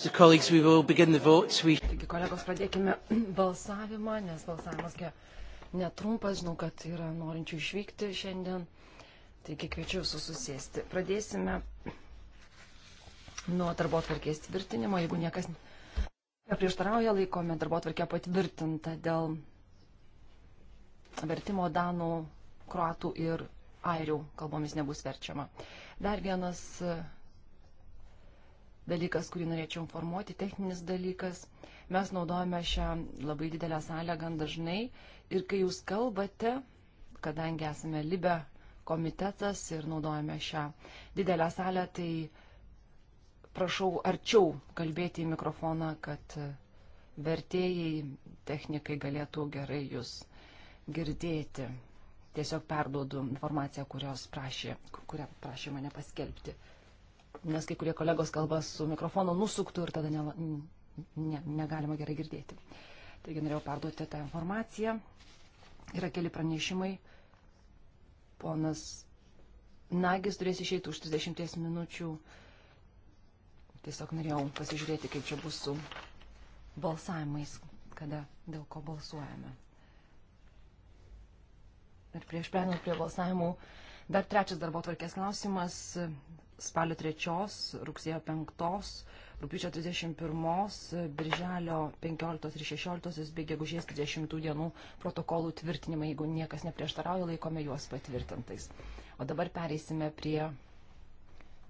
So colleagues, we will begin the votes. We... Taigi, kolegos, pradėkime balsavimą, nes balsavimas netrumpas, žinau, kad yra norinčių išvykti šiandien. Taigi kviečiu visus susėsti. Pradėsime nuo darbo atvarkės tvirtinimo. Jeigu niekas neprieštarauja, laikome darbo atvarkę patvirtintą dėl vertimo danų, kroatų ir airių kalbomis nebus verčiama. Dar vienas dalykas, kurį norėčiau informuoti, techninis dalykas. Mes naudojame šią labai didelę salę gan dažnai ir kai jūs kalbate, kadangi esame libe komitetas ir naudojame šią didelę salę, tai prašau arčiau kalbėti į mikrofoną, kad vertėjai, technikai galėtų gerai jūs girdėti. Tiesiog perduodu informaciją, prašė, kurią prašė mane paskelbti nes kai kurie kolegos kalba su mikrofonu nusuktų ir tada ne, ne, negalima gerai girdėti. Taigi norėjau perduoti tą informaciją. Yra keli pranešimai. Ponas Nagis turės išeiti už 30 minučių. Tiesiog norėjau pasižiūrėti, kaip čia bus su balsavimais, kada dėl ko balsuojame. Ir prieš perinant prie balsavimų, dar trečias darbo tvarkės klausimas spalio 3, rugsėjo 5, rūpiučio 31, birželio 15 ir 16 bei gegužės 20 dienų protokolų tvirtinimai, jeigu niekas neprieštarauja, laikome juos patvirtintais. O dabar pereisime prie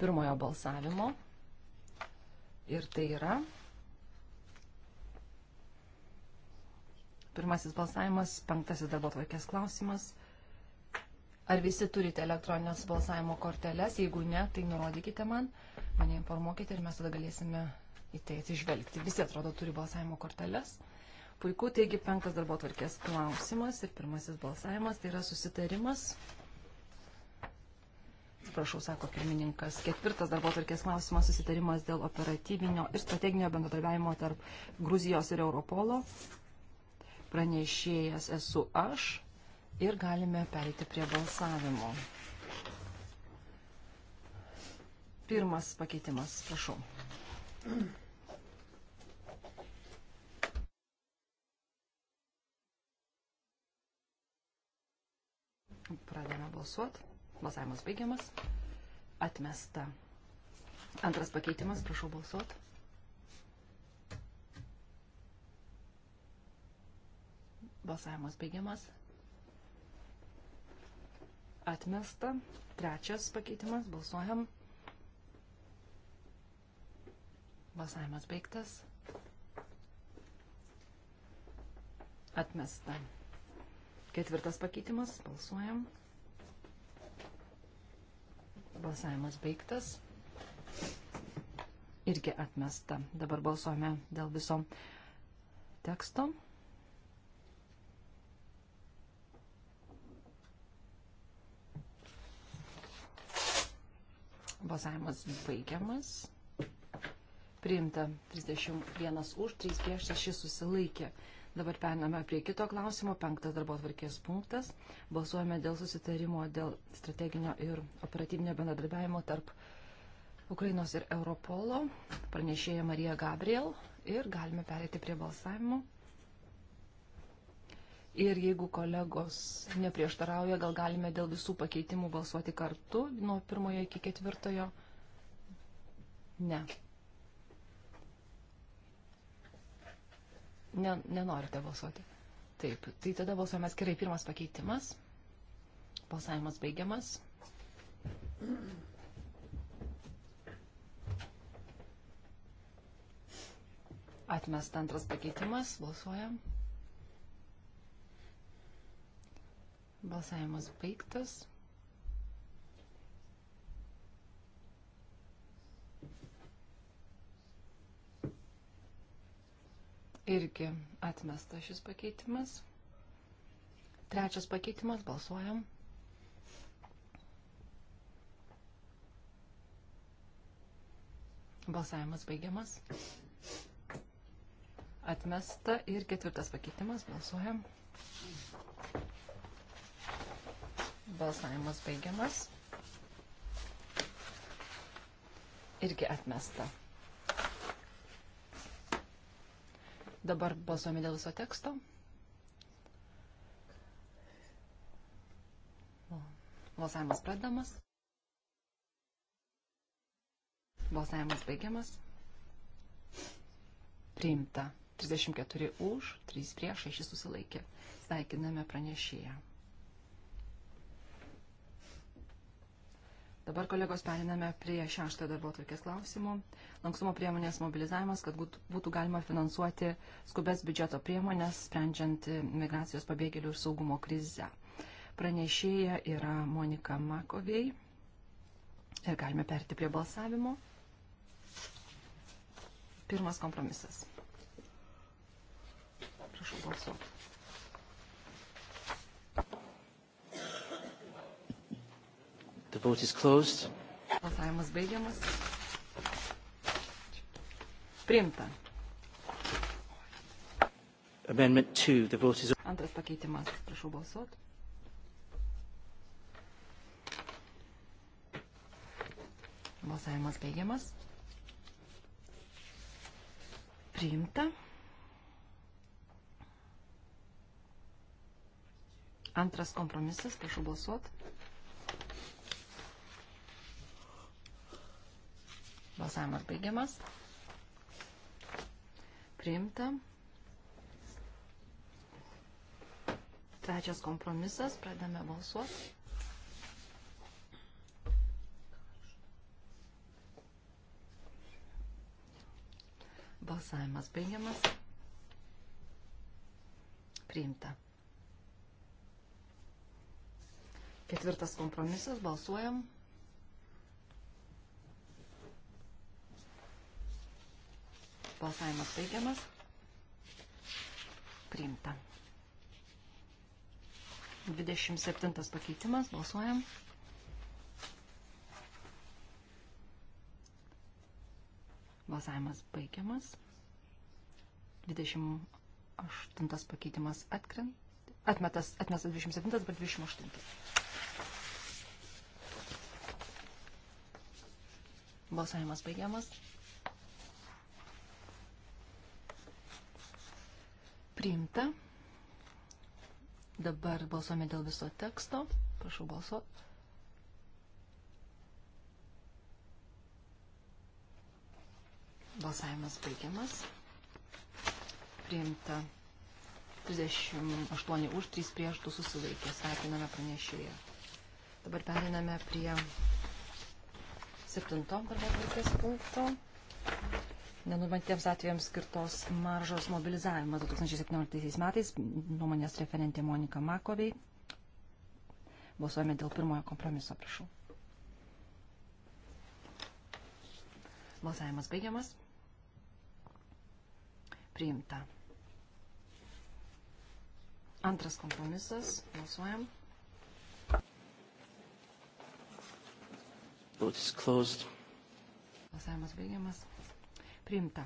pirmojo balsavimo. Ir tai yra pirmasis balsavimas, penktasis darbo tvarkės klausimas Ar visi turite elektroninės balsavimo korteles? Jeigu ne, tai nurodykite man, mane informuokite ir mes tada galėsime į tai atsižvelgti. Visi atrodo turi balsavimo korteles. Puiku, taigi penktas darbo tvarkės klausimas ir pirmasis balsavimas tai yra susitarimas. Atsiprašau, sako pirmininkas. Ketvirtas darbo tvarkės klausimas susitarimas dėl operatyvinio ir strateginio bendradarbiavimo tarp Gruzijos ir Europolo. Pranešėjas esu aš ir galime pereiti prie balsavimo. Pirmas pakeitimas, prašau. Pradame balsuoti. Balsavimas baigiamas. Atmesta. Antras pakeitimas, prašau balsuoti. Balsavimas baigiamas. Atmesta. Trečias pakeitimas. Balsuojam. Balsavimas baigtas. Atmesta. Ketvirtas pakeitimas. Balsuojam. Balsavimas baigtas. Irgi atmesta. Dabar balsuojame dėl viso teksto. Balsavimas baigiamas. Priimta 31 už, 3 prieš, 6 susilaikė. Dabar periname prie kito klausimo, penktas darbo atvarkės punktas. Balsuojame dėl susitarimo dėl strateginio ir operatyvinio bendradarbiavimo tarp Ukrainos ir Europolo. Pranešėja Marija Gabriel ir galime perėti prie balsavimo. Ir jeigu kolegos neprieštarauja, gal galime dėl visų pakeitimų balsuoti kartu nuo pirmojo iki ketvirtojo? Ne. ne nenorite balsuoti. Taip, tai tada balsuojame atskirai. Pirmas pakeitimas. Balsavimas baigiamas. Atmest antras pakeitimas. Balsuojam. Balsavimas baigtas. Irgi atmestas šis pakeitimas. Trečias pakeitimas, balsuojam. Balsavimas baigiamas. Atmesta ir ketvirtas pakeitimas, balsuojam. Balsuojam. Balsavimas baigiamas. Irgi atmesta. Dabar balsuojame dėl viso teksto. Balsavimas pradedamas. Balsavimas baigiamas. Priimta. 34 už, 3 prieš, 6 susilaikė. Sveikiname pranešėją. Dabar, kolegos, periname prie šešto darbo atvarkės klausimų. Lankstumo priemonės mobilizavimas, kad būtų galima finansuoti skubės biudžeto priemonės, sprendžiant migracijos pabėgėlių ir saugumo krizę. Pranešėja yra Monika Makovėj. Ir galime perti prie balsavimo. Pirmas kompromisas. Prašau balsuoti. The vote is closed. Balsavimas baigiamas. Priimta. Amendment 2. The vote is... Antras pakeitimas. Prašau balsuoti. Balsavimas baigiamas. Priimta. Antras kompromisas. Prašau balsuoti. Balsavimas baigiamas. Priimta. Trečias kompromisas. Pradame balsuoti. Balsavimas baigiamas. Priimta. Ketvirtas kompromisas. Balsuojam. Balsuojam. Balsavimas baigiamas. Priimta. 27 pakeitimas. Balsuojam. Balsavimas baigiamas. 28 pakeitimas atkrent. Atmetas, atmetas 27, dabar 28. Balsavimas baigiamas. Priimta. Dabar balsuome dėl viso teksto. Prašau balsuoti. Balsavimas baigiamas. Priimta 38 už 3 prieš 2 susilaikė. Sveikiname pranešėją. Dabar periname prie 7 darbo punkto nenumatytiems atvejams skirtos maržos mobilizavimas 2017 metais. Nuomonės referentė Monika Makoviai. Balsuojame dėl pirmojo kompromiso, prašau. Balsavimas baigiamas. Priimta. Antras kompromisas. Balsuojam. Vote is closed. Balsavimas baigiamas. Primta.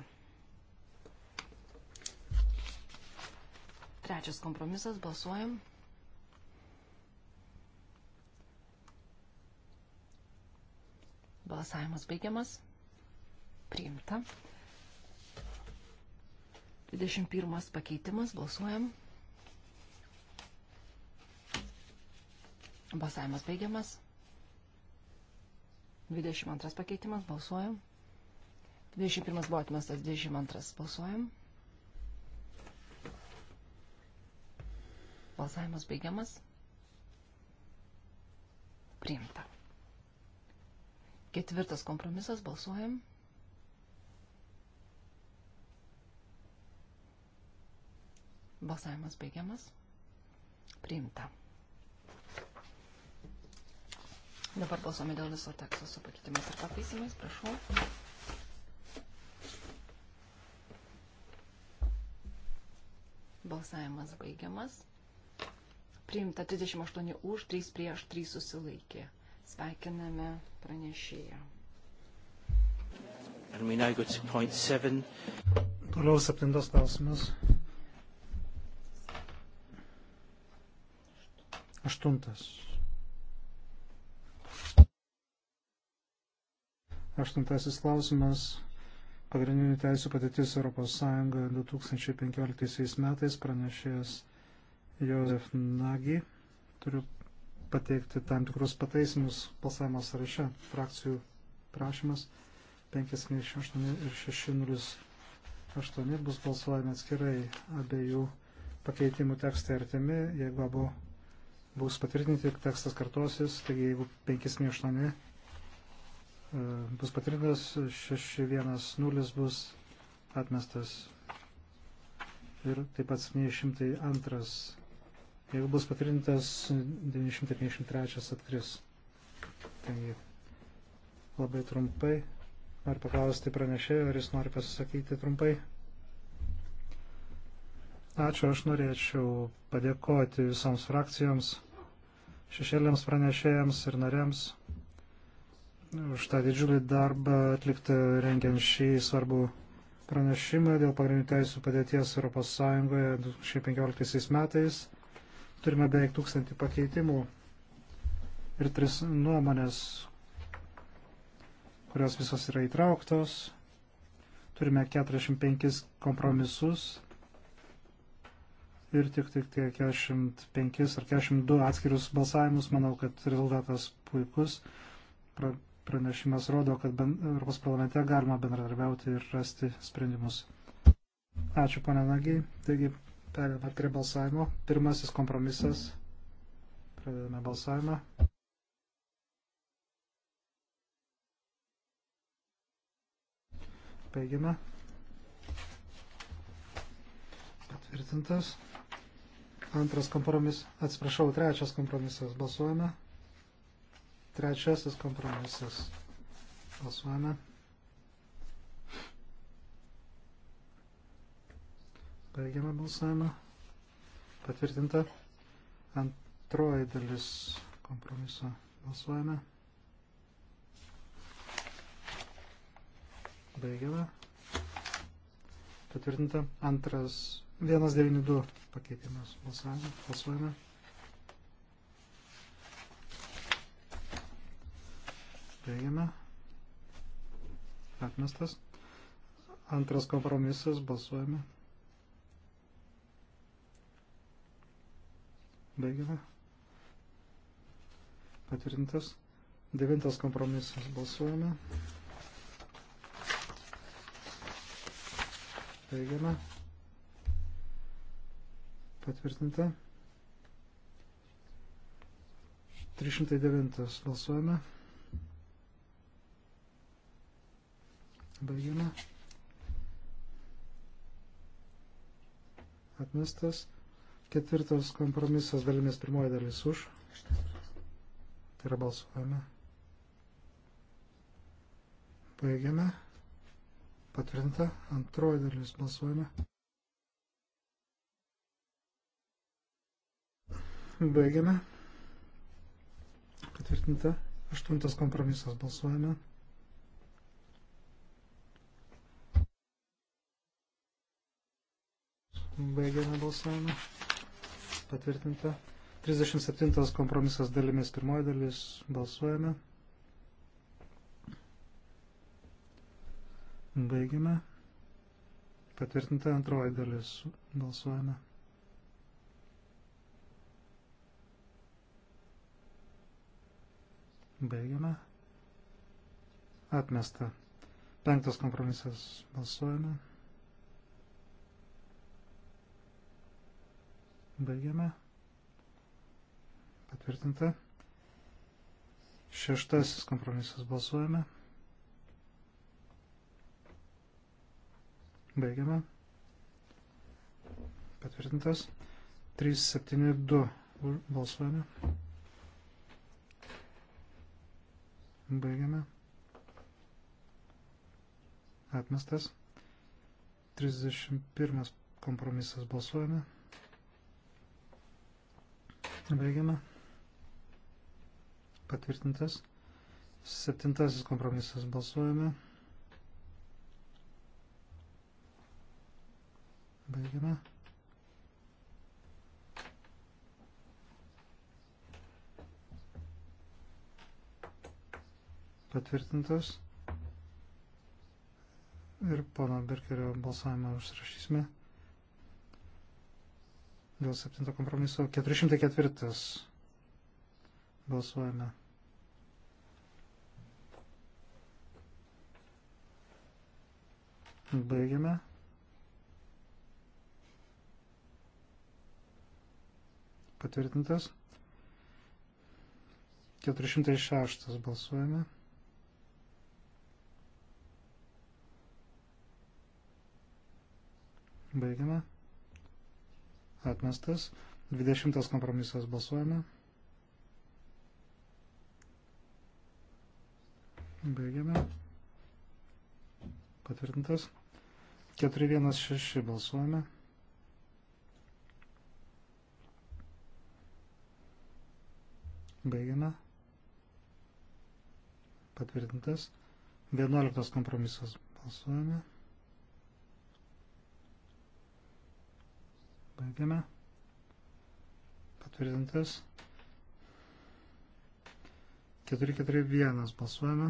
Trečias kompromisas. Balsuojam. Balsavimas baigiamas. Priimta. 21 pakeitimas. Balsuojam. Balsavimas baigiamas. 22 pakeitimas. Balsuojam. 21 buvo atmestas, 22 balsuojam. Balsavimas baigiamas. Priimta. Ketvirtas kompromisas balsuojam. Balsavimas baigiamas. Priimta. Dabar balsuome dėl viso teksto su pakeitimais ir pataisimais. Prašau. Balsavimas baigiamas. Priimta 38 už, 3 prieš, 3 susilaikė. Sveikiname pranešėją. Toliau septintas klausimas. Aštuntas. Aštuntasis klausimas. Pagrindinių teisų padėtis ES 2015 metais pranešėjas Josef Nagy. Turiu pateikti tam tikrus pataisimus balsavimo sąraše. Frakcijų prašymas 508 ir 608 bus balsuojami atskirai abiejų pakeitimų tekstai artimi, jeigu abu bus patvirtinti, tekstas kartosis, taigi jeigu 508 E, bus patvirtintas, 610 bus atmestas ir taip pat 702. Jeigu bus patvirtintas, 953 atkris. Taigi labai trumpai. Noriu paklausti pranešėjo, ar jis nori pasisakyti trumpai. Ačiū, aš norėčiau padėkoti visoms frakcijoms, šešėliams pranešėjams ir nariams už tą didžiulį darbą atliktą rengiant šį svarbų pranešimą dėl pagrindinių teisų padėties ES 2015 metais. Turime beveik tūkstantį pakeitimų ir tris nuomonės, kurios visos yra įtrauktos. Turime 45 kompromisus ir tik, tik tie 45 ar 42 atskirius balsavimus. Manau, kad rezultatas puikus. Pra, pranešimas rodo, kad ben, Europos parlamente galima bendradarbiauti ir rasti sprendimus. Ačiū, pane Nagiai. Taigi, perėmame prie balsavimo. Pirmasis kompromisas. Pradedame balsavimą. Baigiame. Patvirtintas. Antras kompromisas. Atsiprašau, trečias kompromisas. Balsuojame. Trečiasis kompromisas. Balsuojame. Baigiame balsavimą. Patvirtinta. Antroji dalis kompromiso. Balsuojame. Baigiame. Patvirtinta. Antras 192 pakeitimas. Balsuojame. Balsuojame. Baigiame. Atmestas. Antras kompromisas. Balsuojame. Baigiame. Patvirtintas. Devintas kompromisas. Balsuojame. Baigiame. Patvirtinta. 309 balsuojame. Baigiame. Atmestas. Ketvirtas kompromisas dalimis pirmoji dalis už. Tai yra balsuojame. Baigiame. Patvirtinta. Antroji dalis balsuojame. Baigiame. Patvirtinta. Aštuntas kompromisas balsuojame. Baigiame balsavimą. Patvirtinta. 37 kompromisas dalimis. Pirmoji dalis. Balsuojame. Baigiame. Patvirtinta antroji dalis. Balsuojame. Baigiame. Atmesta. Penktas kompromisas. Balsuojame. Baigiame. Patvirtinta. Šeštasis kompromisas balsuojame. Baigiame. Patvirtintas. 372 balsuojame. Baigiame. Atmestas. 31 kompromisas balsuojame ir baigiame. Patvirtintas. Septintasis kompromisas balsuojame. Baigiame. Patvirtintas. Ir pono Berkerio balsavimą užsirašysime dėl 7 kompromiso 404 balsuojame. Baigiame. Patvirtintas. 406 balsuojame. Baigiame atmestas. 20 kompromisas balsuojame. Baigiame. Patvirtintas. 416 balsuojame. Baigiame. Patvirtintas. 11 kompromisas balsuojame. Baigiame. Patvirtintas. 441 balsuojame.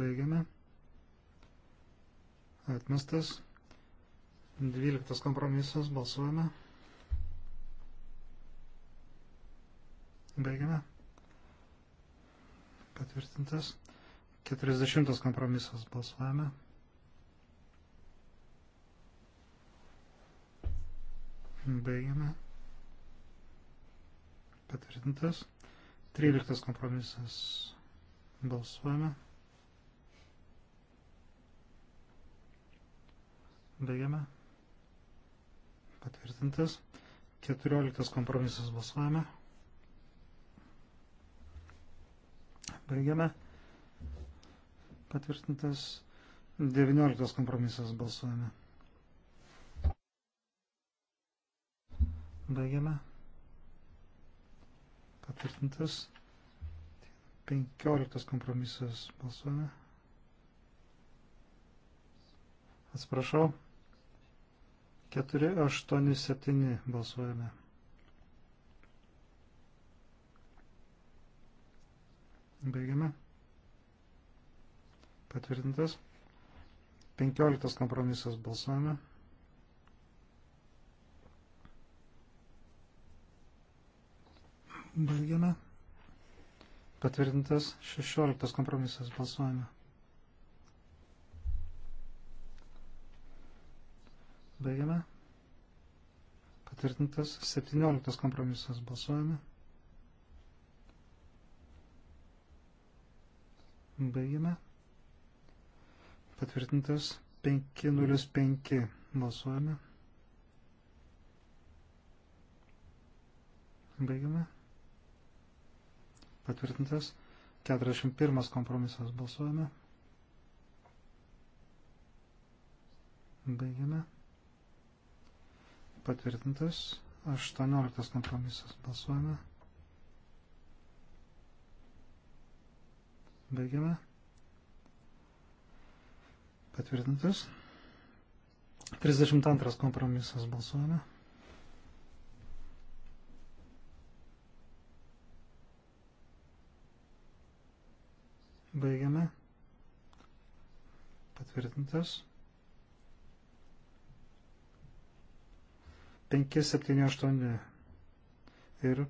Baigiame. Atmestas. 12 kompromisas balsuojame. Baigiame. Patvirtintas. 40 kompromisas balsuojame. Baigiame. Patvirtintas. 13 kompromisas balsuojame. Baigiame. Patvirtintas. 14 kompromisas balsuojame. Baigiame patvirtintas 19 kompromisas balsuojame. Baigiame. Patvirtintas 15 kompromisas balsuojame. Atsiprašau. 487 balsuojame. Baigiame. Patvirtintas. 15 kompromisas balsuojame. Baigiame. Patvirtintas 16 kompromisas balsuojame. Baigiame. Patvirtintas 17 kompromisas balsuojame. Baigiame. Patvirtintas 505. Balsuojame. Baigiame. Patvirtintas 41 kompromisas. Balsuojame. Baigiame. Patvirtintas 18 kompromisas. Balsuojame. Baigiame. Patvirtintas. 32 kompromisas balsuojame. Baigiame. Patvirtintas. 5, 7, 8 ir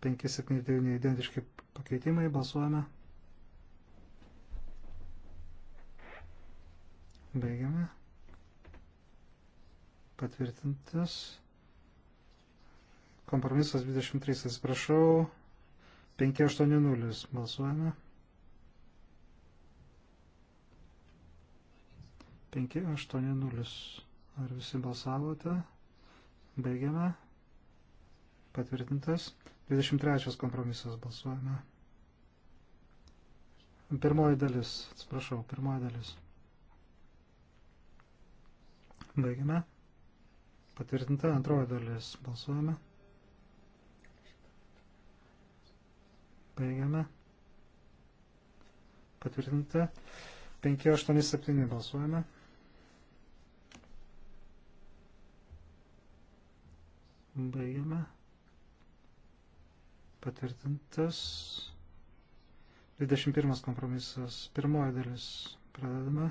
5, 7, 9 identiški pakeitimai balsuojame. Baigiame. Patvirtintas. Kompromisas 23, atsiprašau. 580 balsuojame. 580. Ar visi balsavote? Baigiame. Patvirtintas. 23 kompromisas balsuojame. Pirmoji dalis, atsiprašau, pirmoji dalis. Baigiame. Patvirtinta antroji dalis. Balsuojame. Baigiame. Patvirtinta. 587 balsuojame. Baigiame. Patvirtintas. 21 kompromisas. Pirmoji dalis. Pradedame.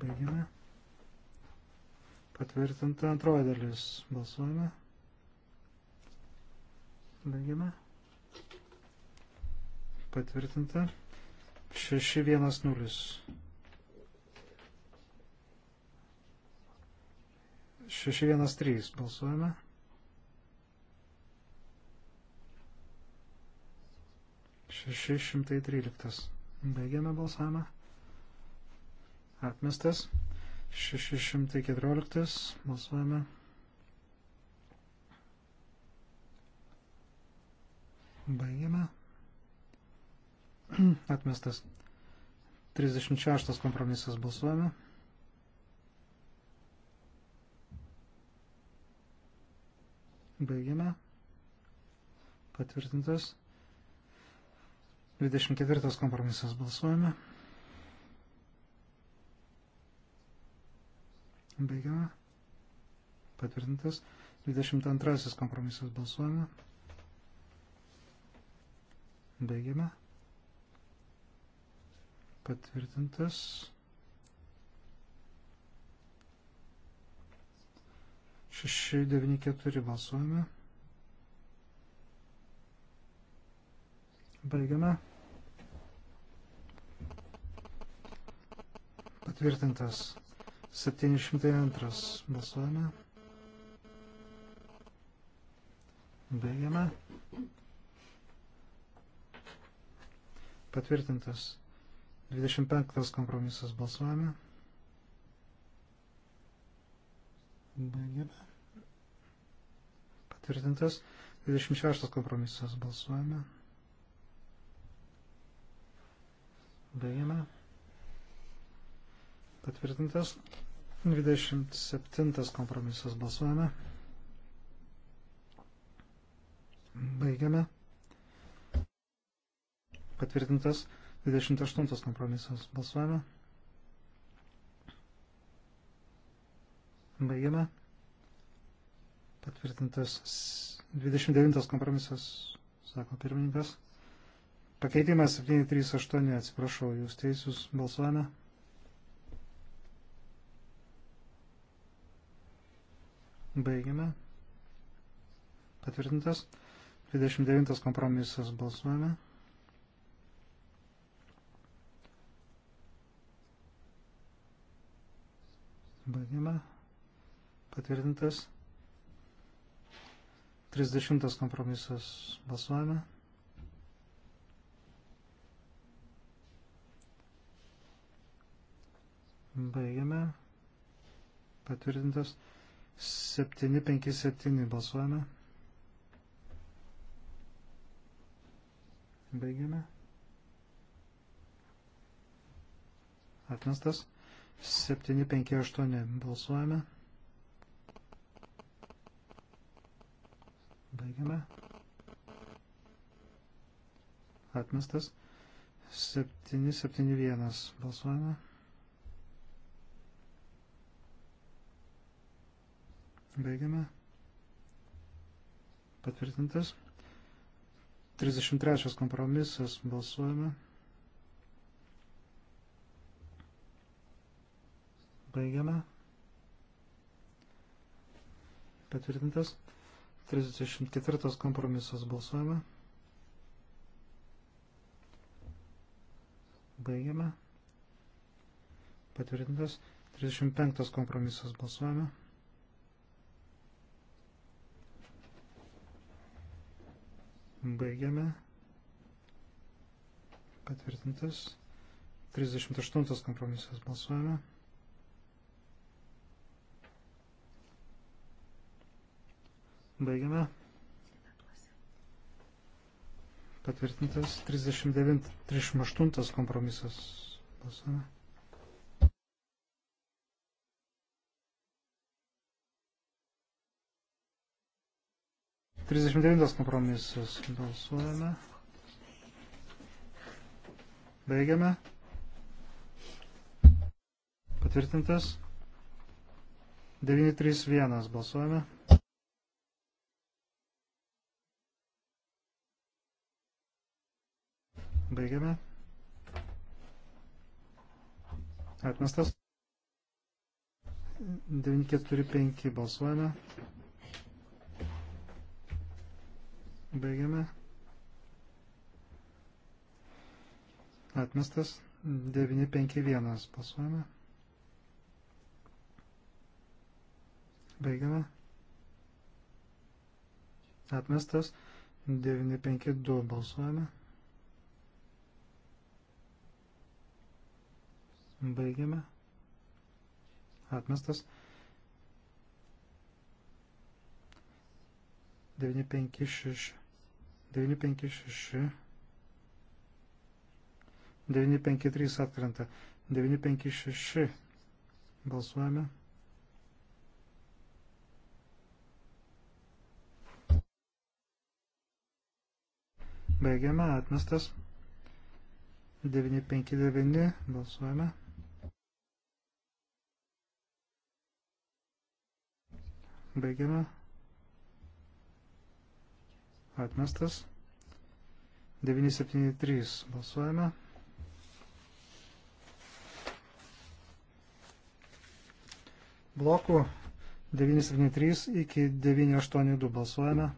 Baigiame. Patvirtinta antroji dalis. Balsuojame. Baigiame. Patvirtinta. 610. 613. Balsuojame. Šeši šimtai tryliktas. Baigiame balsavimą. Atmestas. 614. Balsuojame. Baigiame. Atmestas. 36 kompromisas balsuojame. Baigiame. Patvirtintas. 24 kompromisas balsuojame. Baigiame. Patvirtintas. 22 kompromisas balsuojame. Baigiame. Patvirtintas. 694 balsuojame. Baigiame. Patvirtintas 702 balsuojame. Baigiame. Patvirtintas 25 kompromisas balsuojame. Baigiame. Patvirtintas 26 kompromisas balsuojame. Baigiame. Patvirtintas. 27 kompromisas balsuojame. Baigiame. Patvirtintas. 28 kompromisas balsuojame. Baigiame. Patvirtintas 29 kompromisas, sako pirmininkas. Pakeitimas 738, atsiprašau, jūs teisus, balsuojame. Baigiame. Patvirtintas. 29 kompromisas balsuojame. Baigiame. Patvirtintas. 30 kompromisas balsuojame. Baigiame. Patvirtintas. 757 balsuojame. Baigiame. Atmestas. 758 balsuojame. Baigiame. Atmestas. 771 balsuojame. Baigiame. Patvirtintas. 33 kompromisas. Balsuojame. Baigiame. Patvirtintas. 34 kompromisas. Balsuojame. Baigiame. Patvirtintas. 35 kompromisas. Balsuojame. Baigiame. Patvirtintas. 38 kompromisas balsuojame. Baigiame. Patvirtintas 39, 38 kompromisas. Balsuojame. 39 kompromisas. Balsuojame. Baigiame. Patvirtintas. 931 balsuojame. Baigiame. Atmestas. 945 balsuojame. Baigiame. Atmestas 951. Pasuojame. Baigiame. Atmestas 952 balsuojame. Baigiame. Atmestas 956 956. 953 atkrenta. 956. Balsuojame. Baigiame atmestas. 959 balsuojame. Baigiame. Atmestas. 973 balsuojame. Blokų 973 iki 982 balsuojame.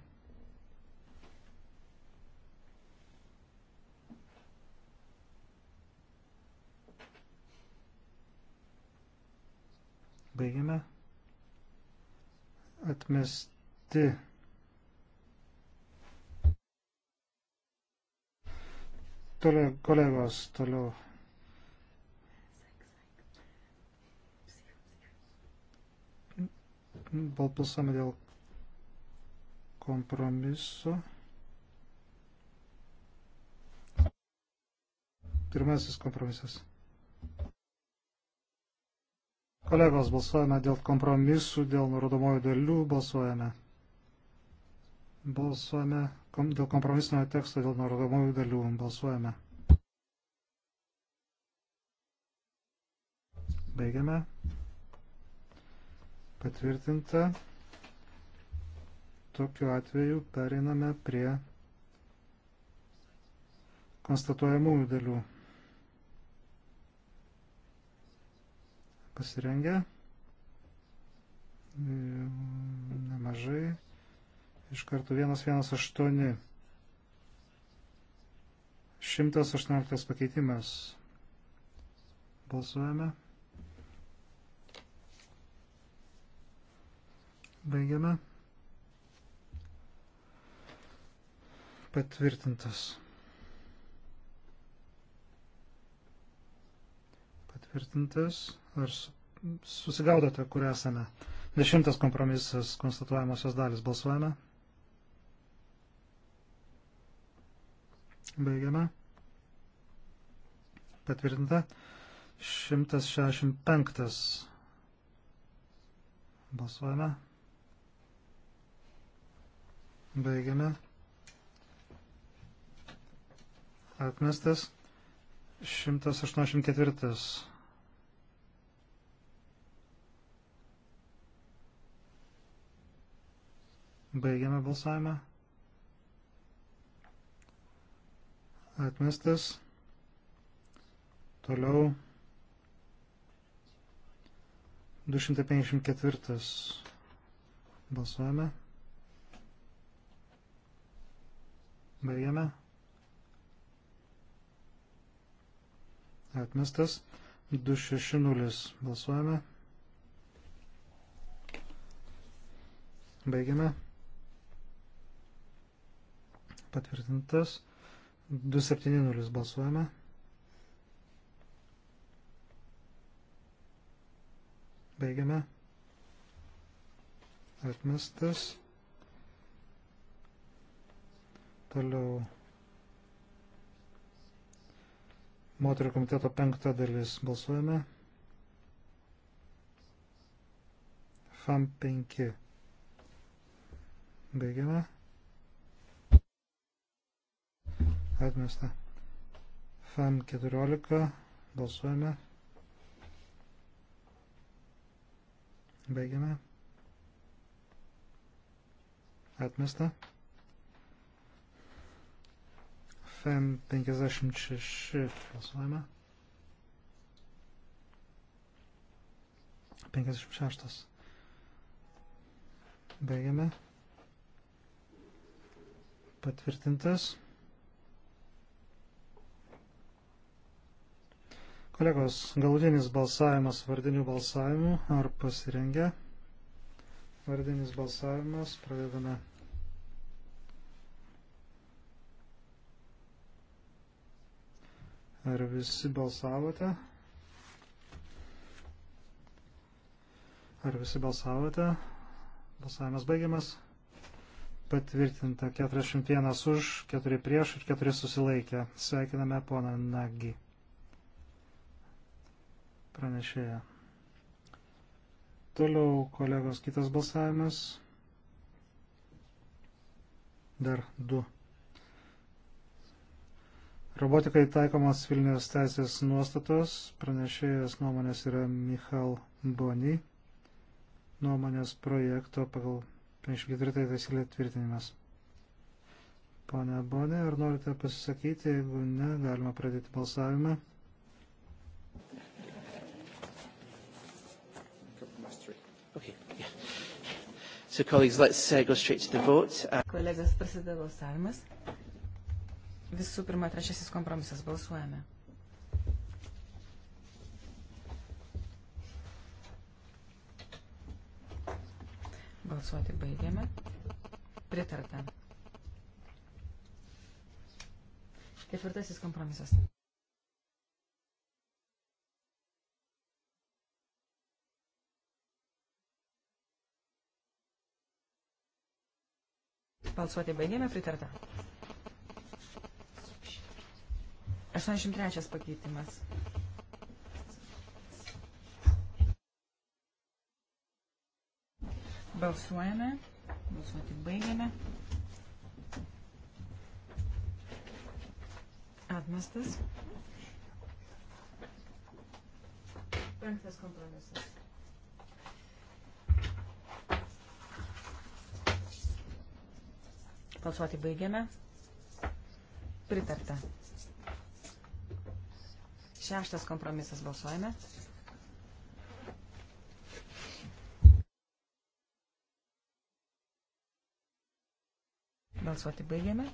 Baigiame. Atmesti toliau, kolegos, toliau. Balpasame dėl kompromiso. Pirmasis kompromisas. Kolegos, balsuojame dėl kompromisų, dėl nurodomojų dalių, balsuojame. Balsuojame kom, dėl kompromisinio teksto, dėl nurodomųjų dalių. Balsuojame. Baigiame. Patvirtinta. Tokiu atveju pereiname prie konstatuojamųjų dalių. Pasirengę. Nemažai iš karto 118. 118 pakeitimas. Balsuojame. Baigiame. Patvirtintas. Patvirtintas. Ar susigaudote, kur esame? Dešimtas kompromisas konstatuojamosios dalis. Balsuojame. Baigiame. Patvirtinta. 165. Balsuojame. Baigiame. Atmestas. 184. Baigiame balsavimą. atmestas. Toliau 254 balsuojame. Baigiame. Atmestas. 260 balsuojame. Baigiame. Patvirtintas. 261. 270 balsuojame. Baigiame. Atmestas. Toliau. Moterio komiteto penkta dalis balsuojame. FAM 5. Baigiame. atmesta. FAM 14, balsuojame. Baigiame. Atmesta. FM 56 balsuojame. 56. Baigiame. Patvirtintas. Kolegos, galutinis balsavimas vardinių balsavimų. Ar pasirengę? Vardinis balsavimas. Pradedame. Ar visi balsavote? Ar visi balsavote? Balsavimas baigiamas. Patvirtinta 41 už, 4 prieš ir 4 susilaikė. Sveikiname poną Nagį pranešėja. Toliau, kolegos, kitas balsavimas. Dar du. Robotikai taikomos Vilnius teisės nuostatos. Pranešėjas nuomonės yra Michal Boni. Nuomonės projekto pagal 54 taisyklė tvirtinimas. Pone Boni, ar norite pasisakyti? Jeigu ne, galima pradėti balsavimą. So colleagues, let's uh, go straight to the vote. Uh, Kolegos, prasideda balsavimas. Visų pirma, trečiasis kompromisas. Balsuojame. Balsuoti baigiame. Pritarta. Ketvirtasis kompromisas. Balsuoti baigėme, pritarta. 83 pakeitimas. Balsuojame. Balsuoti baigėme. Atmestas. Penktas kompromisas. Balsuoti baigiame. Pritarta. Šeštas kompromisas balsuojame. Balsuoti baigiame.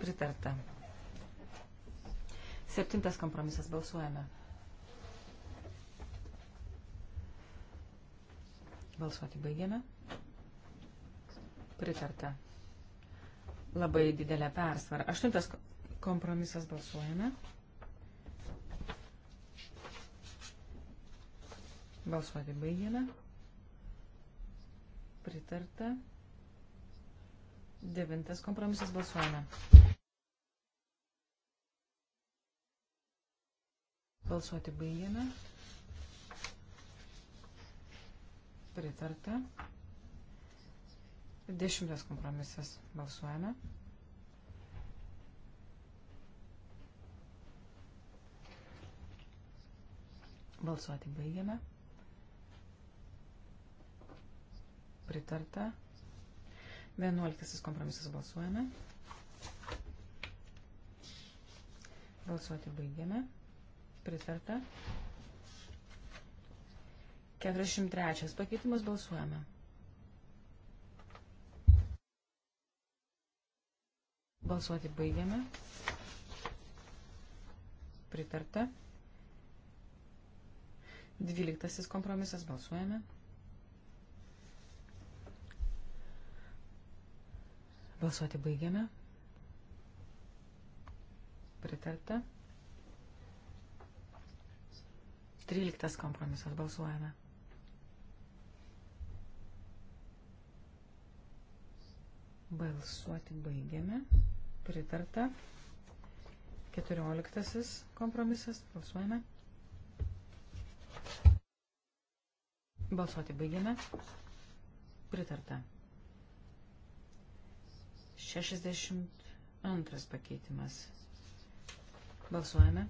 Pritarta. Septintas kompromisas balsuojame. Balsuoti baigiame. Pritarta. Labai didelė persvara. Aštuntas kompromisas balsuojame. Balsuoti baigėme. Pritarta. Devintas kompromisas balsuojame. Balsuoti baigėme. Pritarta. Dešimtas kompromisas. Balsuojame. Balsuoti baigiame. Pritarta. Vienuoliktasis kompromisas balsuojame. Balsuoti baigiame. Pritarta. 43. Pakeitimas balsuojame. Balsuoti baigiame. Pritarta. Dvyliktasis kompromisas balsuojame. Balsuoti baigiame. Pritarta. Tryliktas kompromisas balsuojame. Balsuoti baigiame. Pritarta. 14 kompromisas. Balsuojame. Balsuoti baigiame. Pritarta. 62 pakeitimas. Balsuojame.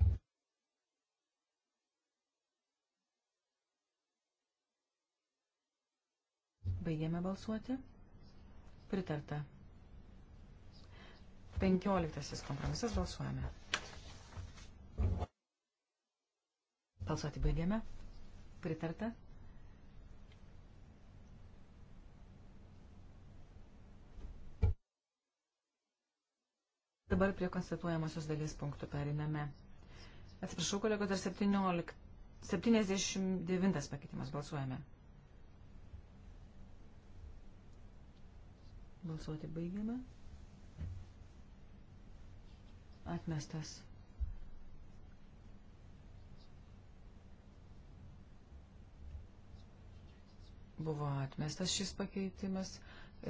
Baigiame balsuoti. Pritarta. 15 kompromisas balsuojame. Balsuoti baigėme. Pritarta. Dabar prie konstatuojamosios dalies punktų periname. Atsiprašau, kolegos, dar 17, 79 pakeitimas balsuojame. Balsuoti baigėme. Atmestas. Buvo atmestas šis pakeitimas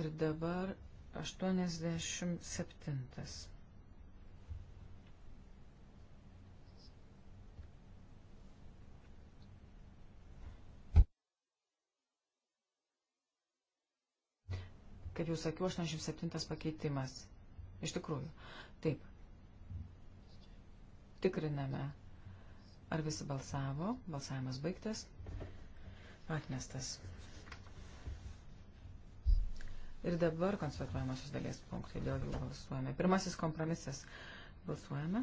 ir dabar 87. kaip jau sakiau, 87 pakeitimas. Iš tikrųjų. Taip. Tikriname, ar visi balsavo. Balsavimas baigtas. Atmestas. Ir dabar konstatuojamosios dalies punktai, dėl jų balsuojame. Pirmasis kompromisas. Balsuojame.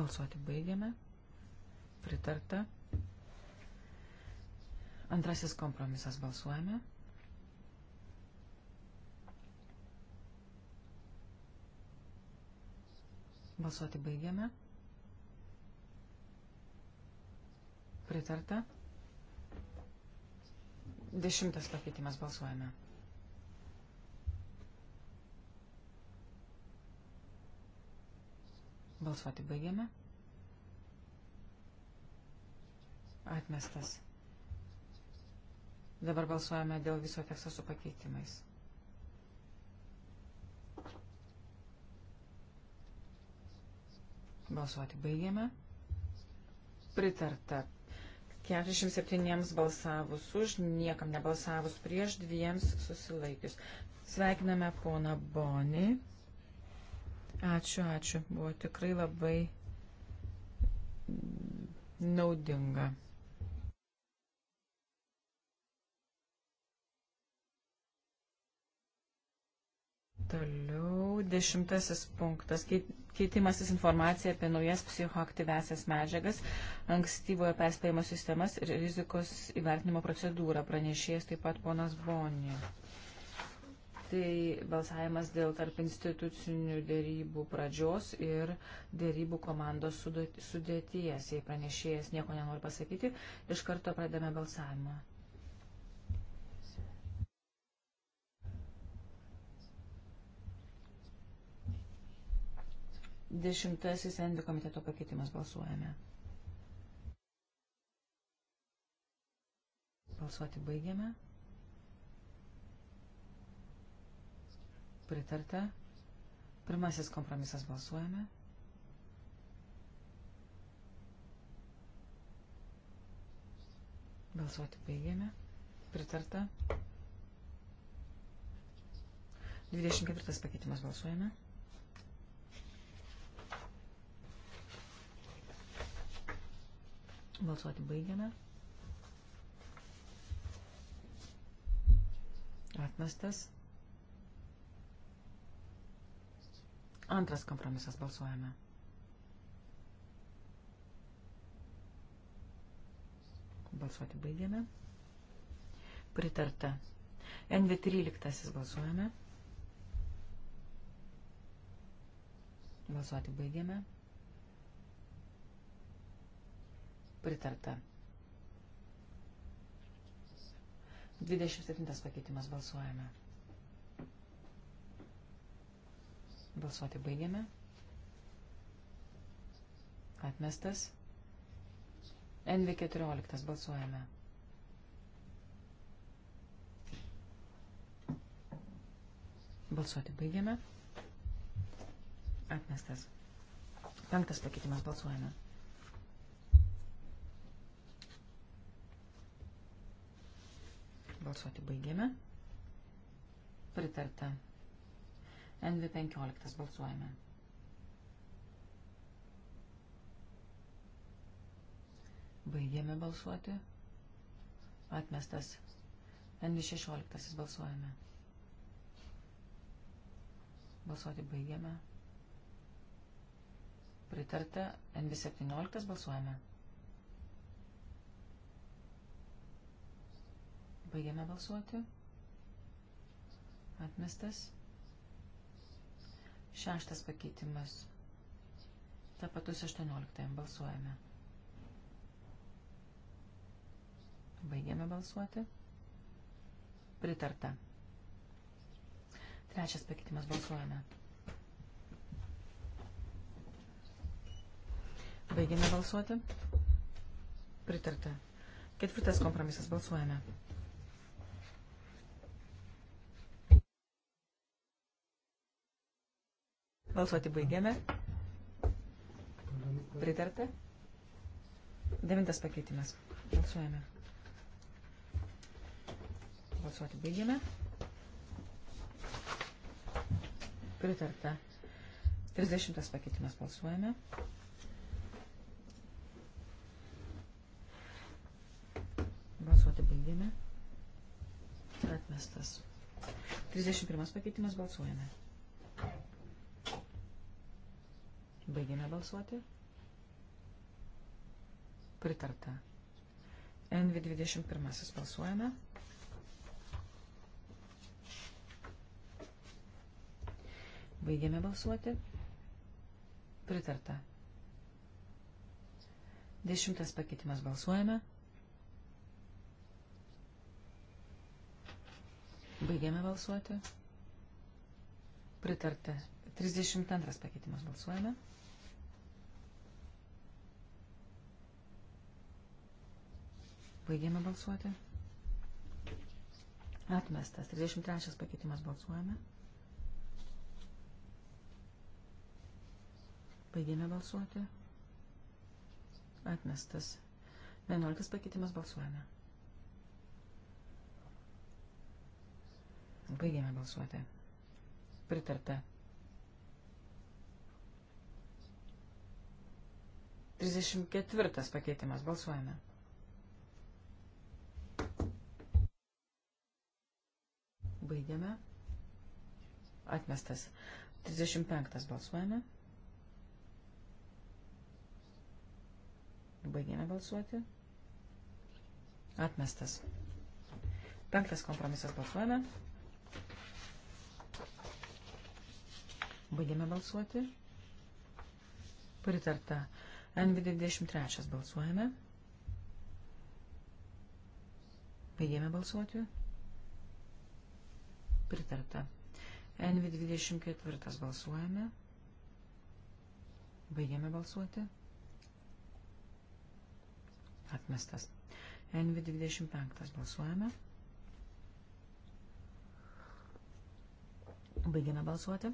Balsuoti baigiame. Pritarta. Antrasis kompromisas balsuojame. Balsuojame. Balsuoti baigiame. Pritarta. Dešimtas pakeitimas balsuojame. Balsuoti baigiame. Atmestas. Dabar balsuojame dėl viso teksto su pakeitimais. Balsuoti baigiame. Pritarta. 47 balsavus už, niekam nebalsavus prieš, dviems susilaikius. Sveikiname poną Bonį. Ačiū, ačiū. Buvo tikrai labai naudinga. Toliau dešimtasis punktas. Keit keitimasis informacija apie naujas psichoaktyvesias medžiagas, ankstyvojo perspėjimo sistemas ir rizikos įvertinimo procedūrą. Pranešėjas taip pat ponas Boni. Tai balsavimas dėl tarp institucinių dėrybų pradžios ir dėrybų komandos sudėties. Jei pranešėjas nieko nenori pasakyti, iš karto pradame balsavimą. Dešimtasis endi komiteto pakeitimas balsuojame. Balsuoti baigiame. Pritarta. Pirmasis kompromisas balsuojame. Balsuoti baigėme. Pritarta. 24 pakeitimas balsuojame. Balsuoti baigiame. Atmestas. Antras kompromisas balsuojame. Balsuoti baigiame. Pritarta. NV13 balsuojame. Balsuoti baigiame. Pritarta. 27 pakeitimas balsuojame. Balsuoti baigiame. Atmestas. NV14 balsuojame. Balsuoti baigiame. Atmestas. Penktas pakeitimas balsuojame. Balsuoti baigėme. Pritarta. NV15 balsuojame. Baigėme balsuoti. Atmestas. NV16 balsuojame. Balsuoti baigėme. Pritarta. NV17 balsuojame. Baigiame balsuoti. Atmestas. Šeštas pakeitimas. Ta patus 18. Balsuojame. Baigiame balsuoti. Pritarta. Trečias pakeitimas. Balsuojame. Baigiame balsuoti. Pritarta. Ketvirtas kompromisas. Balsuojame. Balsuoti baigėme. Pritarta. Devintas pakeitimas. Balsuojame. Balsuoti baigėme. Pritarta. 30 pakeitimas balsuojame. Balsuoti baigėme. Atmestas. 31 pakeitimas balsuojame. Baigėme balsuoti. Pritarta. NV21 balsuojame. Baigėme balsuoti. Pritarta. Dešimtas pakeitimas balsuojame. Baigėme balsuoti. Pritarta. 32 pakeitimas balsuojame. Baigėme balsuoti. Atmestas. 33 pakeitimas balsuojame. Baigėme balsuoti. Atmestas. 11 pakeitimas balsuojame. Baigėme balsuoti. Pritarta. 34 pakeitimas. Balsuojame. Baigiame. Atmestas. 35 balsuojame. Baigėme balsuoti. Atmestas. Penktas kompromisas balsuojame. Baigėme balsuoti. Pritarta. NV23 balsuojame. Baigėme balsuoti. Pritarta. NV24 balsuojame. Baigėme balsuoti. Atmestas. NV25 balsuojame. Baigėme balsuoti.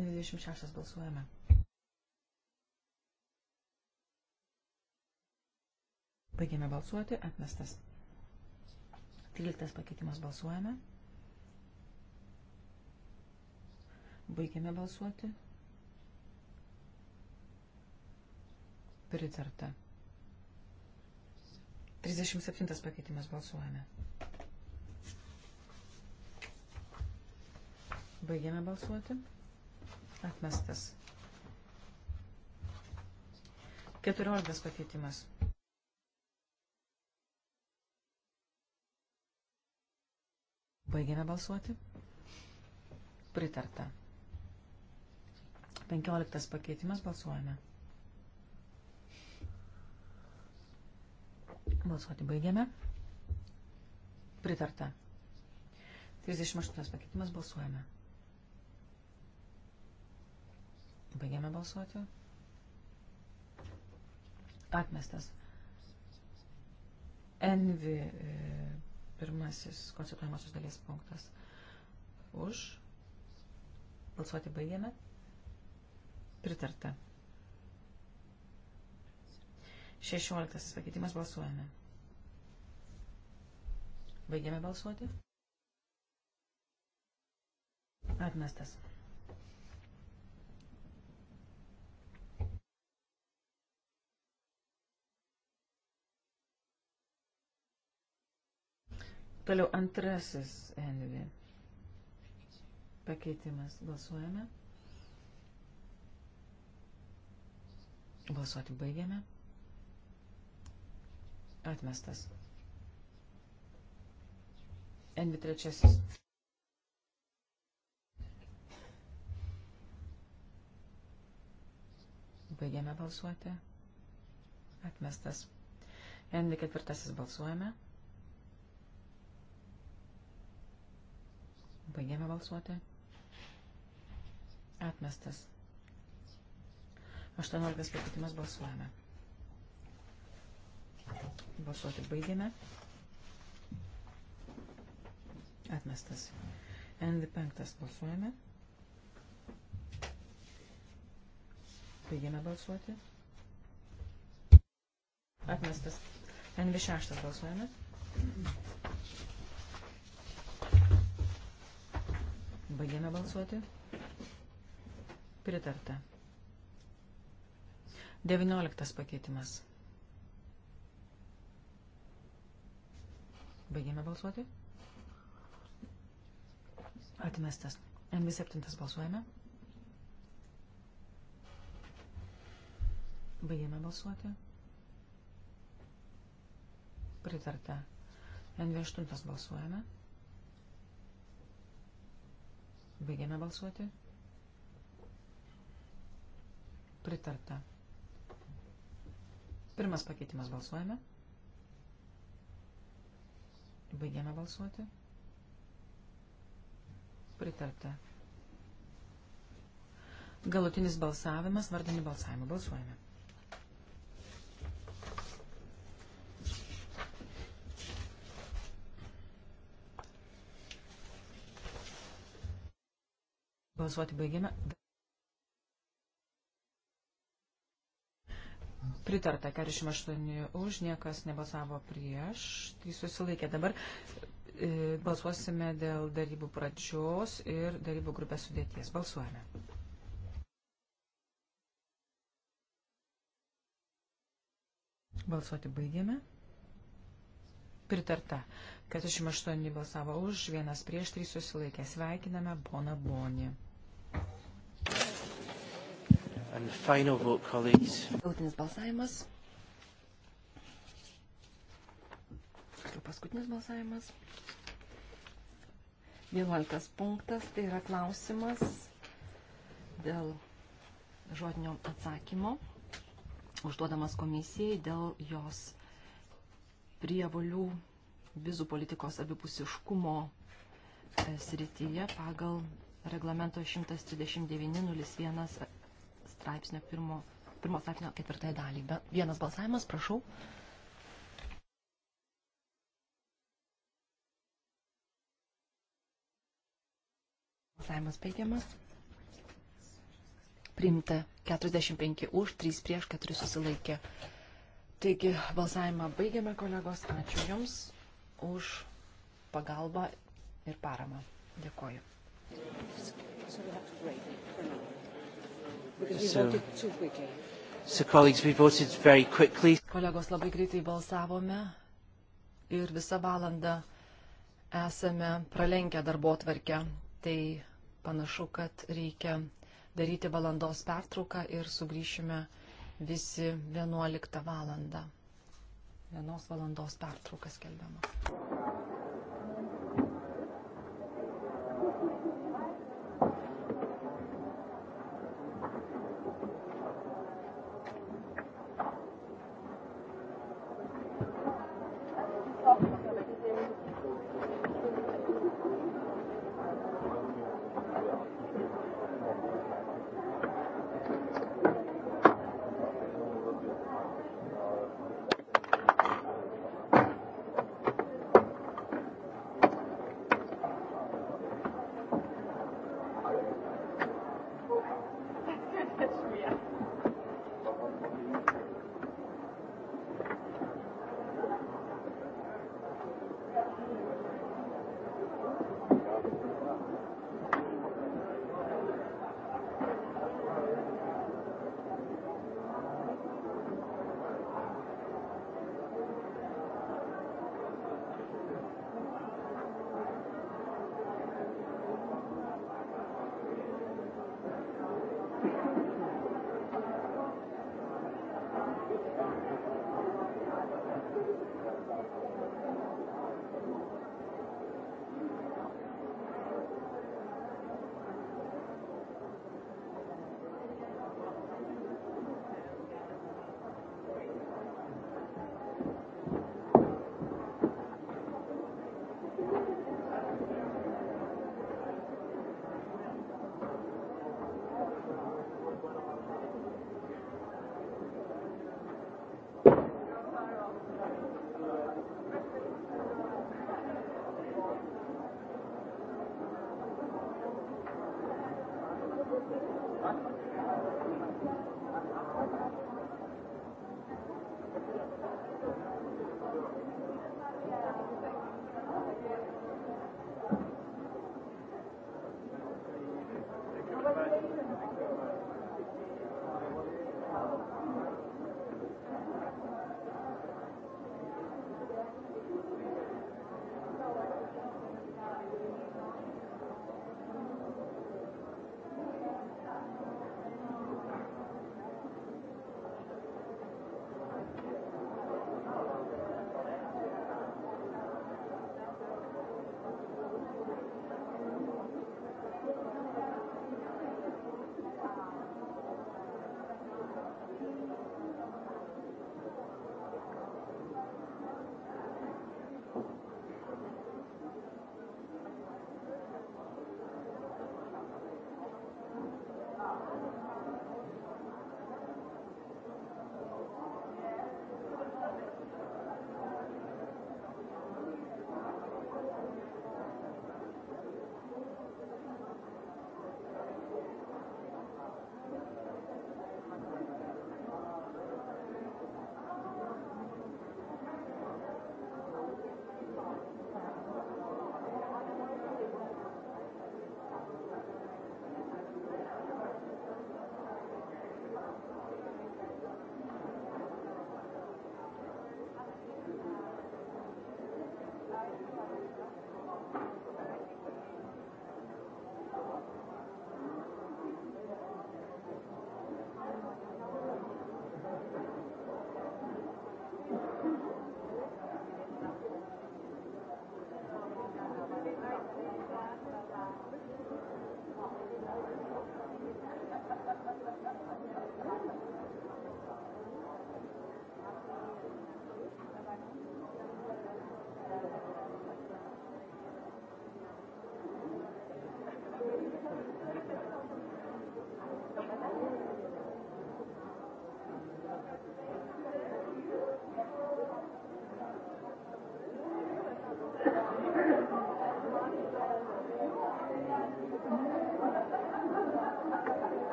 96 balsuojame. Baigėme balsuoti, atmestas. 13 pakeitimas balsuojame. Baigėme balsuoti. Pritarta. 37 pakeitimas balsuojame. Baigėme balsuoti. Atmestas. 14 pakeitimas. Baigėme balsuoti. Pritarta. 15 pakeitimas balsuojame. Balsuoti baigėme. Pritarta. 38 pakeitimas balsuojame. Baigiame balsuoti. Atmestas. Envi e, pirmasis konsultuojamosios dalies punktas. Už. Balsuoti baigiame. Pritarta. 16. Pakeitimas balsuojame. Baigiame balsuoti. Atmestas. Toliau antrasis Envi. Pakeitimas. Balsuojame. Balsuoti baigiame. Atmestas. Envi trečiasis. Baigiame balsuoti. Atmestas. Envi ketvirtasis balsuojame. Baigėme balsuoti. Atmestas. 18 pakeitimas balsuojame. Balsuoti baigėme. Atmestas. NV5 balsuojame. Baigėme balsuoti. Atmestas. NV6 balsuojame. Baigėme balsuoti. Pritarta. 19 pakeitimas. Baigėme balsuoti. Atmestas. NV7 balsuojame. Baigėme balsuoti. Pritarta. NV8 balsuojame. Baigiame balsuoti. Pritarta. Pirmas pakeitimas balsuojame. Baigiame balsuoti. Pritarta. Galutinis balsavimas, vardinį balsavimą balsuojame. Balsuoti baigėme. Pritarta 48 už, niekas nebalsavo prieš, tai susilaikė. Dabar e, balsuosime dėl darybų pradžios ir darybų grupės sudėties. Balsuojame. Balsuoti baigėme. Pritarta. 48 balsavo už, vienas prieš, trys susilaikė. Sveikiname Bona Boni. Galutinis balsavimas. Tiksliau paskutinis balsavimas. 11 punktas tai yra klausimas dėl žodinio atsakymo užduodamas komisijai dėl jos prievolių vizų politikos abipusiškumo e, srityje pagal reglamento 139.01 straipsnio, pirmo, pirmo straipsnio ketvirtąją dalį. Be, vienas balsavimas, prašau. Balsavimas baigiamas. Priimta 45 už, 3 prieš, 4 susilaikė. Taigi balsavimą baigiame, kolegos. Ačiū Jums už pagalbą ir paramą. Dėkoju because we so, voted too quickly. So colleagues, we voted very quickly. Kolegos, labai greitai balsavome ir visą valandą esame pralenkę darbo tvarkę. Tai panašu, kad reikia daryti valandos pertrauką ir sugrįšime visi 11 valandą. Vienos valandos pertraukas kelbiamas.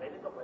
để đến góc Mỹ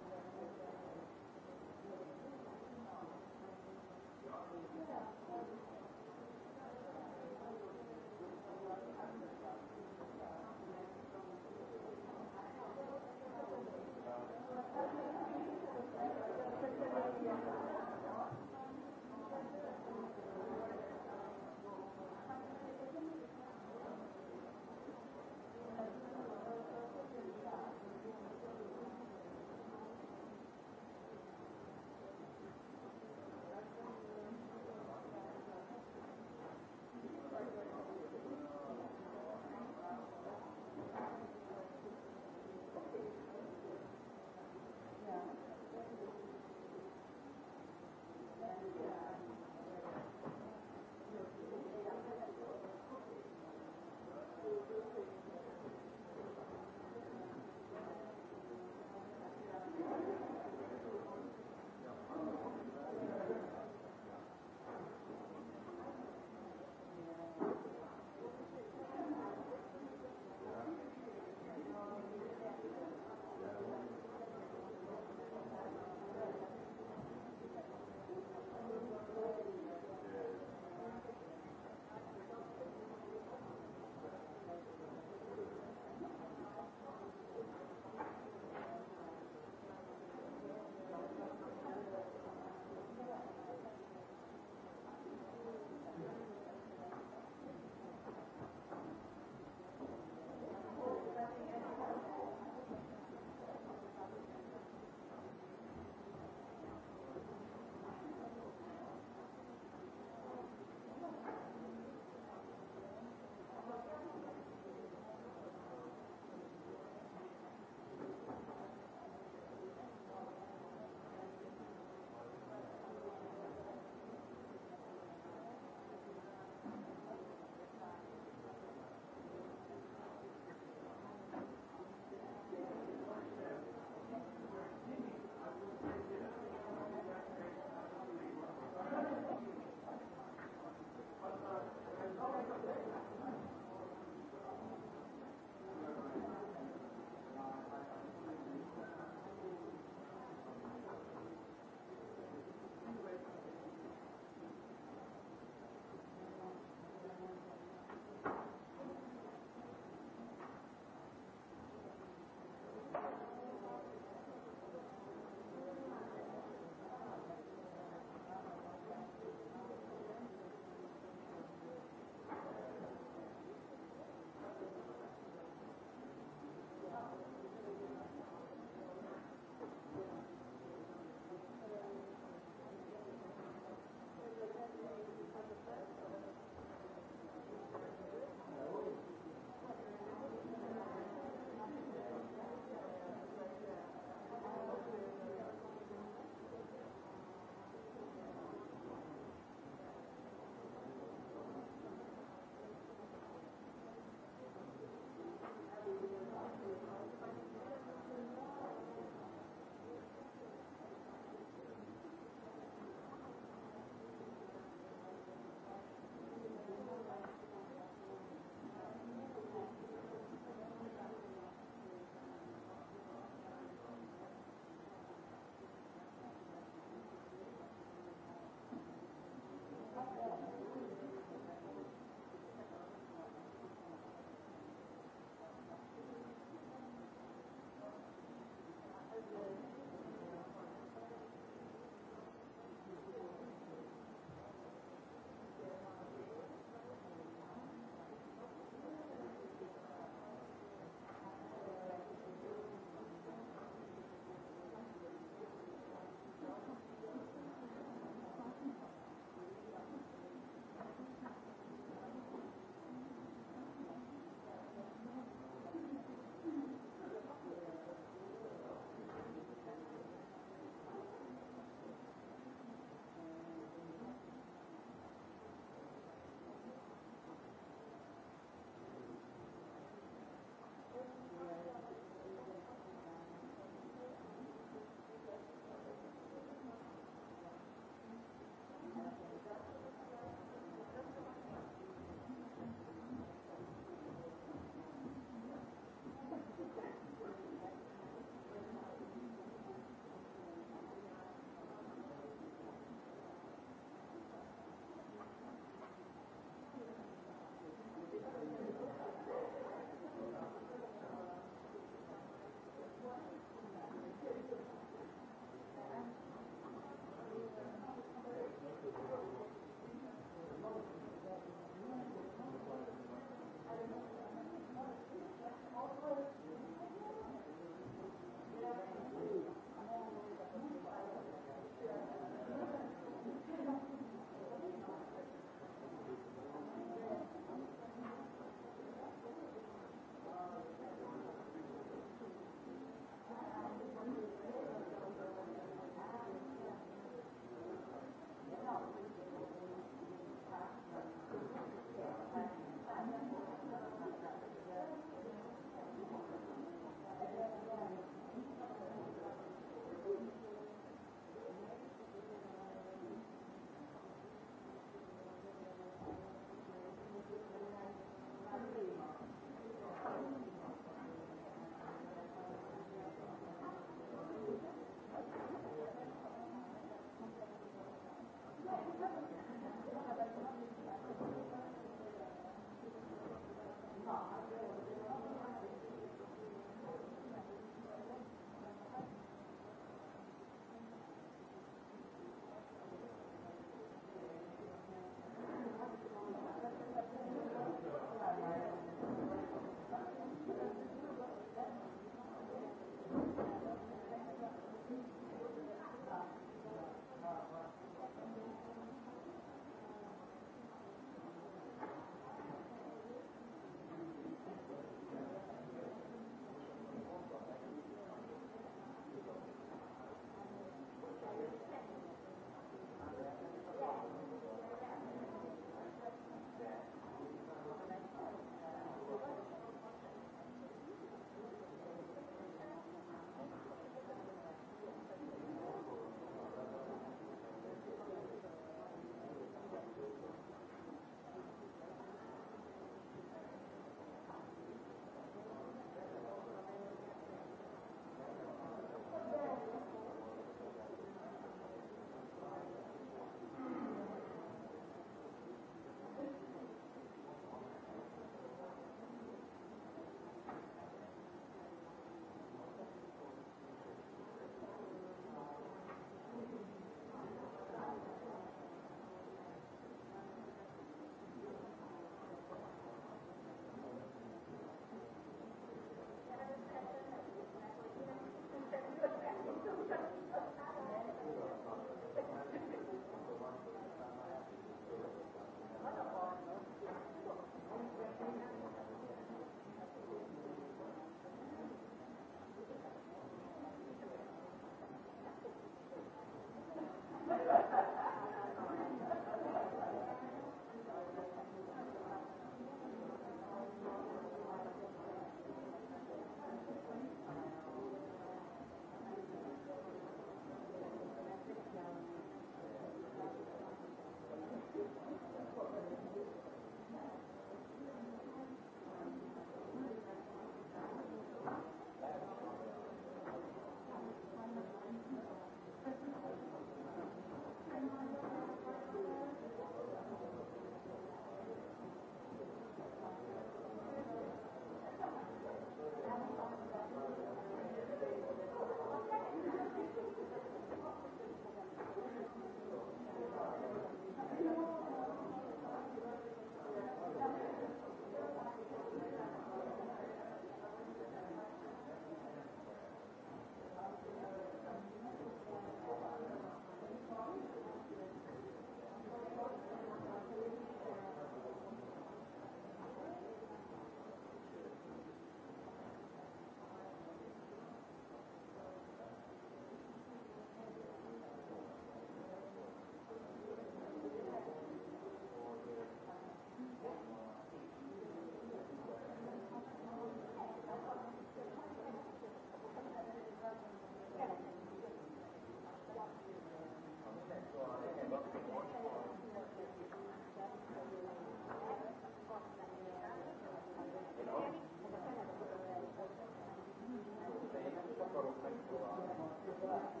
Thank you.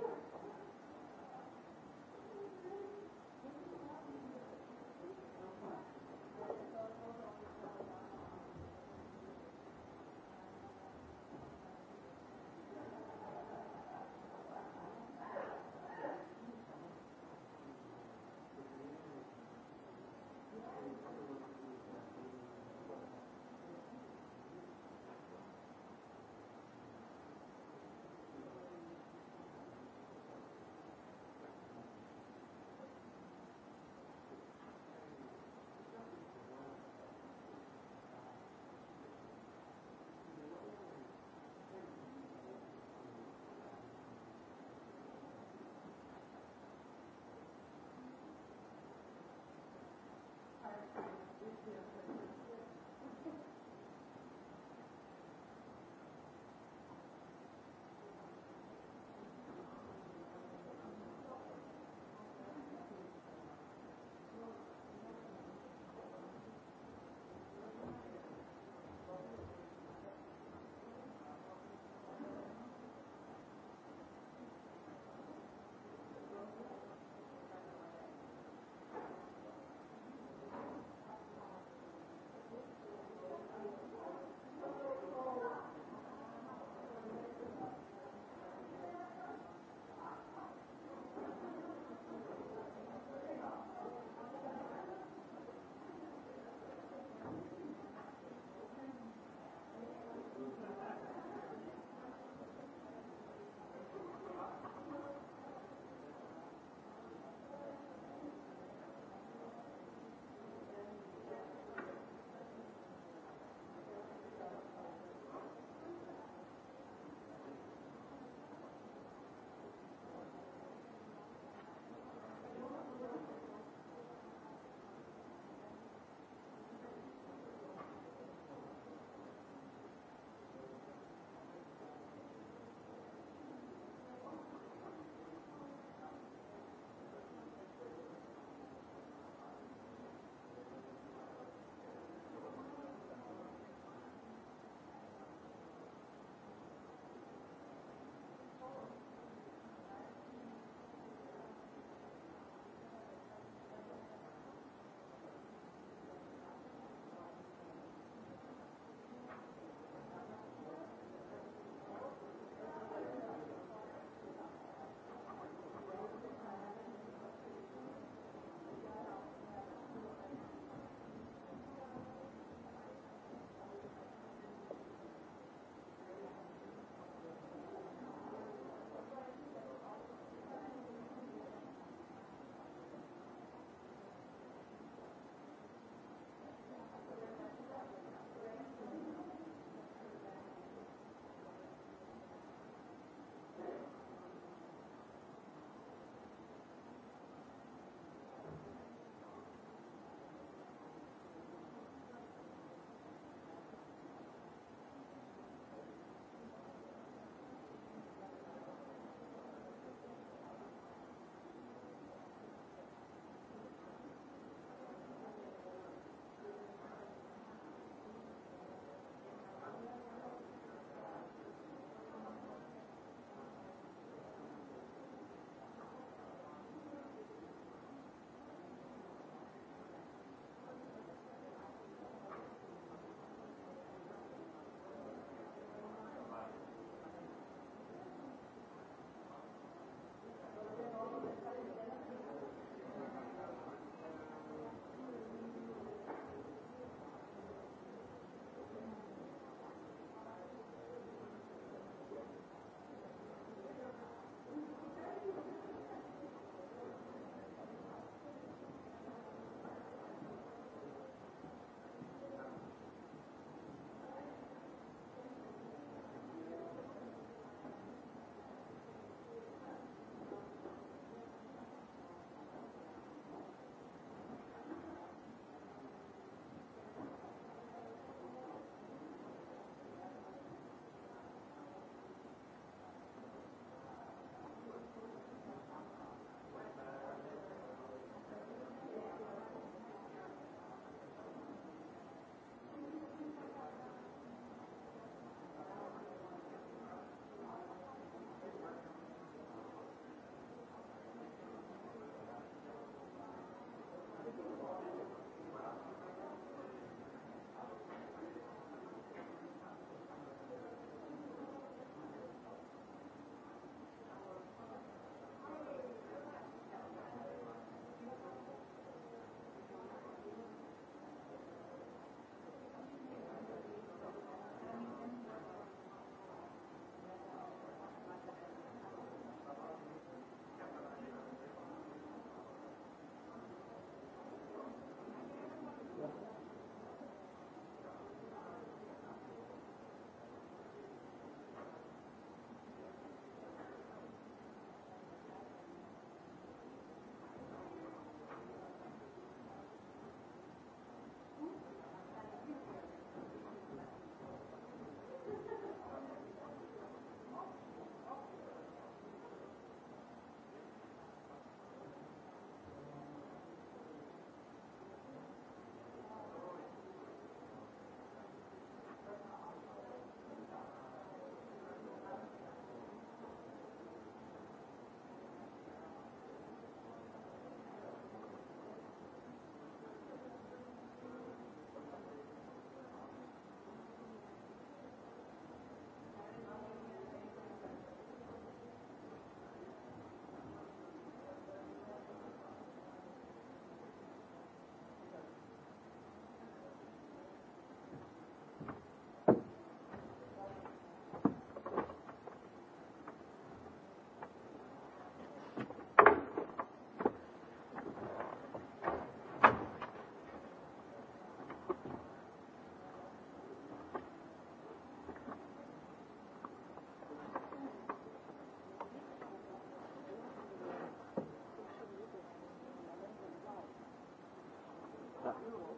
Europa.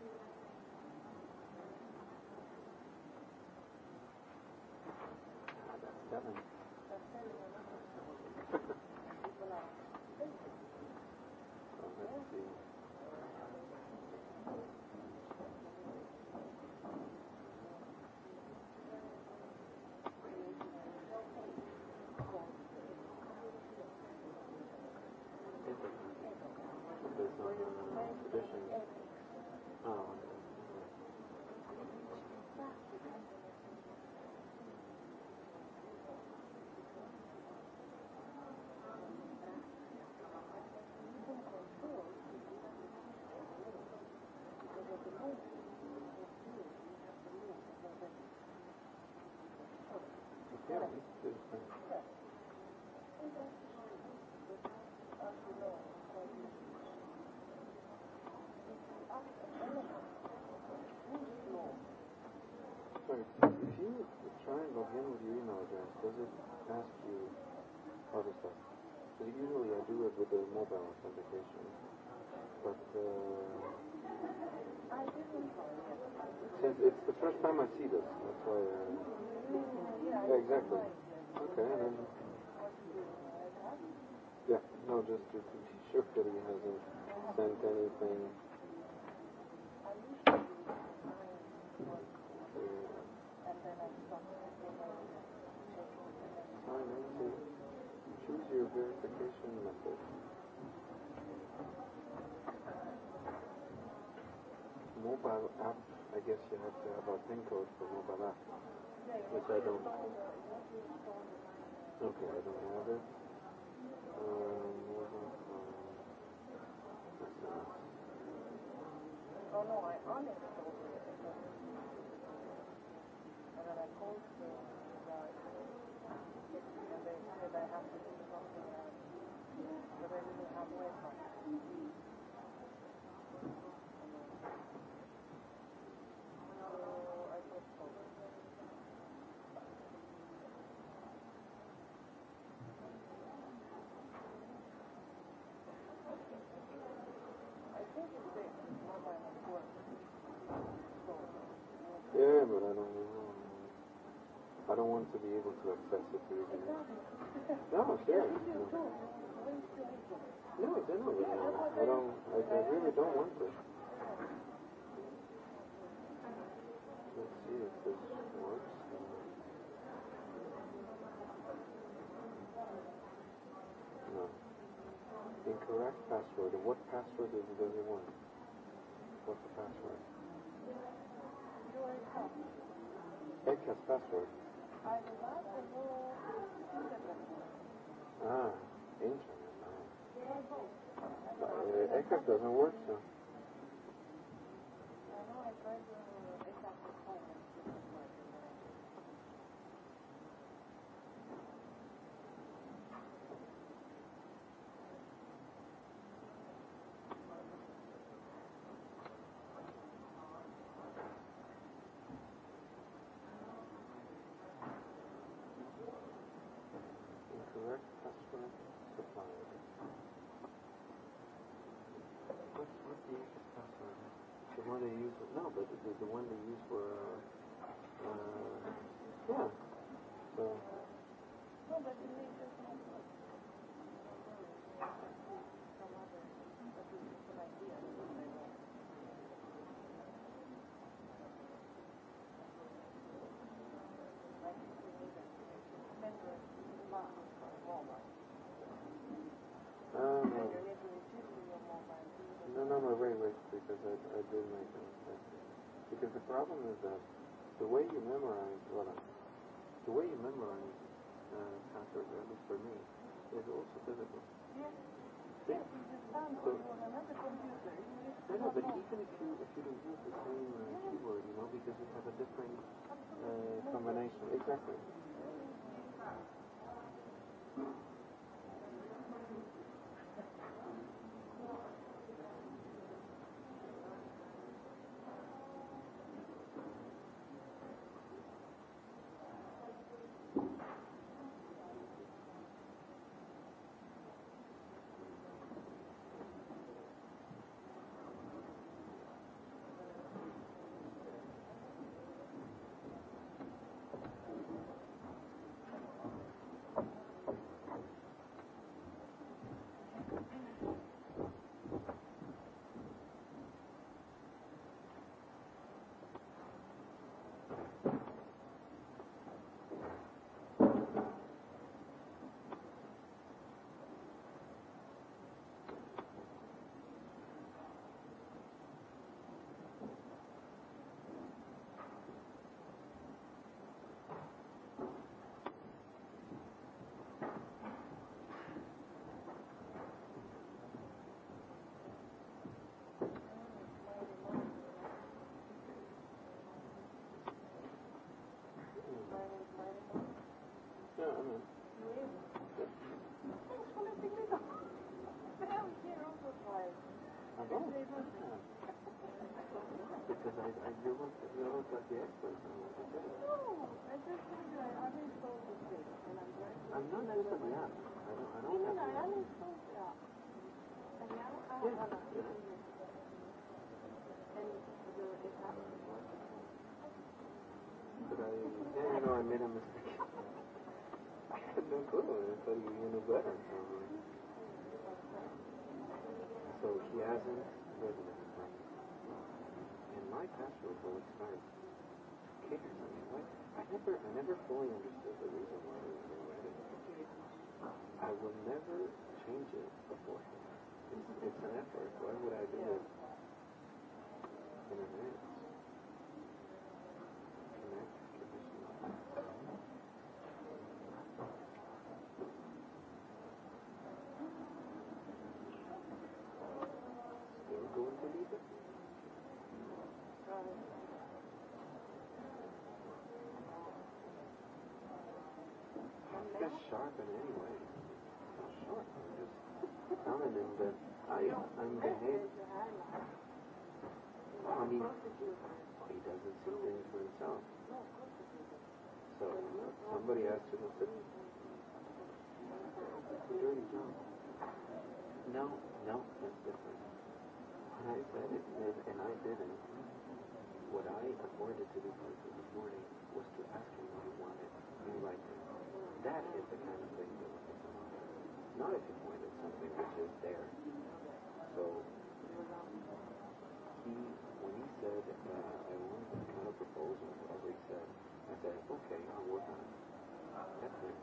Seven. Thank you. ആ oh. try and log in with your email address. Does it ask you other oh, stuff? Because usually I do it with a mobile authentication. But uh, since it's the first time I see this, that's why. Uh, yeah, exactly. Okay, and then. Yeah, no, just to be sure that he hasn't sent anything. Uh, Choose your verification method. Mobile app, I guess you have to have a PIN code for mobile app, which I don't. Okay, I don't have it. Um, what else? Um, no, no, I on it. coast about it, and they, they have to do something else. But they didn't have way for it. want to be able to access it to review. No, sure. No. No, I don't know. I don't. I, I really don't want to. Let's see if this works. No. Incorrect password. What password does it, does it want? What's the password? Edcast password. Ah, ancient. No. Uh, ECAP doesn't work, so. I know I tried to ECAP. is the one they use for, uh, uh, yeah. is that the way you memorize, well, the way you memorize uh, passwords, at least for me, is also physical. Yes. Yeah. Yes, you just found so, on another computer. I know, but even if you, if you don't use the same uh, yes. keyboard, you know, because you have a different uh, combination. Exactly. Mm. I'm not eligible yet. I don't, I don't have to. Yes. But I, yeah, you know, I made a mistake. I had no clue. I thought you knew better. So, so he hasn't written it. And my password will expire. I never, I never fully understood the reason why it was the way it is. I will never change it beforehand. It's, it's an effort. Why would I do yeah. it? And I was to ask him what he wanted, and he writes it. That is the kind of thing that was Not if you point at something which is there. So, he, when he said, uh, I want that kind of proposal, whatever he said, I said, okay, I'll work on it. That's it.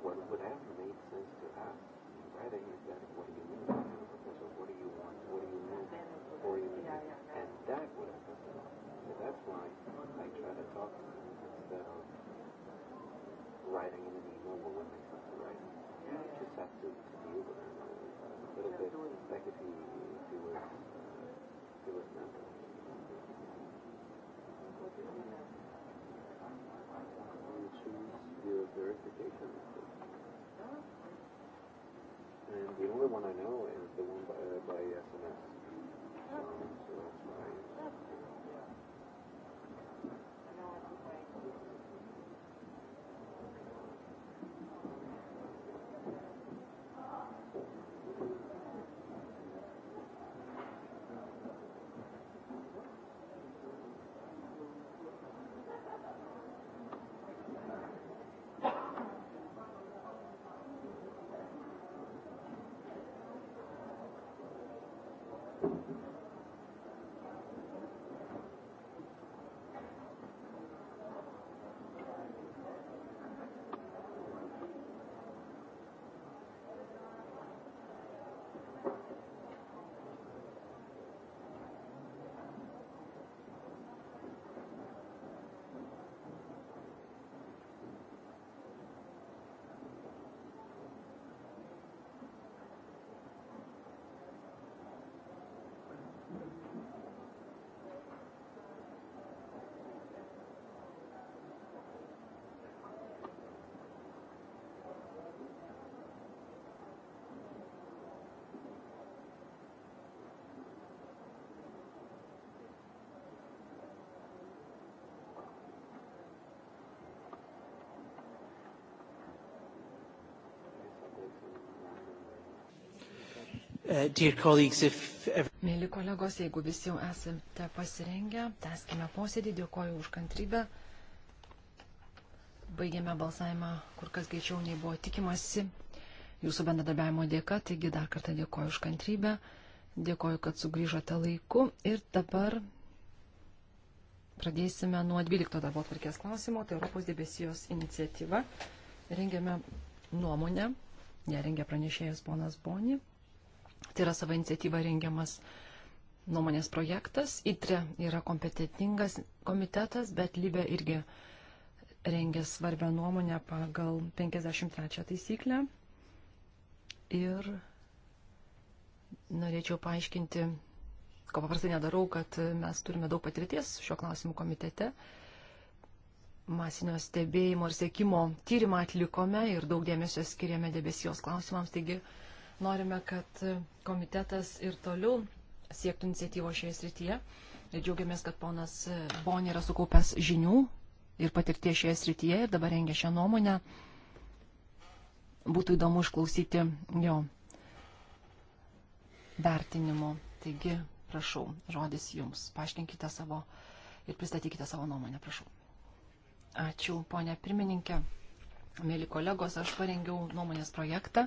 What would have made sense to us in writing is that what do you mean by kind of proposal? What do you want? What do you need? Or you need? And that would have been So that's why I try to talk to that um, writing in an email will limit yourself to writing. You yeah. just have to, to deal with it a little bit. Like if you, if you were, uh, if you were mentally. You choose your verification method. And the only one I know is the one by, uh, by uh, Uh, Mėly kolegos, jeigu visi jau esate pasirengę, tęskime posėdį, dėkoju už kantrybę. Baigėme balsavimą kur kas greičiau nei buvo tikimasi. Jūsų bendradarbiavimo dėka, taigi dar kartą dėkoju už kantrybę, dėkoju, kad sugrįžote laiku ir dabar pradėsime nuo 12 darbo atvarkės klausimo, tai Europos debesijos iniciatyva. Rengiame nuomonę, ją rengia pranešėjas ponas Boni Tai yra savo iniciatyva rengiamas nuomonės projektas. ITRE yra kompetitingas komitetas, bet Libė e irgi rengia svarbę nuomonę pagal 53 taisyklę. Ir norėčiau paaiškinti, ko paprastai nedarau, kad mes turime daug patirties šiuo klausimu komitete. Masinio stebėjimo ir sėkimo tyrimą atlikome ir daug dėmesio skiriame debesijos klausimams, taigi uh, Norime, kad komitetas ir toliau siektų iniciatyvo šioje srityje. Ir džiaugiamės, kad ponas Bonė yra sukaupęs žinių ir patirties šioje srityje ir dabar rengia šią nuomonę. Būtų įdomu išklausyti jo vertinimo. Taigi, prašau, žodis jums. Paaiškinkite savo ir pristatykite savo nuomonę, prašau. Ačiū, ponė pirmininkė. Mėly kolegos, aš parengiau nuomonės projektą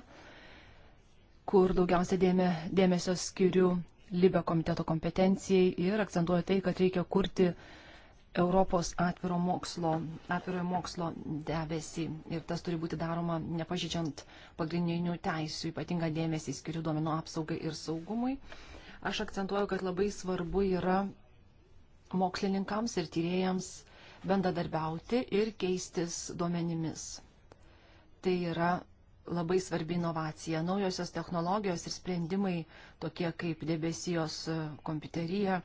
kur daugiausia dėmė, dėmesio skiriu Libio komiteto kompetencijai ir akcentuoju tai, kad reikia kurti Europos atviro mokslo, atvirojo mokslo debesį ir tas turi būti daroma nepažydžiant pagrindinių teisų, ypatingą dėmesį skiriu duomenų apsaugai ir saugumui. Aš akcentuoju, kad labai svarbu yra mokslininkams ir tyrėjams bendradarbiauti ir keistis duomenimis. Tai yra labai svarbi inovacija. Naujosios technologijos ir sprendimai, tokie kaip debesijos e, kompiuterija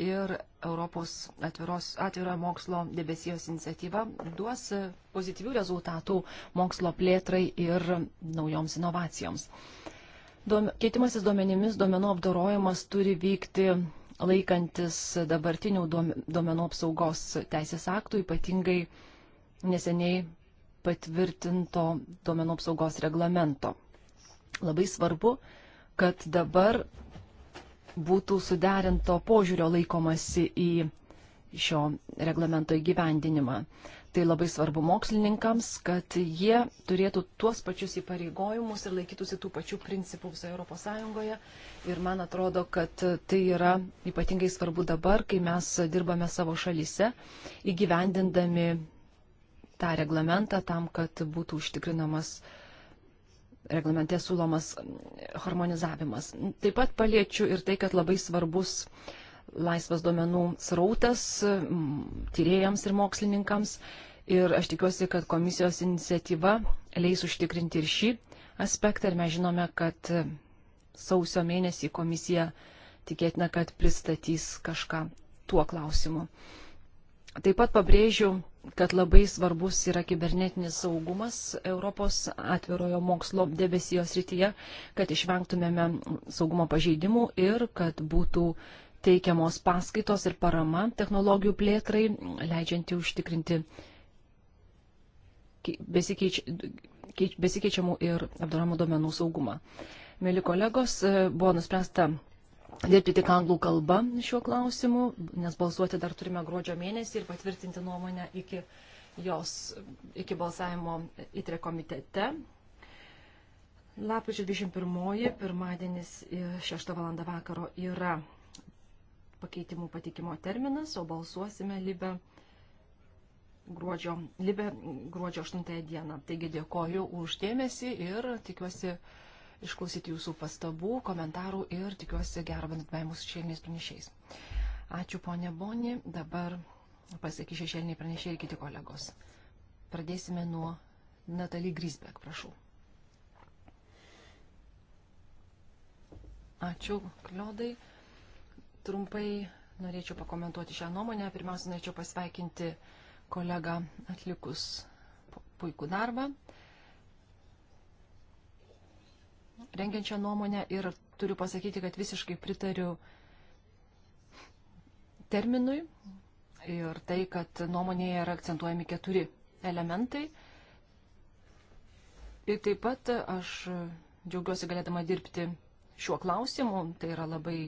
ir Europos atviros, atvirojo mokslo debesijos iniciatyva, duos e, pozityvių rezultatų mokslo plėtrai ir naujoms inovacijoms. Duom, keitimasis duomenimis, duomenų apdorojimas turi vykti laikantis dabartinių duomenų apsaugos teisės aktų, ypatingai neseniai patvirtinto duomenų apsaugos reglamento. Labai svarbu, kad dabar būtų suderinto požiūrio laikomasi į šio reglamento įgyvendinimą. Tai labai svarbu mokslininkams, kad jie turėtų tuos pačius įpareigojimus ir laikytųsi tų pačių principų visoje ES. Ir man atrodo, kad tai yra ypatingai svarbu dabar, kai mes dirbame savo šalyse, įgyvendindami tą reglamentą tam, kad būtų užtikrinamas reglamente siūlomas harmonizavimas. Taip pat paliečiu ir tai, kad labai svarbus laisvas duomenų srautas tyriejams ir mokslininkams. Ir aš tikiuosi, kad komisijos iniciatyva leis užtikrinti ir šį aspektą. Ir mes žinome, kad sausio mėnesį komisija tikėtina, kad pristatys kažką tuo klausimu. Taip pat pabrėžiu, kad labai svarbus yra kibernetinis saugumas Europos atvirojo mokslo debesijos rytyje, kad išvengtumėme saugumo pažeidimų ir kad būtų teikiamos paskaitos ir parama technologijų plėtrai, leidžianti užtikrinti besikeič, besikeičiamų ir apdaromų duomenų saugumą. Mėly kolegos, buvo nuspręsta dirbti tik anglų kalba šiuo klausimu, nes balsuoti dar turime gruodžio mėnesį ir patvirtinti nuomonę iki jos, iki balsavimo įtre komitete. Lapkričio 21, pirmadienis 6 val. vakaro yra pakeitimų patikimo terminas, o balsuosime libe gruodžio, libe gruodžio 8 dieną. Taigi dėkoju už dėmesį ir tikiuosi, išklausyti jūsų pastabų, komentarų ir tikiuosi gero bendradarbiavimo su šešėliniais pranešiais. Ačiū ponė Boni, dabar pasakys šešėliniai pranešiai ir kiti kolegos. Pradėsime nuo Natalie Grisbek, prašau. Ačiū, Kliodai. Trumpai norėčiau pakomentuoti šią nuomonę. Pirmiausia, norėčiau pasveikinti kolegą atlikus puikų darbą. rengiančią nuomonę ir turiu pasakyti, kad visiškai pritariu terminui ir tai, kad nuomonėje yra akcentuojami keturi elementai. Ir taip pat aš džiaugiuosi galėdama dirbti šiuo klausimu. Tai yra labai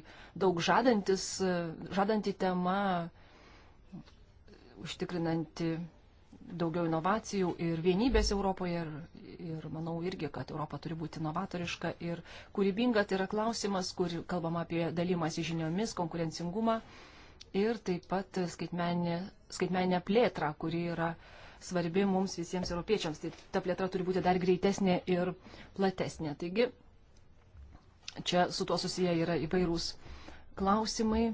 daug žadantis, žadanti tema, užtikrinanti daugiau inovacijų ir vienybės Europoje ir, ir manau irgi, kad Europa turi būti novatoriška ir kūrybinga. Tai yra klausimas, kur kalbama apie dalymasi žiniomis, konkurencingumą ir taip pat skaitmeninę plėtrą, kuri yra svarbi mums visiems europiečiams. Tai ta plėtra turi būti dar greitesnė ir platesnė. Taigi čia su tuo susiję yra įvairūs klausimai,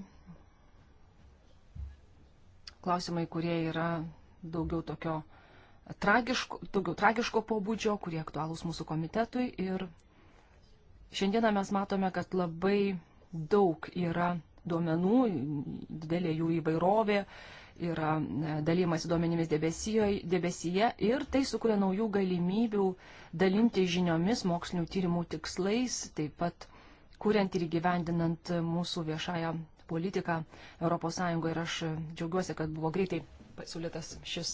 klausimai, kurie yra daugiau tokio tragiško, daugiau tragiško pobūdžio, kurie aktualūs mūsų komitetui. Ir šiandieną mes matome, kad labai daug yra duomenų, didelė jų įvairovė, yra e, dalymas duomenimis debesyje ir tai sukuria naujų galimybių dalinti žiniomis mokslinių tyrimų tikslais, taip pat kuriant ir gyvendinant mūsų viešąją politiką ES. Ir aš džiaugiuosi, kad buvo greitai pasiūlytas šis,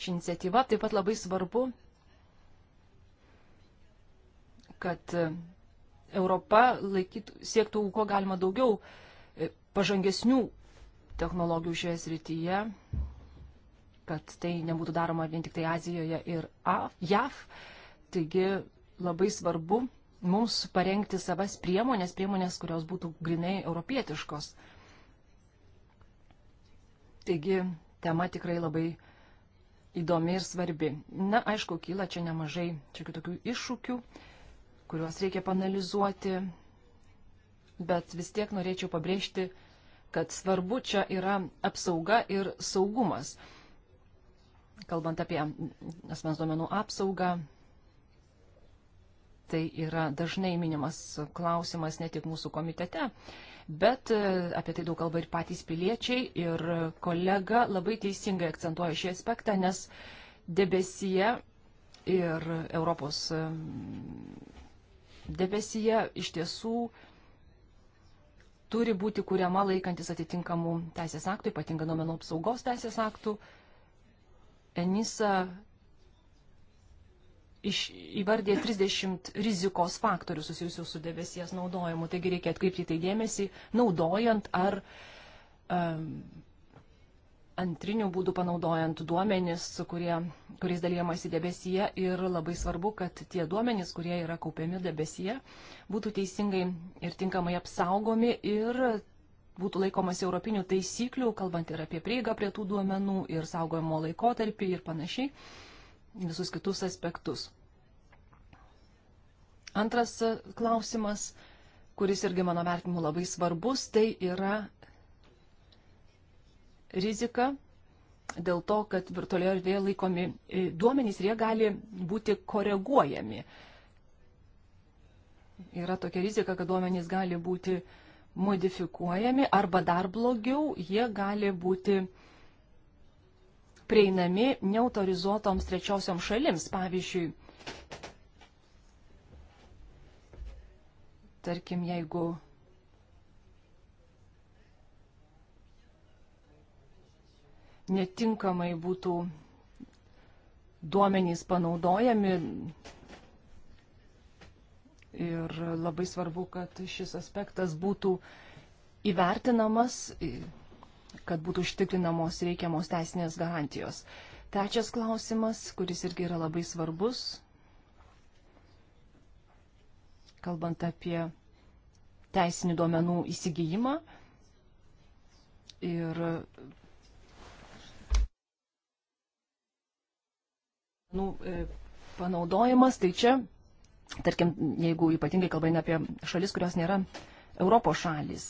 ši iniciatyva. Taip pat labai svarbu, kad Europa laikytų, siektų, ko galima daugiau e, pažangesnių technologijų šioje srityje, kad tai nebūtų daroma vien tik tai Azijoje ir JAV. Taigi labai svarbu mums parengti savas priemonės, priemonės, kurios būtų grinai europietiškos. Taigi tema tikrai labai įdomi ir svarbi. Na, aišku, kyla čia nemažai čia tokių iššūkių, kuriuos reikia panalizuoti, bet vis tiek norėčiau pabrėžti, kad svarbu čia yra apsauga ir saugumas. Kalbant apie asmens duomenų apsaugą, tai yra dažnai minimas klausimas ne tik mūsų komitete, bet e, apie tai daug kalba ir patys piliečiai, ir kolega labai teisingai akcentuoja šį aspektą, nes debesyje ir Europos e, debesyje iš tiesų turi būti kuriama laikantis atitinkamų teisės aktų, ypatinga duomenų apsaugos teisės aktų. Enisa iš, įvardė 30 rizikos faktorių susijusių su debesies naudojimu. Taigi reikia atkreipti tai dėmesį, naudojant ar um, antrinių būdų panaudojant duomenis, kurie, kuriais dalyjamasi debesyje. Ir labai svarbu, kad tie duomenys, kurie yra kaupiami debesyje, būtų teisingai ir tinkamai apsaugomi ir būtų laikomas europinių taisyklių, kalbant ir apie prieigą prie tų duomenų ir saugojimo laikotarpį ir panašiai. Uh, visus kitus aspektus. Antras e, klausimas, kuris irgi mano vertinimu labai svarbus, tai yra rizika dėl to, kad virtualioje erdvėje laikomi e, duomenys ir jie gali būti koreguojami. Yra tokia rizika, kad duomenys gali būti modifikuojami arba dar blogiau, jie gali būti uh, prieinami neautorizuotoms trečiosioms šalims. Pavyzdžiui, tarkim, jeigu netinkamai būtų duomenys panaudojami ir labai svarbu, kad šis aspektas būtų įvertinamas. Ir kad būtų užtikrinamos reikiamos teisinės garantijos. Trečias klausimas, kuris irgi yra labai svarbus, kalbant apie teisinių duomenų įsigijimą ir nu, e, panaudojimas, tai čia, tarkim, jeigu ypatingai kalbame apie šalis, kurios nėra Europos šalis,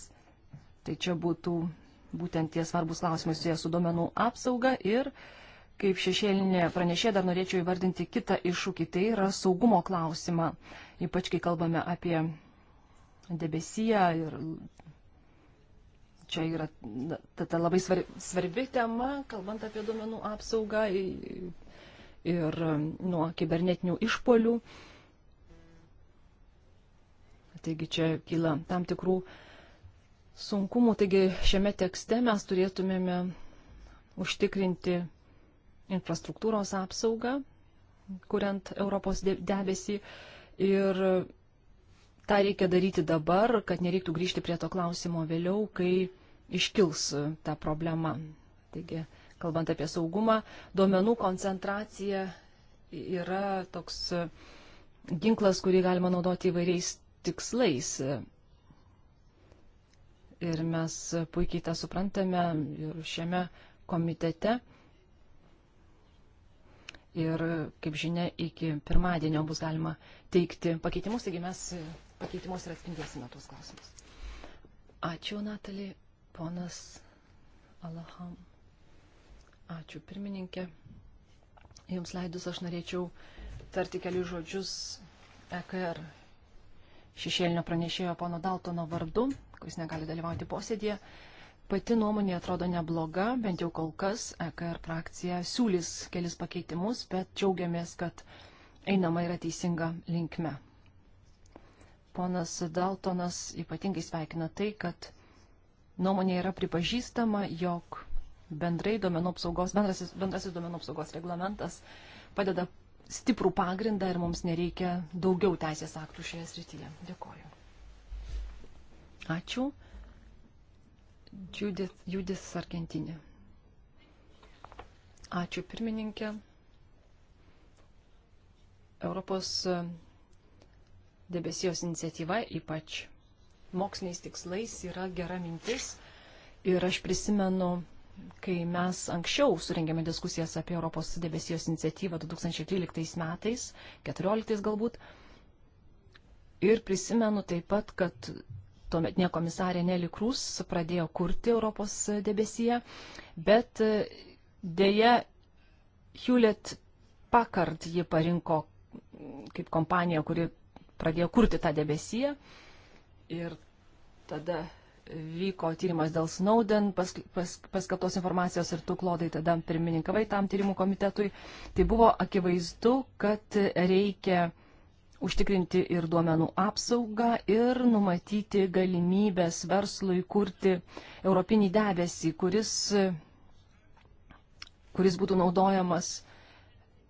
tai čia būtų būtent tie svarbus klausimai susiję su duomenų apsauga ir kaip šešėlinė pranešė dar norėčiau įvardinti kitą iššūkį, tai yra saugumo klausimą, ypač kai kalbame apie debesiją ir čia yra ta, ta labai svarbi, svarbi tema, kalbant apie duomenų apsaugą ir nuo kibernetinių išpolių. Taigi čia kyla tam tikrų uh, sunkumų. Taigi šiame tekste mes turėtumėme užtikrinti infrastruktūros apsaugą, kuriant Europos debesį. Ir tą reikia daryti dabar, kad nereiktų grįžti prie to klausimo vėliau, kai iškils ta problema. Taigi, kalbant apie saugumą, duomenų koncentracija yra toks ginklas, kurį galima naudoti įvairiais tikslais ir mes puikiai tą suprantame ir šiame komitete. Ir, kaip žinia, iki pirmadienio bus galima teikti pakeitimus, taigi mes pakeitimus ir atspindėsime tuos klausimus. Ačiū, Natalija, ponas Alaham. Ačiū, pirmininkė. Jums leidus aš norėčiau tarti kelių žodžius EKR šešėlinio pranešėjo pono Daltono vardu kuris negali dalyvauti posėdėje. Pati nuomonė atrodo nebloga, bent jau kol kas EKR frakcija siūlys kelis pakeitimus, bet džiaugiamės, kad einama yra teisinga linkme. Ponas Daltonas ypatingai sveikina tai, kad nuomonė yra pripažįstama, jog bendrai duomenų apsaugos, bendrasis, bendrasis duomenų apsaugos reglamentas padeda stiprų pagrindą ir mums nereikia daugiau teisės aktų šioje srityje. Dėkoju. Ačiū. Judith, Judis Argentinė. Ačiū pirmininkė. Europos e, debesijos iniciatyva, ypač moksliniais tikslais, yra gera mintis. Ir aš prisimenu, kai mes anksčiau surengėme diskusijas apie Europos debesijos iniciatyvą 2013 metais, 2014 galbūt. Ir prisimenu taip pat, kad tuometinė komisarė Nelly Krus pradėjo kurti Europos debesyje, bet e, dėja Hewlett Packard ji parinko kaip kompanija, kuri pradėjo kurti tą debesiją. Ir tada vyko tyrimas dėl Snowden, pas, pas, paskeltos informacijos ir tu, Klodai, tada pirmininkavai tam tyrimų komitetui. Tai buvo akivaizdu, kad reikia užtikrinti ir duomenų apsaugą ir numatyti galimybės verslui kurti europinį debesį, kuris, kuris būtų naudojamas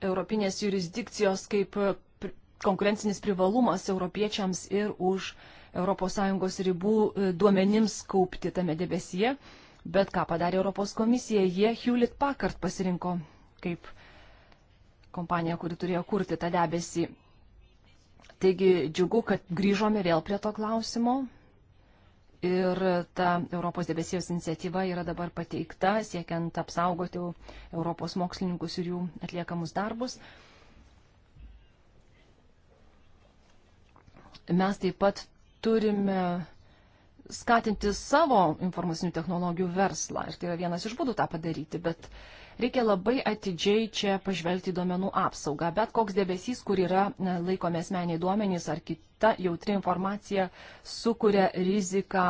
europinės jurisdikcijos kaip konkurencinis privalumas europiečiams ir už ES ribų e, duomenims kaupti tame debesyje. Bet ką padarė Europos komisija, jie Hewlett Packard pasirinko kaip kompanija, kuri turėjo kurti tą debesį. Taigi džiugu, kad grįžome vėl prie to klausimo. Ir ta Europos debesijos iniciatyva yra dabar pateikta, siekiant apsaugoti Europos mokslininkus ir jų atliekamus darbus. Mes taip pat turime skatinti savo informacinių technologijų verslą. Ir tai yra vienas iš būdų tą padaryti, bet uh, Reikia labai atidžiai čia pažvelgti duomenų apsaugą. Bet koks debesys, kur yra e, laikomi asmeniai duomenys ar kita jautri informacija, sukuria riziką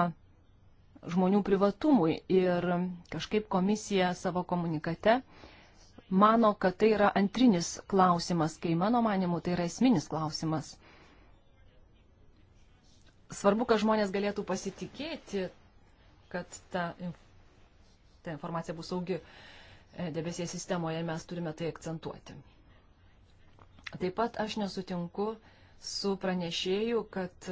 žmonių privatumui. Ir kažkaip komisija savo komunikate mano, kad tai yra antrinis klausimas, kai mano manimu tai yra esminis klausimas. Svarbu, kad žmonės galėtų pasitikėti, kad ta, ta informacija bus saugi. Uh, E, debesie sistemoje mes turime tai akcentuoti. Taip pat aš nesutinku su pranešėju, kad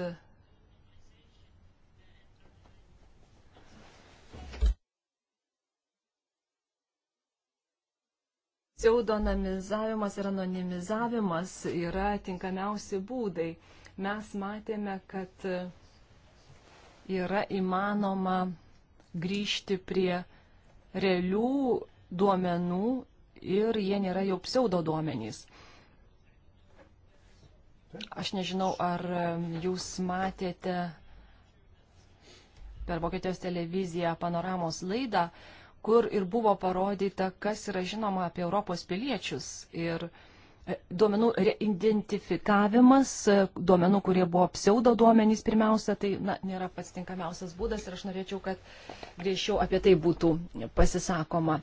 pseudonamizavimas ir anonimizavimas yra tinkamiausi būdai. Mes matėme, kad yra įmanoma grįžti prie realių duomenų ir jie nėra jau pseudo duomenys. Aš nežinau, ar jūs matėte per Vokietijos televiziją panoramos laidą, kur ir buvo parodyta, kas yra žinoma apie Europos piliečius. Ir uh, duomenų identifikavimas, duomenų, kurie buvo pseudo duomenys pirmiausia, tai na, nėra pats tinkamiausias būdas ir aš norėčiau, kad griežčiau apie tai būtų pasisakoma.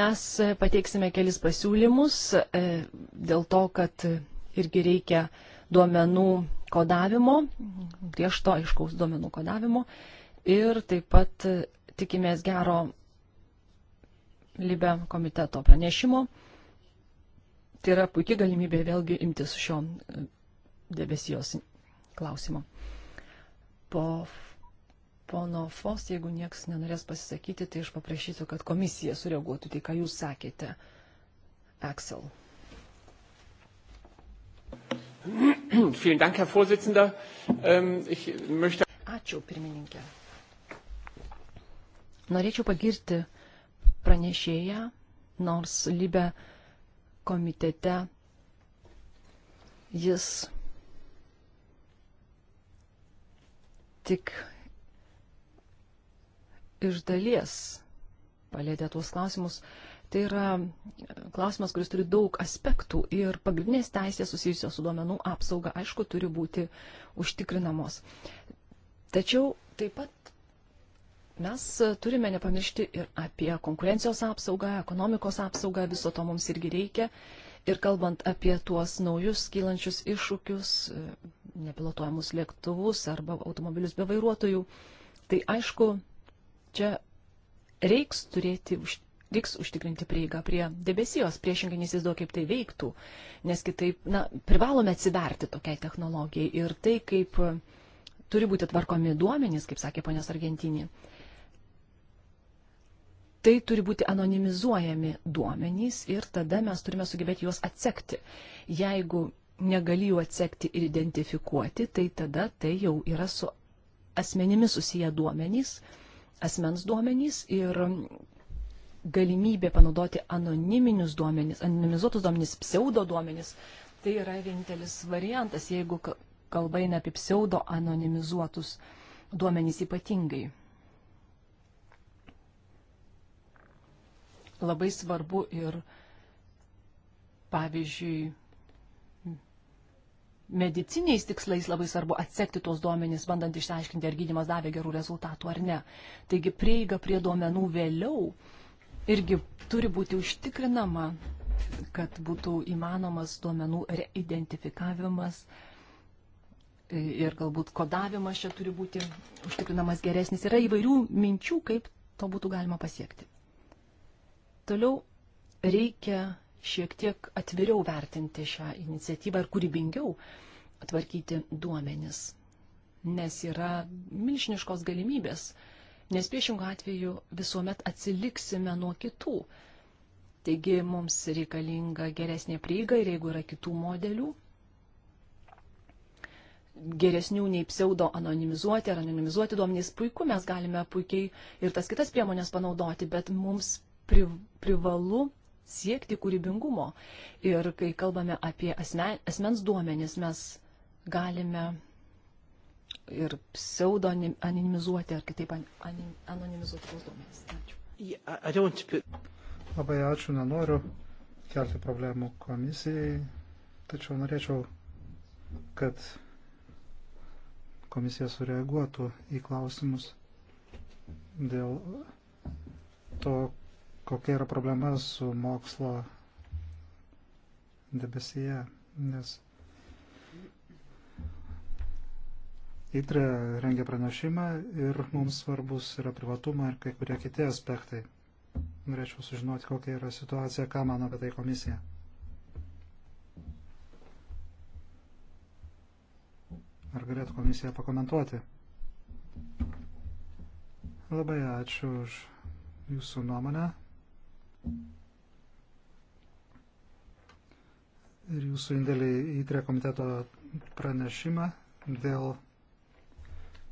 Mes pateiksime kelis pasiūlymus e, dėl to, kad irgi reikia duomenų kodavimo, griežto aiškaus duomenų kodavimo ir taip pat e, tikimės gero Libe komiteto pranešimo tai yra puikia galimybė vėlgi imtis šio e, debesijos klausimo. Po pono Fos, jeigu nieks nenorės pasisakyti, tai aš paprašysiu, kad komisija sureaguotų tai, ką jūs sakėte, Axel. Ähm, Ačiū, pirmininkė. Norėčiau pagirti pranešėją, nors Libe komitete jis tik iš dalies palėtė tuos klausimus. Tai yra klausimas, kuris turi daug aspektų ir pagrindinės teisės susijusios su duomenų apsauga, aišku, turi būti užtikrinamos. Tačiau taip pat Mes turime nepamiršti ir apie konkurencijos apsaugą, ekonomikos apsaugą, viso to mums irgi reikia. Ir kalbant apie tuos naujus kylančius iššūkius, nepilotuojamus lėktuvus arba automobilius be vairuotojų, tai aišku, čia reiks turėti reiks užtikrinti prieigą prie debesijos, priešingai nesizduo, kaip tai veiktų, nes kitaip, na, privalome atsiverti tokiai technologijai ir tai, kaip turi būti tvarkomi duomenys, kaip sakė ponios Argentinė, tai turi būti anonimizuojami duomenys ir tada mes turime sugebėti juos atsekti. Jeigu negali jų atsekti ir identifikuoti, tai tada tai jau yra su asmenimis susiję duomenys, asmens duomenys ir galimybė panaudoti anoniminius duomenys, anonimizuotus duomenys, pseudo duomenys, tai yra vienintelis variantas, jeigu kalba eina apie pseudo anonimizuotus duomenys ypatingai. Labai svarbu ir, pavyzdžiui, mediciniais tikslais labai svarbu atsekti tuos duomenys, bandant išsiaiškinti, ar gydimas davė gerų rezultatų ar ne. Taigi prieiga prie duomenų vėliau irgi turi būti užtikrinama, kad būtų įmanomas duomenų reidentifikavimas ir galbūt kodavimas čia turi būti užtikrinamas geresnis. Yra įvairių minčių, kaip to būtų galima pasiekti. Toliau reikia šiek tiek atviriau vertinti šią iniciatyvą ir kūrybingiau tvarkyti duomenis, nes yra milžiniškos galimybės, nes priešingų atveju visuomet atsiliksime nuo kitų. Taigi mums reikalinga geresnė prieiga ir jeigu yra kitų modelių, geresnių nei pseudo anonimizuoti ar anonimizuoti duomenys puiku, mes galime puikiai ir tas kitas priemonės panaudoti, bet mums pri, privalu siekti kūrybingumo. Ir kai kalbame apie asmen, asmens duomenis, mes galime ir pseudo-anonimizuoti ar kitaip anonimizuoti tos duomenis. Ačiū. Labai ačiū, nenoriu kelti problemų komisijai, tačiau norėčiau, kad komisija sureaguotų į klausimus dėl to, kokia yra problema su mokslo debesyje, nes ITRE rengia pranešimą ir mums svarbus yra privatumą ir kai kurie kiti aspektai. Norėčiau sužinoti, kokia yra situacija, ką mano apie tai komisija. Ar galėtų komisija pakomentuoti? Labai ačiū už jūsų nuomonę ir jūsų indėlį į trie komiteto pranešimą dėl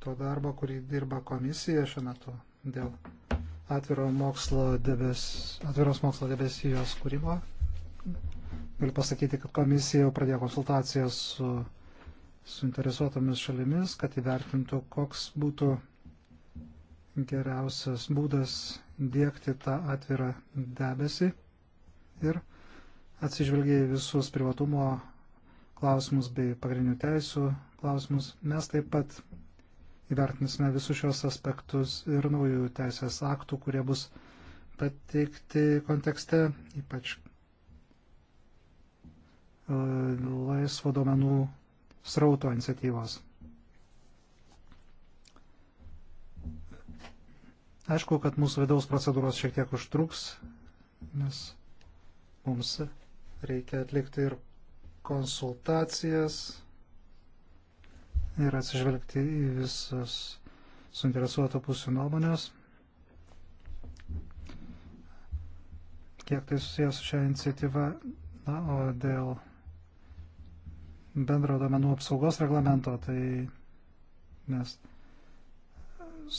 to darbo, kurį dirba komisija šiuo metu, dėl atviro mokslo debes, atviros mokslo debesijos kūrimo. Galiu pasakyti, kad komisija jau pradėjo konsultacijas su suinteresuotomis šalimis, kad įvertintų, koks būtų geriausias būdas dėkti tą atvirą debesį ir atsižvelgia į visus privatumo klausimus bei pagrindinių teisų klausimus. Mes taip pat įvertinsime visus šios aspektus ir naujų teisės aktų, kurie bus pateikti kontekste, ypač e, laisvo domenų srauto iniciatyvos. Aišku, kad mūsų vidaus procedūros šiek tiek užtruks, nes mums reikia atlikti ir konsultacijas ir atsižvelgti į visas suinteresuoto pusių nuomonės. Kiek tai susijęs su šią iniciatyvą, na, o dėl bendro domenų apsaugos reglamento, tai mes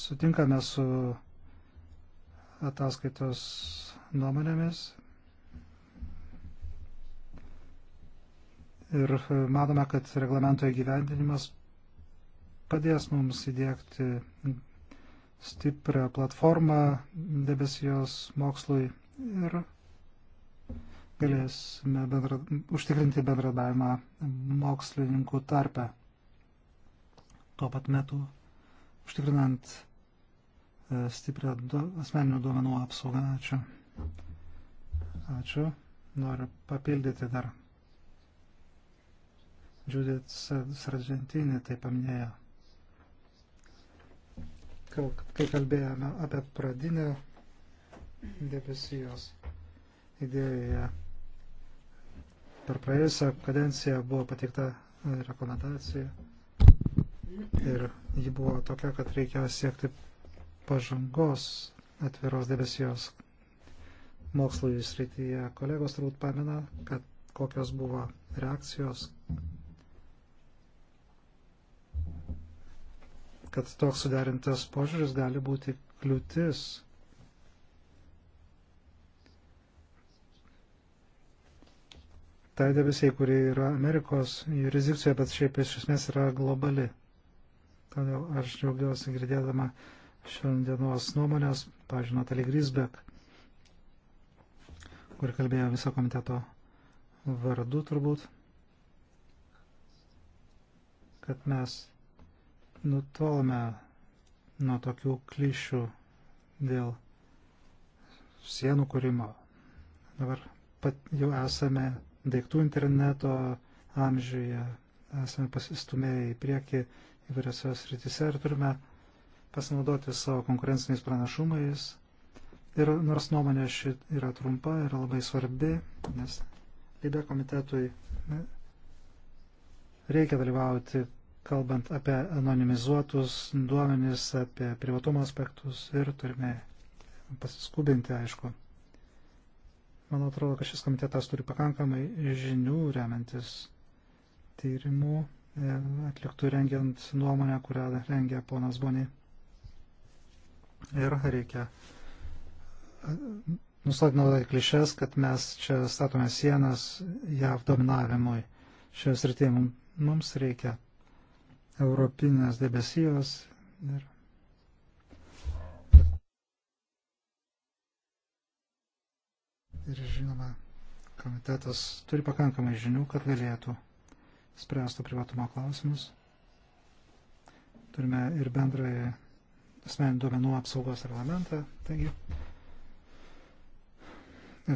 sutinkame su ataskaitos nuomonėmis. Ir manome, kad reglamento įgyvendinimas padės mums įdėkti stiprią platformą debesijos mokslui ir galėsime bendra, užtikrinti bendradavimą mokslininkų tarpę. Tuo pat metu užtikrinant E, stiprią du, asmeninių duomenų apsaugą. Ačiū. Ačiū. Noriu papildyti dar. Judith Sargentinį tai paminėjo. Kai kalbėjome apie pradinę debesijos idėją, per praėjusią kadenciją buvo pateikta rekomendacija ir ji buvo tokia, kad reikia siekti pažangos atviros debesijos mokslo įsrityje. Kolegos turbūt pamena, kad kokios buvo reakcijos, kad toks suderintas požiūris gali būti kliūtis tai debesiai, kuri yra Amerikos jurisdikcijoje, bet šiaip iš esmės yra globali. Todėl aš džiaugiuosi girdėdama uh, šiandienos nuomonės, pažiūrėjau, Natalį Grisbek, kur kalbėjo viso komiteto vardu turbūt, kad mes nutolome nuo tokių klišių dėl sienų kūrimo. Dabar pat jau esame daiktų interneto amžiuje, esame pasistumėję į priekį įvairiose srityse ir turime pasinaudoti savo konkurenciniais pranašumais. Ir nors nuomonė ši yra trumpa ir labai svarbi, nes lybė komitetui reikia dalyvauti, kalbant apie anonimizuotus duomenis, apie privatumo aspektus ir turime pasiskubinti, aišku. Man atrodo, kad šis komitetas turi pakankamai žinių remiantis tyrimų e, atliktų rengiant nuomonę, kurią rengia ponas Boni ir reikia e, nustoti naudoti klišes, kad mes čia statome sienas JAV dominavimui šioje srityje. Mums reikia europinės debesijos ir ir žinoma, komitetas turi pakankamai žinių, kad galėtų spręstų privatumo klausimus. Turime ir bendrąją asmeninių duomenų apsaugos reglamentą. Taigi,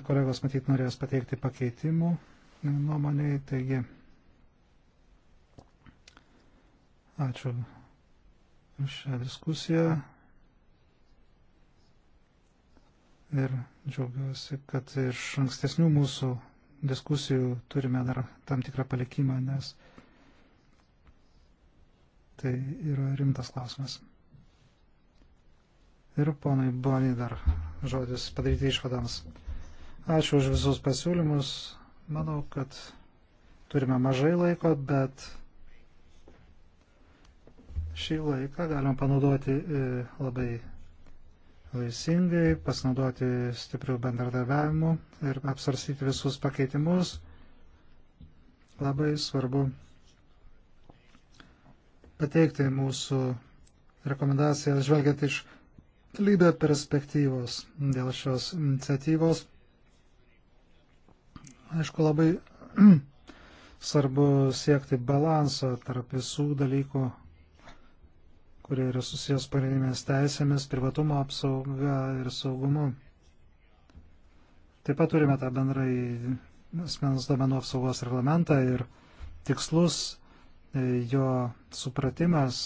kolegos matyt norės pateikti pakeitimų nuomonėje, taigi ačiū už šią diskusiją ir džiaugiuosi, kad iš ankstesnių mūsų diskusijų turime dar tam tikrą palikimą, nes tai yra rimtas klausimas ir ponui Boni dar žodis padaryti išvadams. Ačiū už visus pasiūlymus. Manau, kad turime mažai laiko, bet šį laiką galim panaudoti e, labai vaisingai, pasinaudoti stiprių bendradarbiavimų ir apsarstyti visus pakeitimus. Labai svarbu pateikti mūsų rekomendacijas žvelgiant iš lybė perspektyvos dėl šios iniciatyvos. Aišku, labai svarbu siekti balanso tarp visų dalykų, kurie yra susijęs pareigybės teisėmis, privatumo apsauga ir saugumu. Taip pat turime tą bendrai asmens domenų apsaugos reglamentą ir tikslus e, jo supratimas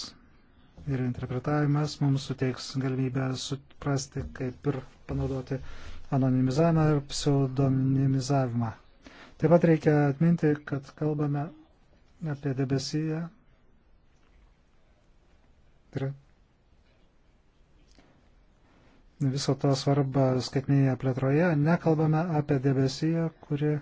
ir interpretavimas mums suteiks galimybę suprasti, kaip ir panaudoti anonimizavimą ir pseudonimizavimą. Taip pat reikia atminti, kad kalbame apie debesiją. Ir viso to svarbą skaitminėje plėtroje, nekalbame apie debesiją, kuri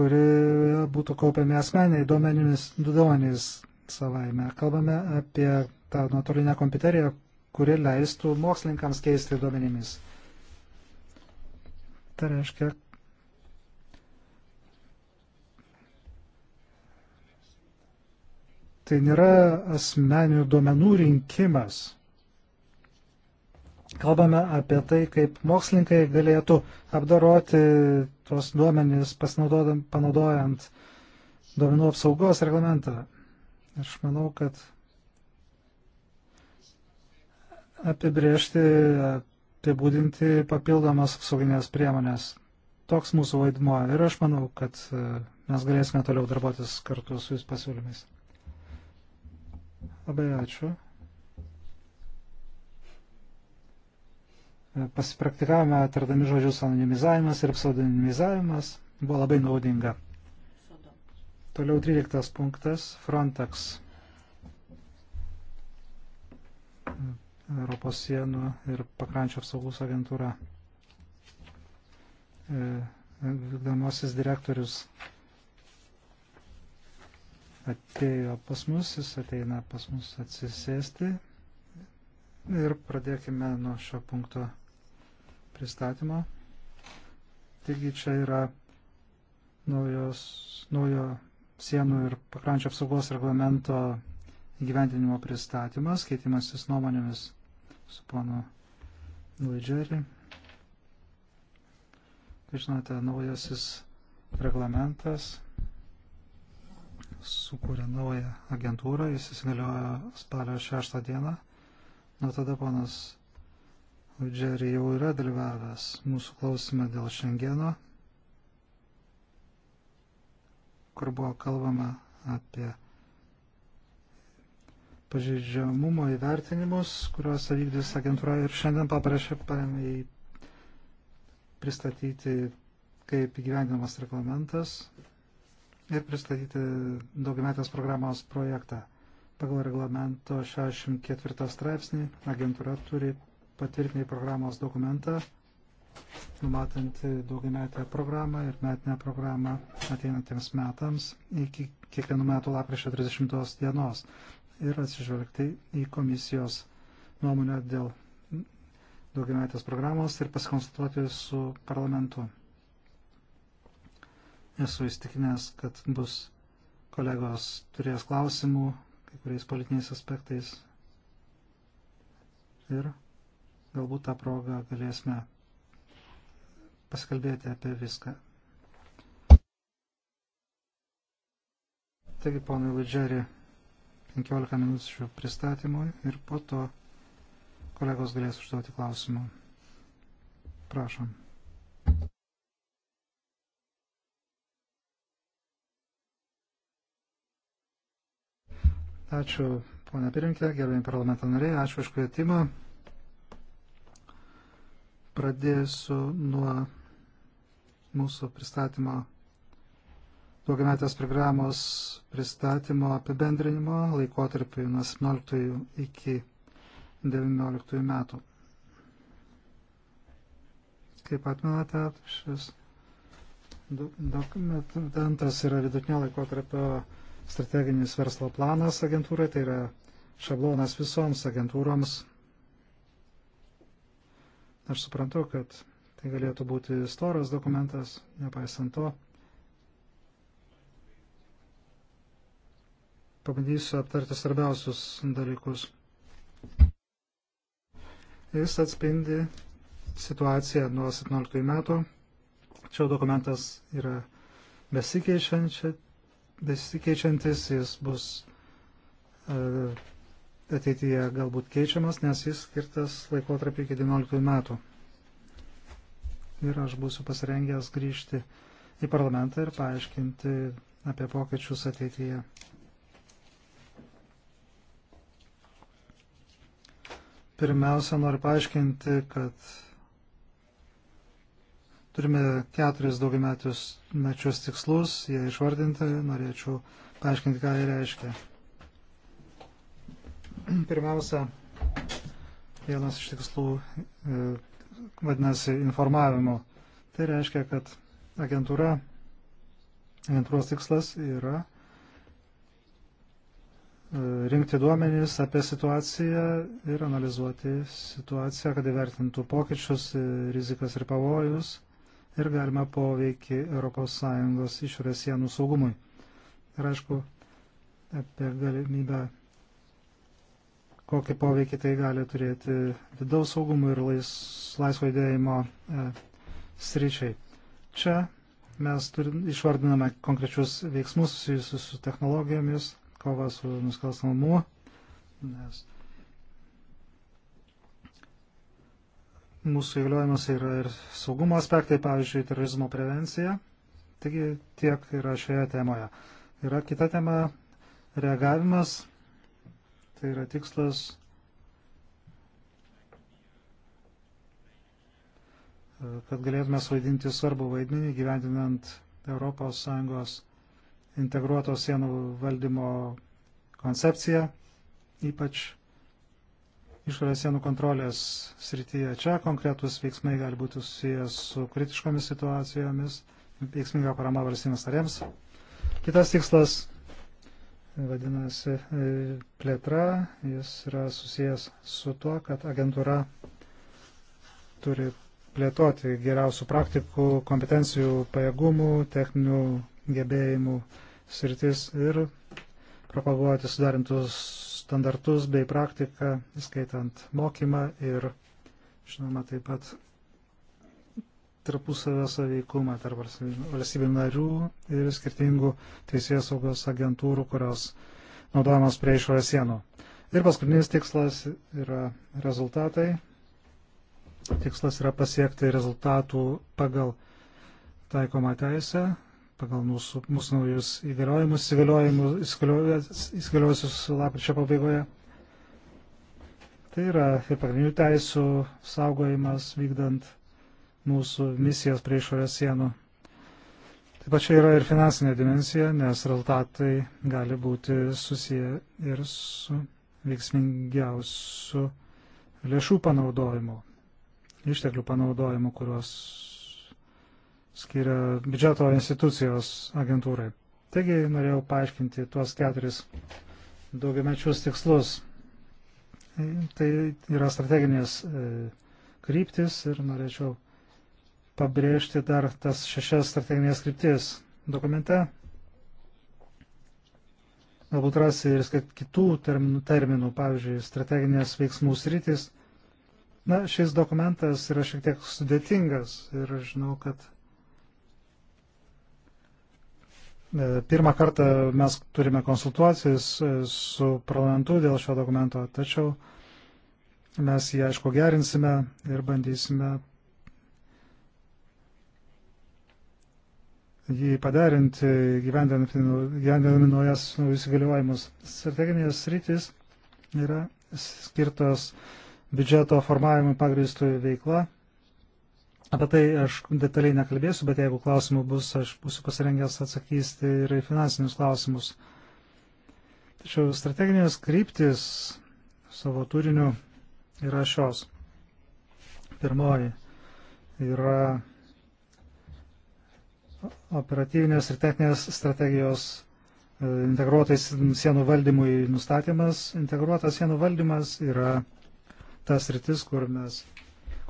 kurioje būtų kaupiami asmeniai duomenimis, duomenys savaime. Kalbame apie tą nuotolinę kompiuteriją, kuri leistų mokslininkams keisti duomenimis. Tai reiškia, tai nėra asmeninių duomenų rinkimas kalbame apie tai, kaip mokslininkai galėtų apdaroti tuos duomenys panaudojant duomenų apsaugos reglamentą. Aš manau, kad apibriežti, apibūdinti papildomas apsauginės priemonės. Toks mūsų vaidmuo ir aš manau, kad e, mes galėsime toliau darbuotis kartu su jūs pasiūlymais. Labai ačiū. E, pasipraktikavome atradami žodžius anonimizavimas ir pseudonimizavimas. Buvo labai naudinga. Toliau 13 punktas – Frontex. Europos sienų ir pakrančio apsaugos agentūra. E, Vykdamosis direktorius atėjo pas mus, jis ateina pas mus atsisėsti. Ir pradėkime nuo šio punkto pristatymo. Taigi čia yra naujos, naujo sienų ir pakrančio apsaugos reglamento įgyvendinimo pristatymas, keitimasis nuomonėmis su ponu Luidžeri. Kaip žinote, naujasis reglamentas sukūrė naują agentūrą, jis įsigaliojo spalio 6 dieną. Nuo tada ponas Udžerį jau yra dalyvavęs mūsų klausime dėl Šengeno, kur buvo kalbama apie pažeidžiamumo įvertinimus, kuriuos vykdys agentūra ir šiandien paprašė pristatyti, kaip įgyvendinamas reglamentas ir pristatyti daugiametės programos projektą. Pagal reglamento 64 straipsnį agentūra turi patvirtinai programos dokumentą, numatant daugiametę programą ir metinę programą ateinantiems metams iki kiekvienų metų lapkričio 30 dienos ir atsižvelgti į komisijos nuomonę dėl daugiametės programos ir pasikonsultuoti su parlamentu. Esu įstikinęs, kad bus kolegos turės klausimų kai kuriais politiniais aspektais ir Galbūt tą progą galėsime pasikalbėti apie viską. Taigi, ponai Ledžeri, 15 minučių pristatymui ir po to kolegos galės užduoti klausimų. Prašom. Ačiū, ponia pirinkė, gerbėjim parlamento nariai, ačiū už kvietimą. Pradėsiu nuo mūsų pristatymo, daugiametės programos pristatymo apibendrinimo laikotarpiu nuo 17 iki 19 metų. Kaip atmenate, šis dokumentas yra vidutinio laikotarpio strateginis verslo planas agentūrai, tai yra šablonas visoms agentūroms Aš suprantu, kad tai galėtų būti storas dokumentas, nepaisant to. Pabandysiu aptarti svarbiausius dalykus. Jis atspindi situaciją nuo 17 metų. Čia dokumentas yra besikeičiantis, jis bus e, ateityje galbūt keičiamas, nes jis skirtas laikotarpį iki 19 metų. Ir aš būsiu pasirengęs grįžti į parlamentą ir paaiškinti apie pokyčius ateityje. Pirmiausia, noriu paaiškinti, kad turime keturis daugiametius mečius tikslus, jie išvardinti, norėčiau paaiškinti, ką jie reiškia. Pirmiausia, vienas iš tikslų e, vadinasi informavimu. Tai reiškia, kad agentūra, agentūros tikslas yra e, rinkti duomenys apie situaciją ir analizuoti situaciją, kad įvertintų pokyčius, e, rizikas ir pavojus ir galima poveikį ES išorės sienų saugumui. Ir aišku, apie galimybę kokį poveikį tai gali turėti vidaus saugumų ir lais, laisvo judėjimo e, sričiai. Čia mes turim, išvardiname konkrečius veiksmus susijusius su technologijomis, kova su nusikalstamumu, nes mūsų įgaliojimas yra ir saugumo aspektai, pavyzdžiui, terorizmo prevencija. Taigi tiek yra šioje temoje. Yra kita tema - reagavimas Tai yra tikslas kad galėtume svaidinti svarbų vaidmenį gyvendinant ES integruotos sienų valdymo koncepciją, ypač išorės sienų kontrolės srityje. Čia konkretus veiksmai gali būti susijęs su kritiškomis situacijomis, veiksminga parama valstybės narėms. Kitas tikslas vadinasi e, plėtra, jis yra susijęs su tuo, kad agentūra turi plėtoti geriausių praktikų, kompetencijų, pajėgumų, techninių gebėjimų sritis ir propaguoti sudarintus standartus bei praktiką, įskaitant mokymą ir, žinoma, taip pat tarpusavio saveikumą tarp valstybių narių ir skirtingų teisės saugos agentūrų, kurios naudojamos prie išorės sienų. Ir paskutinis tikslas yra rezultatai. Tikslas yra pasiekti rezultatų pagal taikomą teisę, pagal mūsų, mūsų naujus įgaliojimus, įsigaliojusius lapkričio pabaigoje. Tai yra ir pagrindinių teisų saugojimas vykdant mūsų misijos prie išorės sienų. Taip pat čia yra ir finansinė dimensija, nes rezultatai gali būti susiję ir su veiksmingiausiu lėšų panaudojimu, išteklių panaudojimu, kuriuos skiria biudžeto institucijos agentūrai. Taigi norėjau paaiškinti tuos keturis daugiamečius tikslus. Tai yra strateginės e, kryptis ir norėčiau pabrėžti dar tas šešias strateginės kryptis dokumente. Galbūt rasi ir kitų terminų, terminų, pavyzdžiui, strateginės veiksmų sritis. Na, šis dokumentas yra šiek tiek sudėtingas ir aš žinau, kad e, pirmą kartą mes turime konsultuotis e, su parlamentu dėl šio dokumento, tačiau mes jį aišku gerinsime ir bandysime jį padarinti, e, nu, gyvendami naujas įsigaliojimus. Strateginės rytis yra skirtos biudžeto formavimui pagrįstų veikla. Apie tai aš detaliai nekalbėsiu, bet jeigu klausimų bus, aš būsiu pasirengęs atsakysti ir į finansinius klausimus. Tačiau strateginės kryptis savo turiniu yra šios. Pirmoji yra operatyvinės ir techninės strategijos e, integruotais sienų valdymui nustatymas. Integruotas sienų valdymas yra tas rytis, kur mes,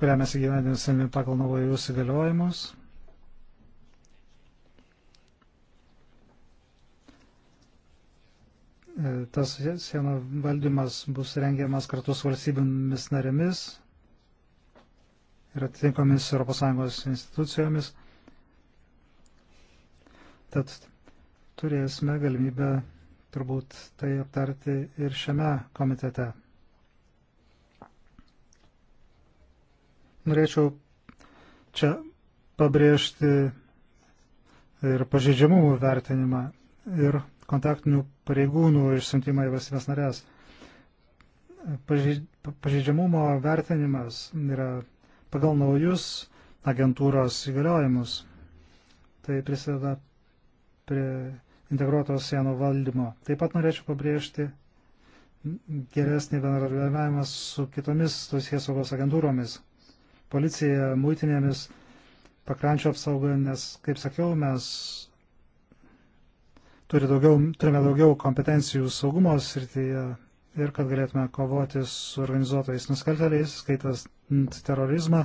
kurią mes įgyvendinsime pagal naujus įgaliojimus. E, tas sienų valdymas bus rengiamas kartu su valstybėmis narėmis ir atitinkomis ES institucijomis Tad turėsime galimybę turbūt tai aptarti ir šiame komitete. Norėčiau čia pabrėžti ir pažeidžiamumų vertinimą ir kontaktinių pareigūnų išsiuntimą į valstybės narės. Pažeidžiamumo vertinimas yra pagal naujus agentūros įgaliojimus. Tai prisideda prie integruotos sienų valdymo. Taip pat norėčiau pabrėžti geresnį bendradarbiavimą su kitomis teisėsaugos agentūromis - policija, muitinėmis, pakrančio apsauga, nes, kaip sakiau, mes turi daugiau, turime daugiau kompetencijų saugumo srityje ir kad galėtume kovoti su organizuotais nusikalteliais, skaitas terorizmą.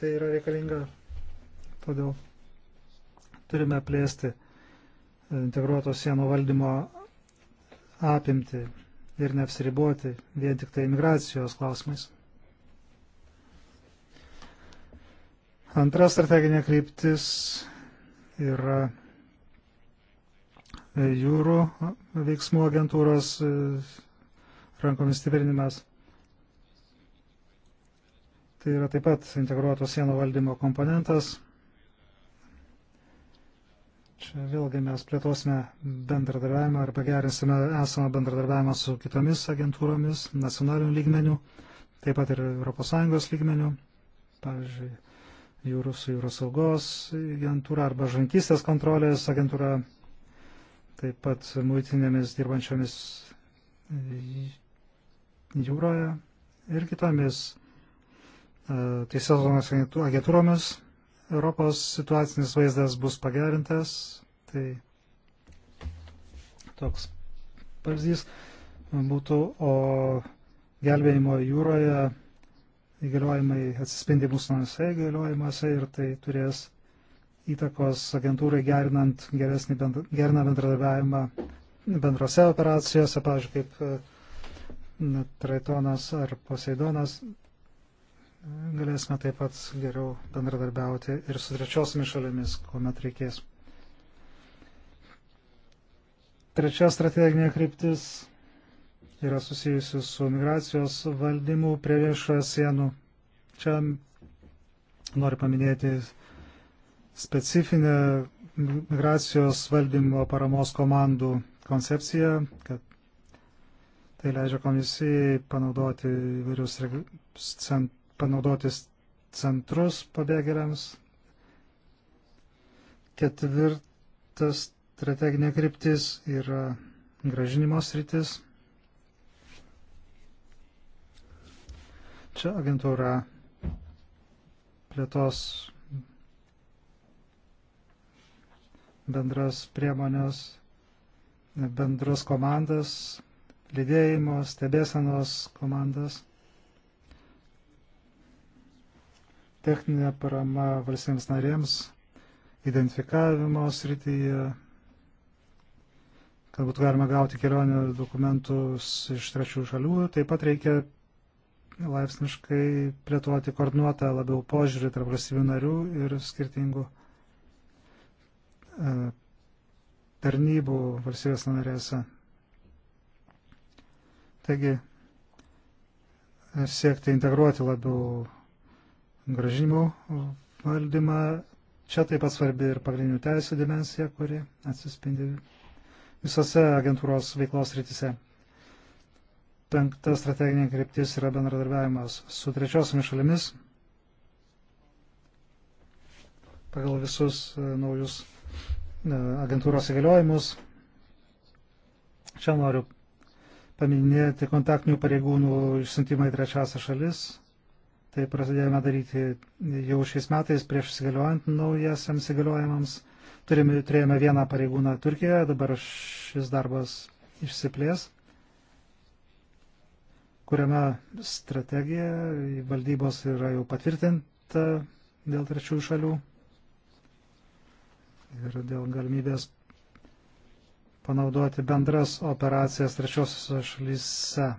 Tai yra reikalinga, todėl turime plėsti integruoto sienų valdymo apimti ir neapsiriboti vien tik tai migracijos klausimais. Antra strateginė kryptis yra jūrų veiksmų agentūros rankomis stiprinimas. Tai yra taip pat integruoto sienų valdymo komponentas. Čia vėlgi mes plėtosime bendradarbiavimą ir pagerinsime esamą bendradarbiavimą su kitomis agentūromis, nacionaliniu lygmeniu, taip pat ir ES lygmeniu, pavyzdžiui, jūrų su jūros saugos agentūra arba žankystės kontrolės agentūra, taip pat muitinėmis dirbančiomis jūroje ir kitomis e, teisės zonos agentūromis. Agentūromis Europos situacinis vaizdas bus pagerintas. Tai toks pavyzdys būtų, o gelbėjimo jūroje įgaliojimai atsispindi mūsų namuose įgaliojimuose ir tai turės įtakos agentūrai gerinant geresnį bendra, geriną bendradarbiavimą bendrose operacijose, pavyzdžiui, kaip e, Traitonas ar Poseidonas, galėsime taip pat geriau bendradarbiauti ir su trečiosiomis šalimis, kuomet reikės. Trečia strateginė kryptis yra susijusi su migracijos valdymu prie viešoje sienų. Čia noriu paminėti specifinę migracijos valdymo paramos komandų koncepciją, kad tai leidžia komisijai panaudoti įvairius centrus panaudotis centrus pabėgėliams. Ketvirtas strateginė kryptis yra gražinimo sritis. Čia agentūra plėtos bendras priemonės, bendras komandas, lydėjimo, stebėsenos komandas. techninė parama valstybėms narėms identifikavimo srityje, kad būtų galima gauti kelionių dokumentus iš trečių šalių. Taip pat reikia laipsniškai plėtoti koordinuotą labiau požiūrį tarp valstybių narių ir skirtingų e, tarnybų valstybės narėse. Taigi, siekti integruoti labiau gražinimų valdymą. Čia taip pat svarbi ir pagrindinių teisų dimensija, kuri atsispindi visose agentūros veiklos rytise. Penkta strateginė kryptis yra bendradarbiavimas su trečiosiamis šalimis pagal visus e, naujus e, agentūros įgaliojimus. Čia noriu paminėti kontaktinių pareigūnų išsintimą į trečiasią šalis, Tai prasidėjome daryti jau šiais metais prieš įsigaliojant naujasiams įgaliojimams. Turime, turėjome vieną pareigūną Turkijoje, dabar šis darbas išsiplės, kuriame strategija valdybos yra jau patvirtinta dėl trečiųjų šalių ir dėl galimybės panaudoti bendras operacijas trečiosios šalyse.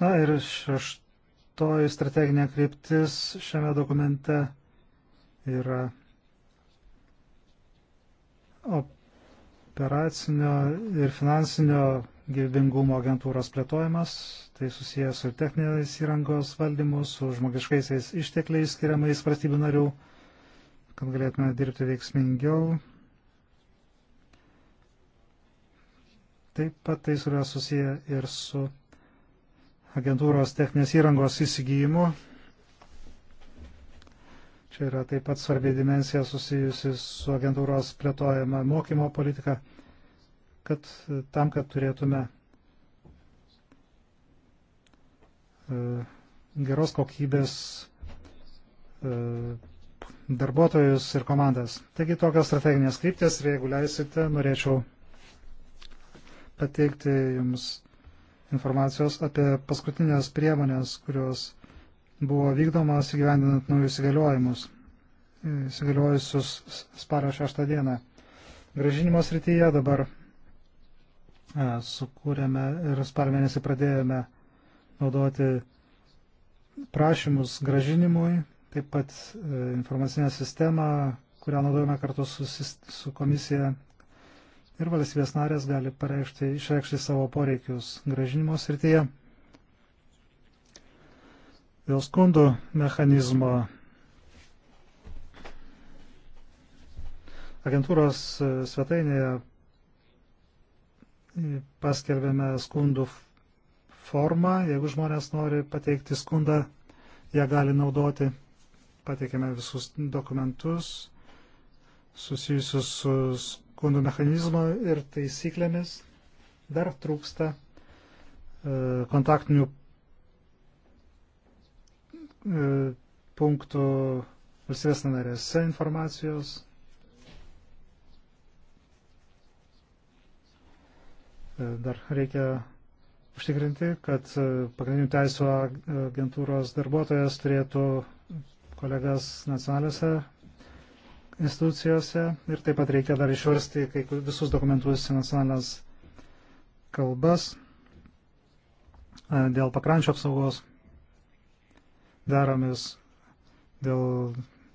Na ir šeštoji strateginė kryptis šiame dokumente yra operacinio ir finansinio gyvybingumo agentūros plėtojimas, tai susijęs su techninės įrangos valdymu, su žmogiškaisiais ištekliais skiriamais valstybių narių, kad galėtume dirbti veiksmingiau. Taip pat tai yra susiję ir su agentūros techninės įrangos įsigijimu. Čia yra taip pat svarbi dimensija susijusi su agentūros plėtojama mokymo politika, kad e, tam, kad turėtume e, geros kokybės e, darbuotojus ir komandas. Taigi tokios strateginės kryptės ir jeigu leisite, norėčiau pateikti jums informacijos apie paskutinės priemonės, kurios buvo vykdomas įgyvendinant naujus įgaliojimus, įsigaliojusius spalio 6 dieną. Gražinimo srityje dabar e, sukūrėme ir spalio mėnesį pradėjome naudoti prašymus gražinimui, taip pat e, informacinę sistemą, kurią naudojame kartu su, su komisija ir valstybės narės gali pareikšti, išreikšti savo poreikius gražinimo srityje. Dėl skundų mechanizmo agentūros e, svetainėje paskelbėme skundų formą. Jeigu žmonės nori pateikti skundą, ją gali naudoti. Pateikėme visus dokumentus susijusius su skundų mechanizmo ir taisyklėmis. Dar trūksta e, kontaktinių e, punktų valstybės narėse informacijos. E, dar reikia užtikrinti, kad pagrindinių teisų agentūros darbuotojas turėtų kolegas nacionaliuose institucijose ir taip pat reikia dar išversti kai visus dokumentus į nacionalinės kalbas e, dėl pakrančio apsaugos daromis dėl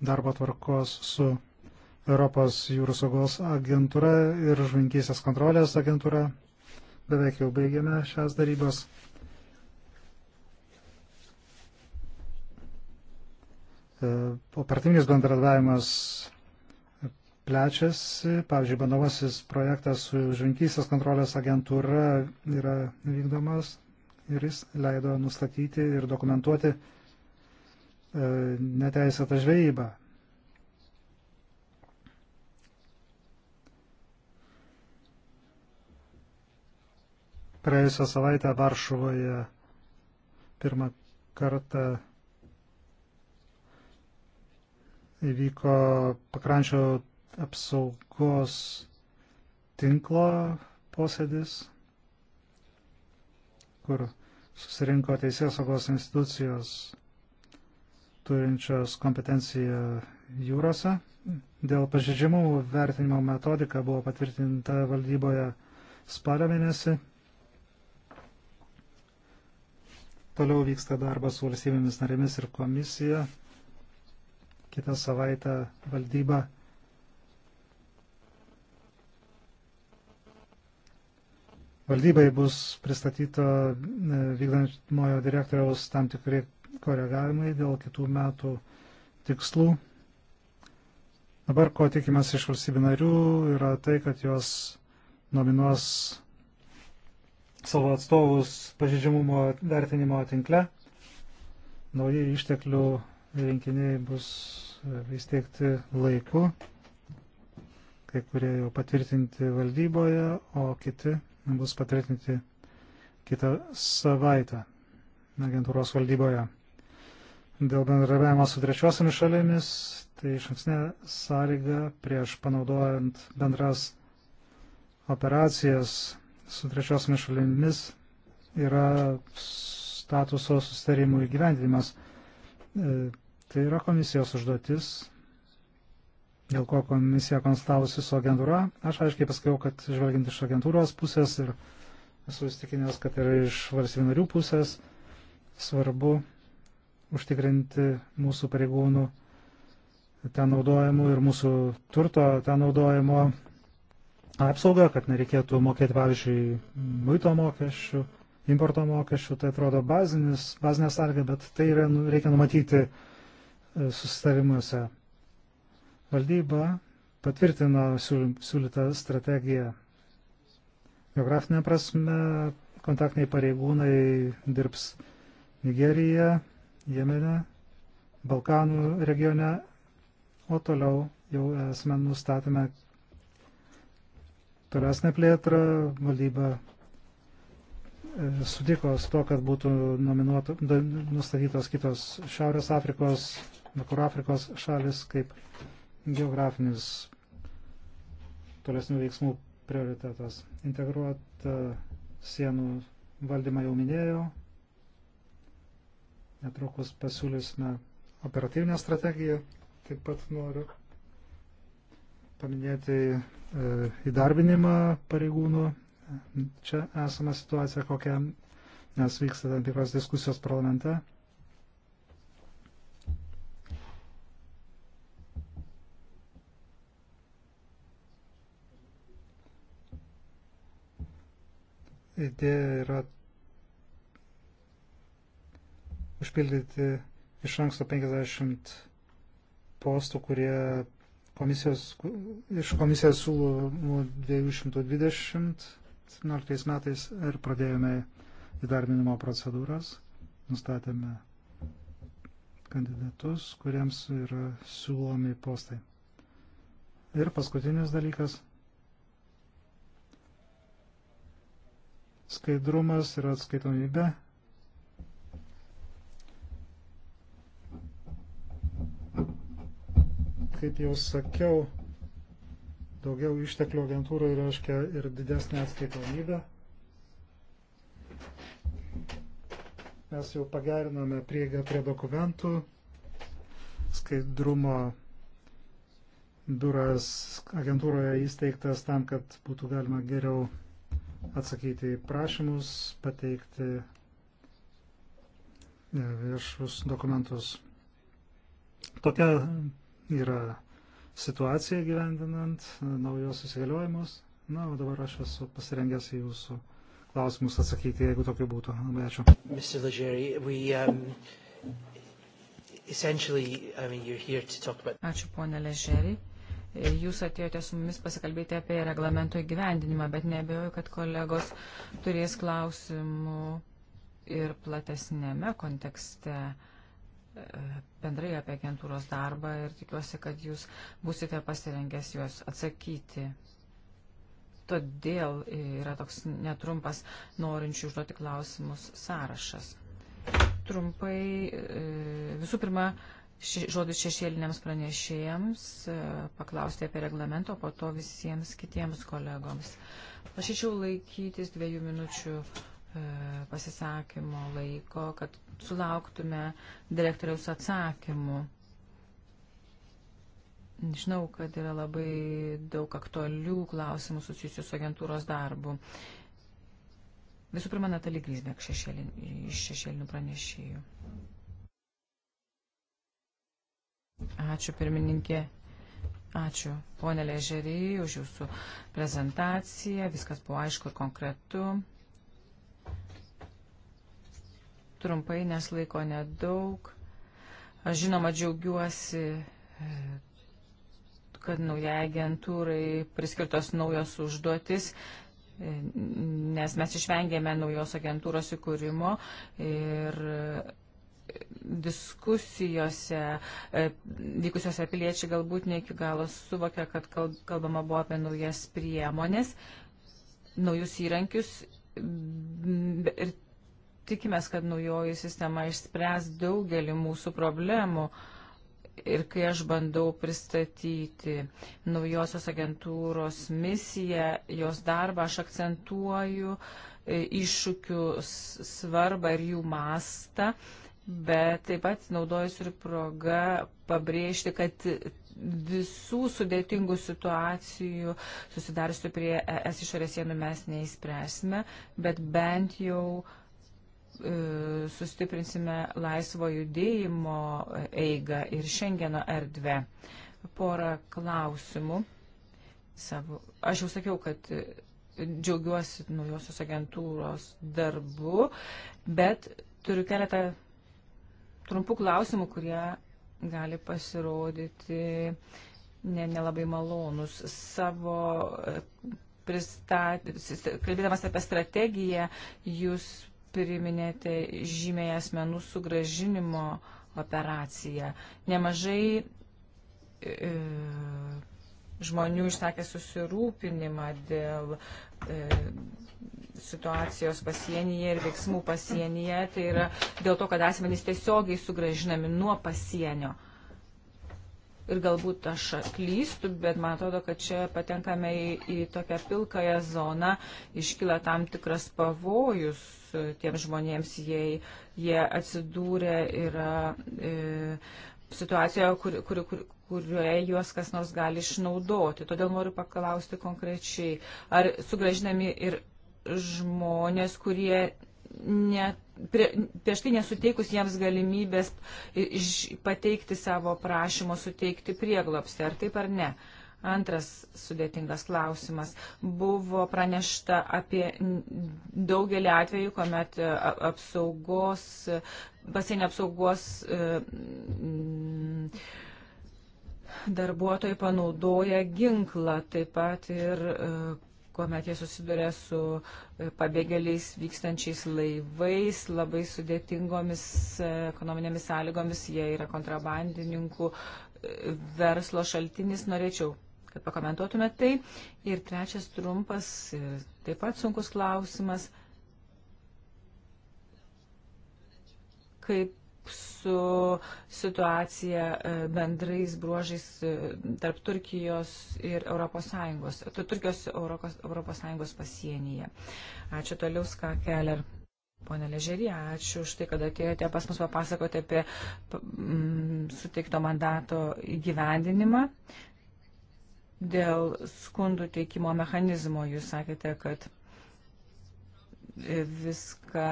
darbo tvarkos su Europos jūrų saugos agentūra ir žvinkysės kontrolės agentūra. Beveik jau baigėme šias darybas. E, operatyvinis bendradavimas plečiasi. Pavyzdžiui, bandomasis projektas su žvinkysės kontrolės agentūra yra vykdomas ir jis leido nustatyti ir dokumentuoti e, neteisėtą žvejybą. Praėjusią savaitę Varšuvoje pirmą kartą įvyko pakrančio apsaugos tinklo posėdis, kur susirinko teisės saugos institucijos turinčios kompetenciją jūrose. Dėl pažeidžiamų vertinimo metodika buvo patvirtinta valdyboje spalio mėnesį. Toliau vyksta darbas su valstybėmis narėmis ir komisija. Kitą savaitę valdyba Valdybai bus pristatyta e, vykdančiojo direktoriaus tam tikri koregavimai dėl kitų metų tikslų. Dabar ko tikimas iš valstybių narių yra tai, kad jos nominuos savo atstovus pažydžiamumo vertinimo tinkle. Nauji išteklių rinkiniai bus e, įsteigti laiku, kai kurie jau patvirtinti valdyboje, o kiti bus patvirtinti kitą savaitę agentūros valdyboje. Dėl bendradarbiavimo su trečiosiamis šalimis, tai iš anksnė sąlyga prieš panaudojant bendras operacijas su trečiosiamis šalimis yra statuso susitarimų įgyvendinimas. E, tai yra komisijos užduotis dėl ko komisija konstatavusi su agentūra. Aš aiškiai pasakiau, kad žvelgiant iš agentūros pusės ir esu įstikinęs, kad ir iš valstybių narių pusės svarbu užtikrinti mūsų pareigūnų ten naudojimų ir mūsų turto ten naudojimo apsaugą, kad nereikėtų mokėti, pavyzdžiui, muito mokesčių, importo mokesčių, tai atrodo bazinis, bazinė sąlyga, bet tai yra, nu, reikia numatyti e, susitarimuose. Valdyba patvirtino siūlytą strategiją. Geografinė prasme, kontaktiniai pareigūnai dirbs Nigerija, Jemene, Balkanų regione, o toliau jau esame nustatėme tolesnę plėtrą, valdyba e, sutiko su to, kad būtų nominuoto, nustatytos kitos Šiaurės Afrikos, Vakarų Afrikos šalis kaip geografinis tolesnių veiksmų prioritetas. Integruota sienų valdymą jau minėjau. Netrukus pasiūlysime operatyvinę strategiją. Taip pat noriu paminėti e, įdarbinimą pareigūnų. Čia esama situacija kokia, nes vyksta tam tikros diskusijos parlamente. idėja yra užpildyti iš anksto 50 postų, kurie komisijos, iš komisijos siūlomų 220 17 metais ir pradėjome įdarbinimo procedūras, nustatėme kandidatus, kuriems yra siūlomi postai. Ir paskutinis dalykas Skaidrumas ir atskaitomybė. Kaip jau sakiau, daugiau išteklių agentūrai reiškia ir didesnę atskaitomybę. Mes jau pagerinome prieigą prie dokumentų, skaidrumo biuras agentūroje įsteigtas tam, kad būtų galima geriau atsakyti į prašymus, pateikti e, viešus dokumentus. Tokia yra situacija gyvendinant e, naujos įsigaliojimus. Na, o dabar aš esu pasirengęs į jūsų klausimus atsakyti, jeigu tokių būtų. Labai ačiū. Mr. Legeri, we, um, essentially, I mean, you're here to talk about... Ačiū, ponė Legeri. Jūs atėjote su mumis pasikalbėti apie reglamento įgyvendinimą, bet nebejoju, kad kolegos turės klausimų ir platesnėme kontekste e, bendrai apie agentūros darbą ir tikiuosi, kad jūs busite pasirengęs juos atsakyti. Todėl yra toks netrumpas norinčių užduoti klausimus sąrašas. Trumpai, e, visų pirma, ši, žodis šešėliniams pranešėjams, e, paklausti apie reglamento, po to visiems kitiems kolegoms. Prašyčiau laikytis dviejų minučių e, pasisakymo laiko, kad sulauktume direktoriaus atsakymų. Žinau, kad yra labai daug aktualių klausimų susijusių su agentūros darbu. Visų pirma, Natalija Grisbek iš šešėlinių pranešėjų. Ačiū pirmininkė. Ačiū, ponė Ležerį, už jūsų prezentaciją. Viskas buvo aišku ir konkretu. Trumpai, nes laiko nedaug. Aš žinoma džiaugiuosi, kad naujai agentūrai priskirtos naujos užduotis, nes mes išvengėme naujos agentūros įkūrimo ir diskusijose e, vykusiose piliečiai galbūt ne iki galo suvokė, kad kalbama buvo apie naujas priemonės, naujus įrankius ir tikimės, kad naujoji sistema išspręs daugelį mūsų problemų. Ir kai aš bandau pristatyti naujosios agentūros misiją, jos darbą, aš akcentuoju e, iššūkių svarbą ir jų mastą. Uh, bet taip pat naudojus ir proga pabrėžti, kad visų sudėtingų situacijų susidariusių prie ES išorės sienų mes neįspręsime, bet bent jau e, sustiprinsime laisvo judėjimo eigą ir Šengeno erdvę. Porą klausimų. Savo. Aš jau sakiau, kad džiaugiuosi naujosios agentūros darbu, bet turiu keletą trumpų klausimų, kurie gali pasirodyti ne, nelabai malonus. Savo e, pristat... kalbėdamas apie strategiją, jūs priminėte žymėje asmenų sugražinimo operaciją. Nemažai e, žmonių išsakė susirūpinimą dėl E, situacijos pasienyje ir veiksmų pasienyje, tai yra dėl to, kad asmenys tiesiogiai sugražinami nuo pasienio. Ir galbūt aš klystu, bet man atrodo, kad čia patenkame į, į tokią pilkąją zoną, iškyla tam tikras pavojus tiems žmonėms, jei jie atsidūrė yra e, situacijoje, kur, kur, kur, kurioje juos kas nors gali išnaudoti. Todėl noriu paklausti konkrečiai, ar sugražinami ir žmonės, kurie ne, prie, prieš tai nesuteikus jiems galimybės iš, pateikti savo prašymo, suteikti prieglopstį, ar taip ar ne. Uh, Antras sudėtingas klausimas. Buvo pranešta apie daugelį atvejų, kuomet e, apsaugos, pasienio apsaugos e, darbuotojai panaudoja ginklą, taip pat ir e, kuomet jie susiduria su pabėgėliais vykstančiais laivais, labai sudėtingomis ekonominėmis sąlygomis, jie yra kontrabandininkų verslo šaltinis. Norėčiau kad pakomentuotumėt tai. Ir trečias trumpas, taip pat sunkus klausimas, kaip su situacija e, bendrais bruožais e, tarp Turkijos ir ES, e, Turkijos Europos Sąjungos pasienyje. Ačiū toliau, Ska Keller. Pone Ležerį, ačiū už tai, kad atėjote pas mus papasakoti apie suteikto mandato įgyvendinimą. Dėl skundų teikimo mechanizmo jūs sakėte, kad viską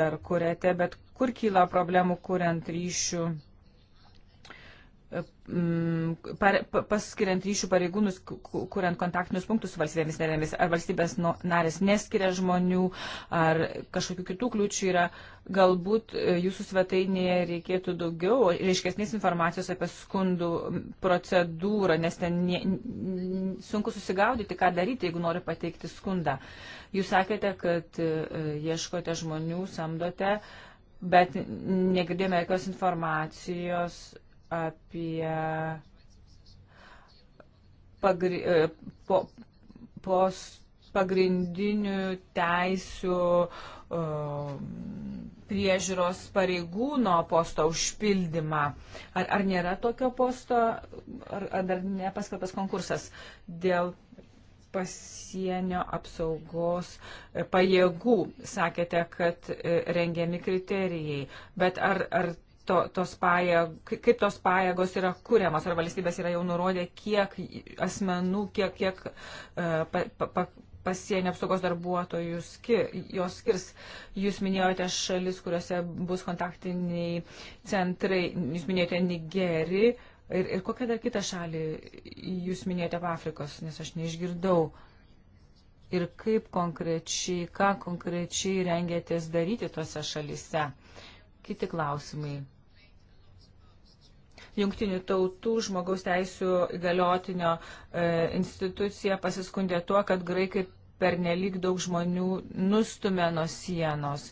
dar kuriate, bet kur kyla problemų kuriant ryšių Mm, paskiriant ryšių pareigūnus, kuriant kontaktinius punktus su valstybėmis narėmis, ar valstybės narės neskiria žmonių, ar kažkokių kitų kliūčių yra, galbūt e, jūsų svetainėje reikėtų daugiau ryškesnės informacijos apie skundų procedūrą, nes ten nie, sunku susigaudyti, ką daryti, jeigu nori pateikti skundą. Jūs sakėte, kad e, ieškote žmonių, samdote, bet negirdėjome jokios informacijos apie pagri, e, po, pos, pagrindinių teisių e, priežiūros pareigūno posto užpildymą. Ar, ar nėra tokio posto, ar, ar dar nepaskaltas konkursas dėl pasienio apsaugos e, pajėgų? Sakėte, kad rengiami kriterijai, bet ar, ar to, tos pajėg, kaip tos pajėgos yra kuriamas, ar valstybės yra jau nurodę, kiek asmenų, kiek, kiek uh, pa, pa, pasienio apsaugos darbuotojų skir, jos skirs. Jūs minėjote šalis, kuriuose bus kontaktiniai centrai, jūs minėjote Nigerį ir, ir kokią dar kitą šalį jūs minėjote Afrikos, nes aš neišgirdau ir kaip konkrečiai, ką konkrečiai rengėtės daryti tose šalise. Kiti klausimai. Junktinių tautų žmogaus teisų įgaliotinio e, institucija pasiskundė tuo, kad graikai per nelik daug žmonių nustumė nuo sienos.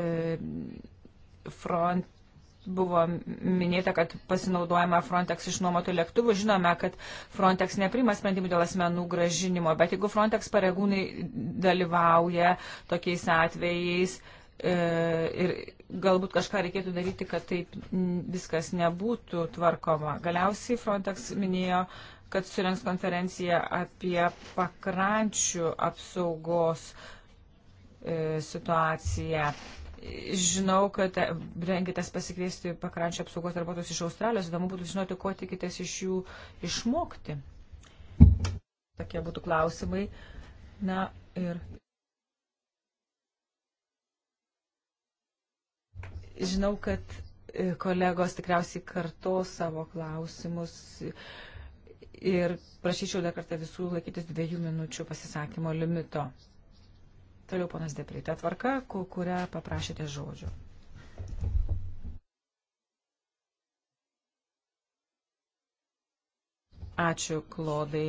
E, front, buvo minėta, kad pasinaudojama Frontex išnuomotų lėktuvų. Žinome, kad Frontex neprima sprendimų dėl asmenų gražinimo, bet jeigu Frontex pareigūnai dalyvauja tokiais atvejais, e, E, ir galbūt kažką reikėtų daryti, kad taip viskas nebūtų tvarkoma. Galiausiai Frontex minėjo, kad surinks konferenciją apie pakrančių apsaugos e, situaciją. Žinau, kad rengitės pasikviesti pakrančio apsaugos darbuotojus iš Australijos, įdomu būtų žinoti, ko tikitės iš jų išmokti. Tokie būtų klausimai. Na ir Žinau, kad e, kolegos tikriausiai karto savo klausimus ir prašyčiau dar kartą visų laikytis dviejų minučių pasisakymo limito. Toliau ponas Deprei, ta tvarka, kurią paprašėte žodžio. Ačiū, Klodai.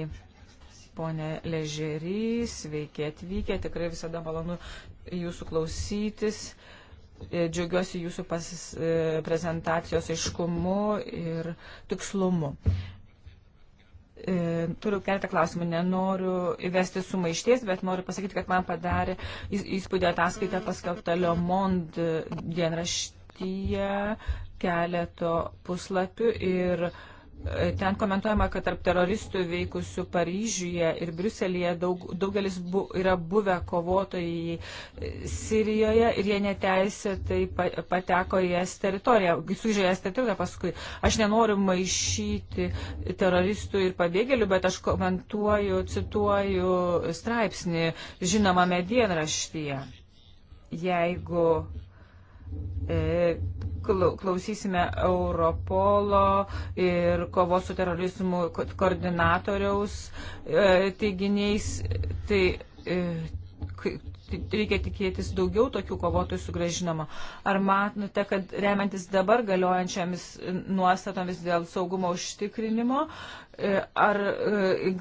Pone Ležerys, sveiki atvykę, tikrai visada malonu jūsų klausytis. Uh, E, džiaugiuosi jūsų pas, e, prezentacijos aiškumu ir tikslumu. E, turiu keletą klausimų, nenoriu įvesti sumaišties, bet noriu pasakyti, kad man padarė įspūdį ataskaitą paskelbtą Le Monde dienraštyje keleto puslapių ir uh, Ten komentuojama, kad tarp teroristų veikusių Paryžiuje ir Briuselėje daug, daugelis bu, yra buvę kovotojai e, Sirijoje ir jie neteisėtai pateko į es teritoriją, sugrįžo į es teritoriją paskui. Aš nenoriu maišyti teroristų ir pabėgėlių, bet aš komentuoju, cituoju straipsnį žinomame dienraštyje. Jeigu E, klausysime Europolo ir kovos su terorizmu koordinatoriaus e, teiginiais. Tai e, reikia tikėtis daugiau tokių kovotojų sugražinama. Ar matote, kad remiantis dabar galiojančiamis nuostatomis dėl saugumo užtikrinimo, e, ar e,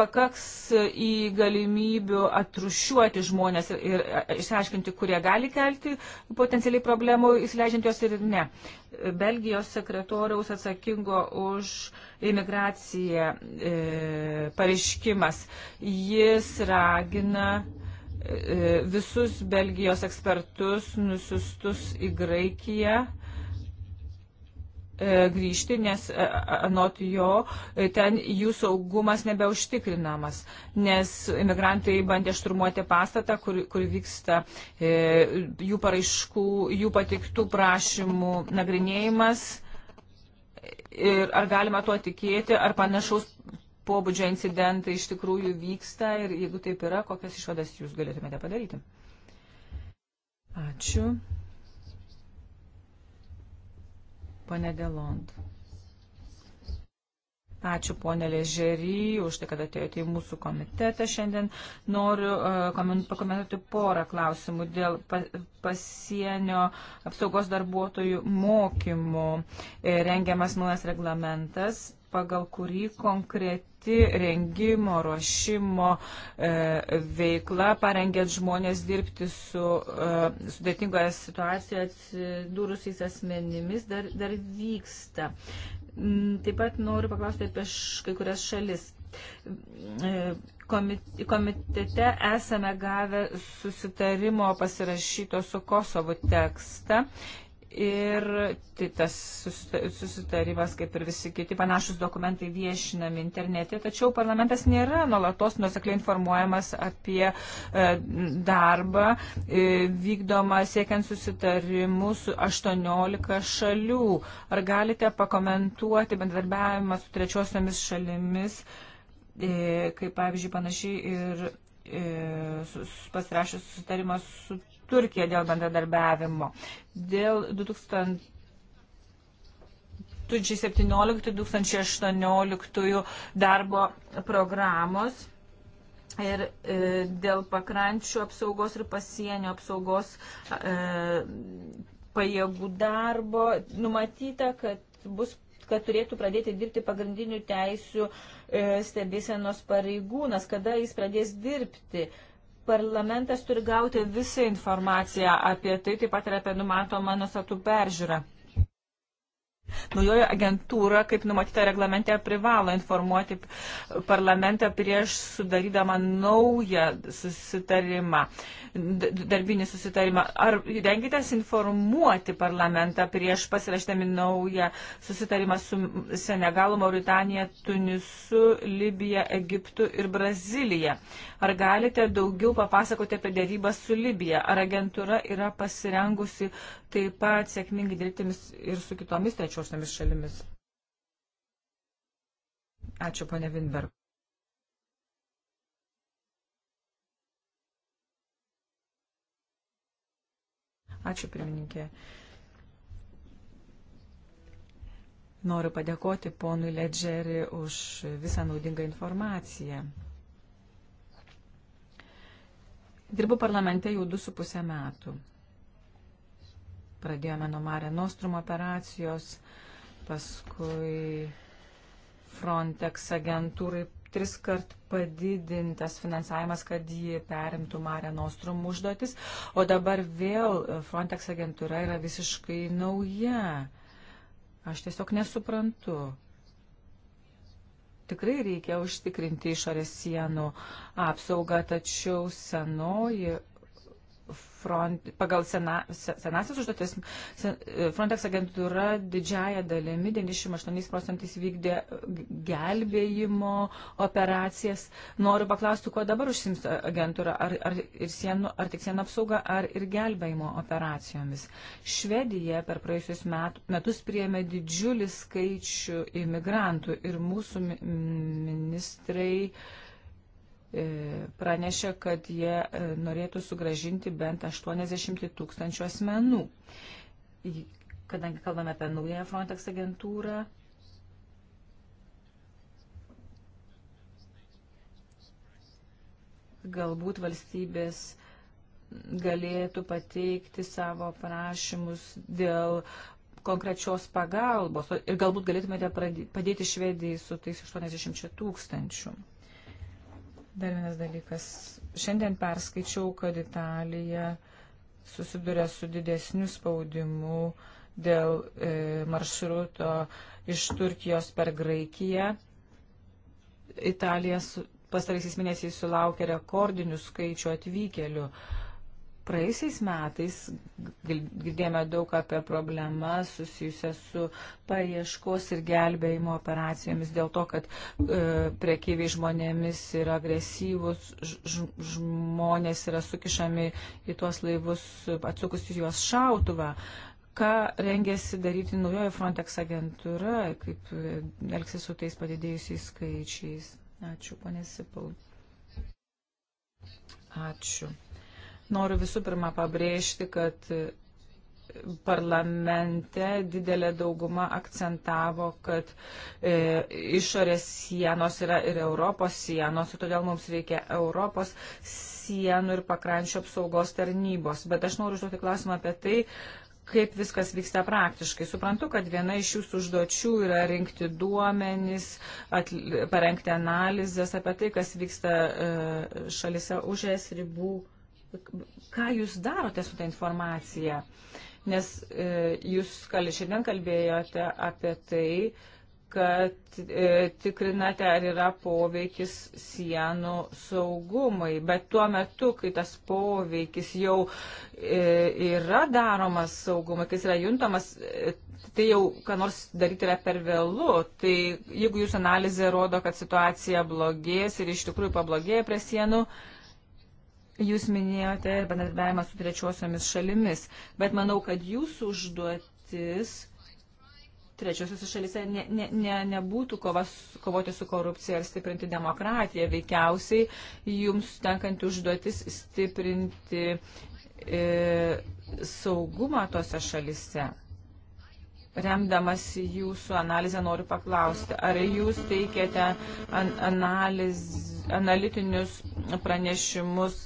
pakaks į galimybių atrušiuoti žmonės ir e, išsiaiškinti, kurie gali kelti potencialiai problemų, įsileidžiant jos ir ne. Belgijos sekretoriaus atsakingo už imigraciją e, pareiškimas. Jis ragina e, E, visus Belgijos ekspertus nusistus į Graikiją e, grįžti, nes e, anot jo ten jų saugumas nebeužtikrinamas, nes imigrantai bandė šturmuoti pastatą, kur, kur vyksta jų paraiškų, jų patiktų prašymų nagrinėjimas. Ir ar galima tuo tikėti, ar panašaus pobūdžio incidentai iš tikrųjų vyksta ir jeigu taip yra, kokias išvadas jūs galėtumėte padaryti? Ačiū. Pane Delond. Ačiū ponė Ležerį už tai, kad atėjote į mūsų komitetą šiandien. Noriu uh, pakomentuoti porą klausimų dėl pa, pasienio apsaugos darbuotojų mokymų. E, rengiamas naujas reglamentas, pagal kurį konkrečiai pati rengimo, ruošimo e, veikla, parengėt žmonės dirbti su e, sudėtingoje situacijoje atsidūrusiais asmenimis, dar, dar vyksta. Mm, taip pat noriu paklausti apie kai kurias šalis. E, komitete esame gavę susitarimo pasirašyto su Kosovu tekstą Ir tai tas susitarimas, kaip ir visi kiti panašus dokumentai viešinami internete, tačiau parlamentas nėra nuolatos nusekliai informuojamas apie e, darbą e, vykdomą siekiant susitarimų su 18 šalių. Ar galite pakomentuoti bendradarbiavimą su trečiosiomis šalimis, e, kaip pavyzdžiui panašiai ir pasirašęs susitarimas su Turkija dėl bendradarbiavimo. Dėl 2000. 2017-2018 darbo programos ir e, dėl pakrančių apsaugos ir pasienio apsaugos e, pajėgų darbo numatyta, kad bus kad turėtų pradėti dirbti pagrindinių teisių e, stebėsenos pareigūnas, kada jis pradės dirbti. E, Parlamentas turi gauti visą informaciją apie tai, taip pat ir apie numatomą nusatų peržiūrą. Naujoji agentūra, kaip numatyta reglamente, privalo informuoti parlamentą prieš sudarydama naują susitarimą, darbinį susitarimą. Ar rengitės informuoti parlamentą prieš pasirašydami naują susitarimą su Senegalu, Mauritanija, Tunisu, Libija, Egiptu ir Brazilija? Ar galite daugiau papasakoti apie dėrybą su Libija? Ar agentūra yra pasirengusi taip pat sėkmingai dirbtimis ir su kitomis trečiomis? trečiosiomis šalimis. Ačiū, ponė Vinberg. Ačiū, pirmininkė. Noriu padėkoti ponui Ledžeri už visą naudingą informaciją. Dirbu parlamente jau du su pusę metų. Pradėjome nuo Mare Nostrum operacijos, paskui Frontex agentūrai tris kart padidintas finansavimas, kad ji perimtų Mare Nostrum užduotis, o dabar vėl Frontex agentūra yra visiškai nauja. Aš tiesiog nesuprantu. Tikrai reikia užtikrinti išorės sienų apsaugą, tačiau senoji front, pagal sena, senasias užduotis e, Frontex agentūra didžiaja dalimi 98 procentais vykdė gelbėjimo operacijas. Noriu paklausti, kuo dabar užsims agentūra, ar, ar, sienų, ar tik sienų apsauga, ar ir gelbėjimo operacijomis. Švedija per praėjusius met, metus priėmė didžiulį skaičių imigrantų ir mūsų ministrai. Uh, E, pranešė, kad jie e, norėtų sugražinti bent 80 tūkstančių asmenų. Kadangi kalbame apie naują Frontex agentūrą, galbūt valstybės galėtų pateikti savo prašymus dėl konkrečios pagalbos ir galbūt galėtumėte padėti Švedijai su tais 80 tūkstančių. Dar vienas dalykas. Šiandien perskaičiau, kad Italija susiduria su didesniu spaudimu dėl e, maršruto iš Turkijos per Graikiją. Italija pastaraisiais mėnesiais sulaukė rekordinių skaičių atvykėlių. E, Praėjusiais metais girdėjome daug apie problemas susijusias su paieškos ir gelbėjimo operacijomis dėl to, kad e, priekyviai žmonėmis yra agresyvus, žmonės yra sukišami į tuos laivus, atsukus į juos šautuvą. Ką rengėsi daryti naujoji Frontex agentūra, kaip e, elgsis su tais padidėjusiais skaičiais? Ačiū, ponė Sipau. Ačiū. Noriu visų pirma pabrėžti, kad parlamente didelė dauguma akcentavo, kad e, išorės sienos yra ir Europos sienos, ir todėl mums reikia Europos sienų ir pakrančio apsaugos tarnybos. Bet aš noriu užduoti klausimą apie tai, kaip viskas vyksta praktiškai. Suprantu, kad viena iš jūsų užduočių yra rinkti duomenys, atli, parengti analizės apie tai, kas vyksta e, šalise už es ribų. E, ką jūs darote su tą informacija. Nes e, jūs kal, šiandien kalbėjote apie tai, kad e, tikrinate, ar yra poveikis sienų saugumai. Bet tuo metu, kai tas poveikis jau e, yra daromas saugumai, kai jis yra juntamas, e, tai jau, ką nors daryti yra per vėlų. Tai jeigu jūsų analizė rodo, kad situacija blogės ir iš tikrųjų pablogėja prie sienų, e, Jūs minėjote ir bendradarbiavimą su trečiosiomis šalimis, bet manau, kad jūsų užduotis trečiosiuose šalise ne, ne, ne, nebūtų kovas, kovoti su korupcija ar stiprinti demokratiją. Veikiausiai jums tenkanti užduotis stiprinti e, saugumą tose šalise remdamas jūsų analizę noriu paklausti, ar jūs teikiate an analiz, analitinius pranešimus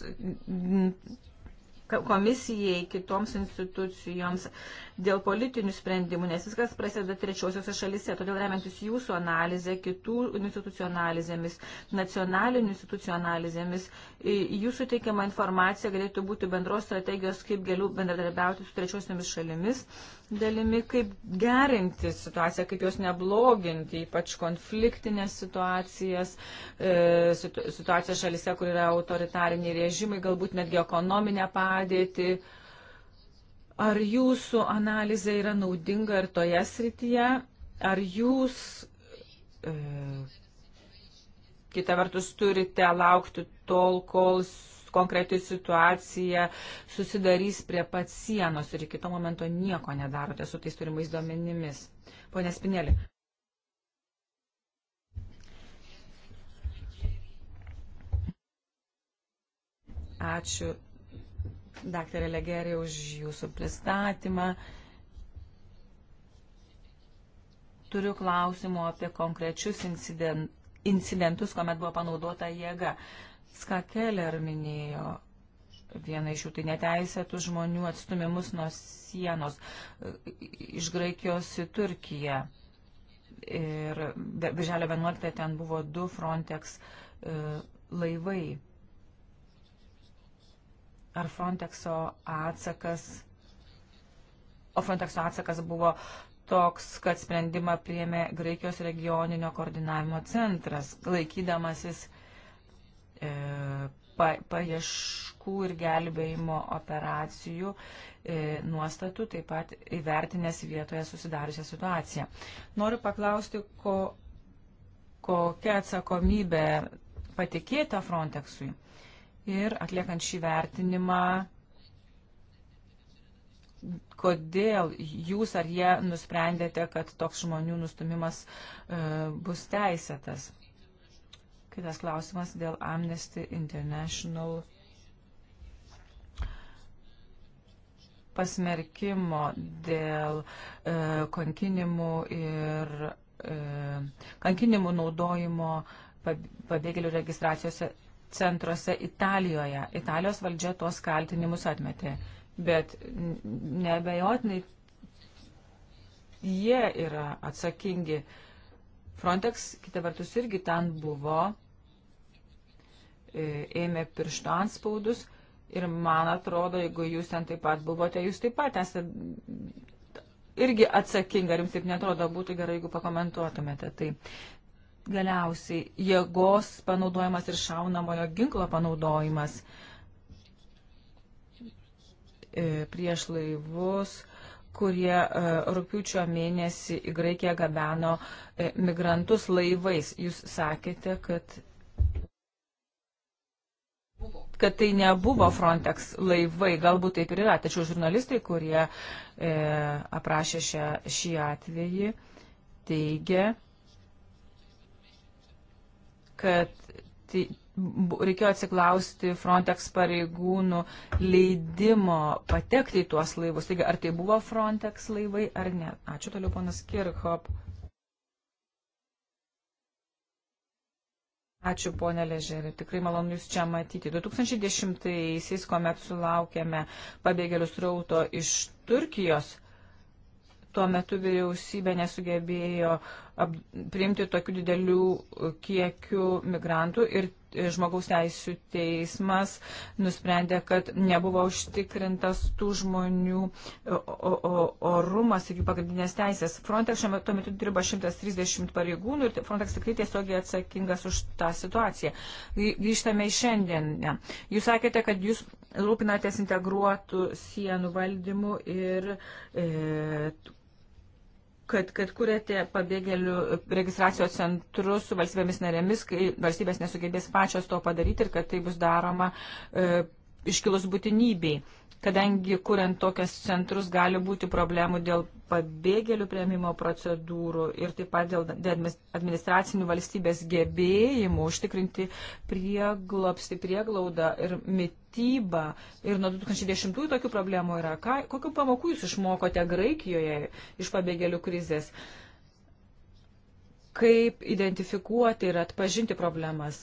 komisijai, kitoms institucijoms, dėl politinių sprendimų, nes viskas prasideda trečiosiuose šalise. Todėl remiantis jūsų analizė, kitų institucijų analizėmis, nacionalinių institucijų analizėmis, jūsų teikiama informacija galėtų būti bendros strategijos, kaip galiu bendradarbiauti su trečiosiomis šalimis dalimi, kaip gerinti situaciją, kaip jos nebloginti, ypač konfliktinės situacijas, e, situacijas šalise, kur yra autoritariniai režimai, galbūt netgi ekonominę padėtį Ar jūsų analizė yra naudinga ir toje srityje? Ar jūs, e, kita vertus, turite laukti tol, kol konkreti situacija susidarys prie pat sienos ir iki to momento nieko nedarote su tais turimais duomenimis? Pone Spinėlį. Ačiū daktarė Legerė, už jūsų pristatymą. Turiu klausimų apie konkrečius incident, incidentus, kuomet buvo panaudota jėga. Ska Keller minėjo vieną iš jų, tai neteisėtų žmonių atstumimus nuo sienos e, iš Graikijos į Turkiją. Ir birželio 11 ten buvo du Frontex e, laivai ar Frontexo atsakas, o Frontexo atsakas buvo toks, kad sprendimą priėmė Graikijos regioninio koordinavimo centras, laikydamasis e, pa, paieškų ir gelbėjimo operacijų e, nuostatų, taip pat įvertinęs vietoje susidariusią situaciją. Noriu paklausti, ko, kokia atsakomybė patikėta Frontexui ir atliekant šį vertinimą, kodėl jūs ar jie nusprendėte, kad toks žmonių nustumimas e, bus teisėtas. Kitas klausimas dėl Amnesty International pasmerkimo dėl e, kankinimų ir e, kankinimų naudojimo pabėgėlių registracijose centruose Italijoje. Italijos valdžia tuos kaltinimus atmetė, bet nebejotinai jie yra atsakingi. Frontex, kita vertus, irgi ten buvo, e, ėmė piršto anspaudus ir man atrodo, jeigu jūs ten taip pat buvote, jūs taip pat esate irgi atsakinga, ar jums taip netrodo, būtų gerai, jeigu pakomentuotumėte. Tai Galiausiai jėgos panaudojimas ir šaunamojo ginklo panaudojimas e, prieš laivus, kurie e, rūpiučio mėnesį į Graikiją gabeno e, migrantus laivais. Jūs sakėte, kad, kad tai nebuvo Frontex laivai, galbūt taip ir yra, tačiau žurnalistai, kurie e, aprašė šią, šį atvejį, teigia, kad reikėjo atsiklausti Frontex pareigūnų leidimo patekti į tuos laivus. Taigi, ar tai buvo Frontex laivai ar ne? Ačiū toliau, ponas Kirchhop. Ačiū, ponė Ležerė. Tikrai malonu Jūs čia matyti. 2010-aisiais, kuomet sulaukėme pabėgėlių srauto iš Turkijos, tuo metu vyriausybė nesugebėjo uh, ap, priimti tokių didelių kiekių migrantų ir e, žmogaus teisų teismas nusprendė, kad nebuvo užtikrintas tų žmonių e, orumas ir jų pagrindinės teisės. Frontex šiuo metu, metu dirba 130 pareigūnų ir Frontex tikrai tiesiogiai atsakingas už tą situaciją. Grįžtame į šiandien. Jūs sakėte, kad jūs rūpinatės integruotų sienų valdymu ir e, kad, kad kuriate pabėgėlių registracijos centrus su valstybėmis narėmis, kai valstybės nesugebės pačios to padaryti ir kad tai bus daroma e, iškilus būtinybei, kadangi kuriant tokias centrus gali būti problemų dėl pabėgėlių prieimimo procedūrų ir taip pat dėl administracinių valstybės gebėjimų užtikrinti prieglopsti, prieglaudą ir mitybą. Ir nuo 2010-ųjų tokių problemų yra. Ką, kokiu pamokų jūs išmokote Graikijoje iš pabėgėlių krizės? Kaip identifikuoti ir atpažinti problemas?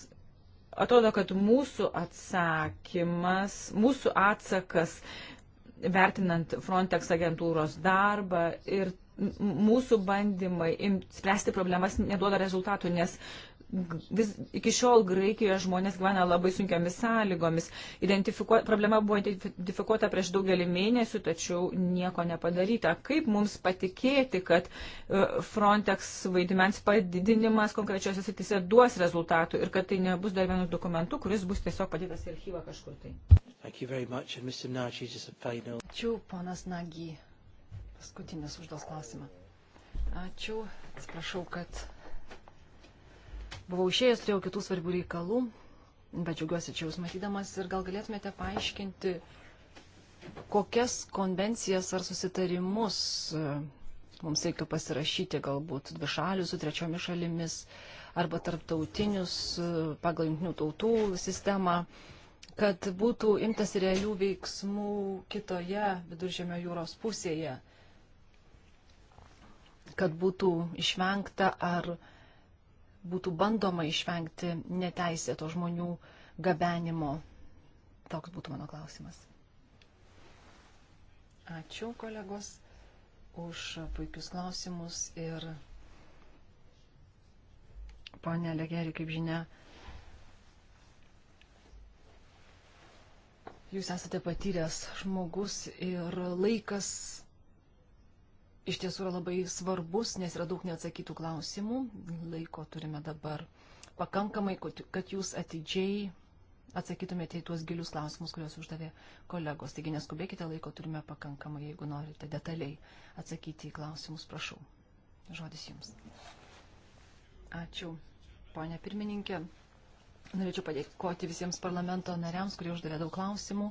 Atrodo, kad mūsų atsakymas, mūsų atsakas, vertinant Frontex agentūros darbą ir mūsų bandymai spręsti problemas neduoda rezultatų, nes vis, iki šiol Graikijoje žmonės gyvena labai sunkiamis sąlygomis. Identifikuo, problema buvo identifikuota prieš daugelį mėnesių, tačiau nieko nepadaryta. Kaip mums patikėti, kad e, Frontex vaidmens padidinimas konkrečiose sitise duos rezultatų ir kad tai nebus dar vienas dokumentų, kuris bus tiesiog padėtas į archyvą kažkur tai? Ačiū, ponas Nagy. Paskutinis užduos klausimą. Ačiū, atsiprašau, kad Buvau išėjęs, turėjau kitų svarbių reikalų, bet džiaugiuosi čia jūs matydamas ir gal galėtumėte paaiškinti, kokias konvencijas ar susitarimus e, mums reiktų pasirašyti galbūt dvišalių su trečiomis šalimis arba tarptautinius e, pagal jungtinių tautų sistemą, kad būtų imtas realių veiksmų kitoje viduržėmio jūros pusėje, kad būtų išvengta ar uh, būtų bandoma išvengti neteisėto žmonių gabenimo? Toks būtų mano klausimas. Ačiū kolegos už puikius klausimus ir ponė Legeri, kaip žinia, jūs esate patyręs žmogus ir laikas iš tiesų yra labai svarbus, nes yra daug neatsakytų klausimų. Laiko turime dabar pakankamai, kad jūs atidžiai atsakytumėte į tuos gilius klausimus, kuriuos uždavė kolegos. Taigi neskubėkite, laiko turime pakankamai, jeigu norite detaliai atsakyti į klausimus, prašau. Žodis jums. Ačiū, ponė pirmininkė. Norėčiau padėkoti visiems parlamento nariams, kurie uždavė daug klausimų.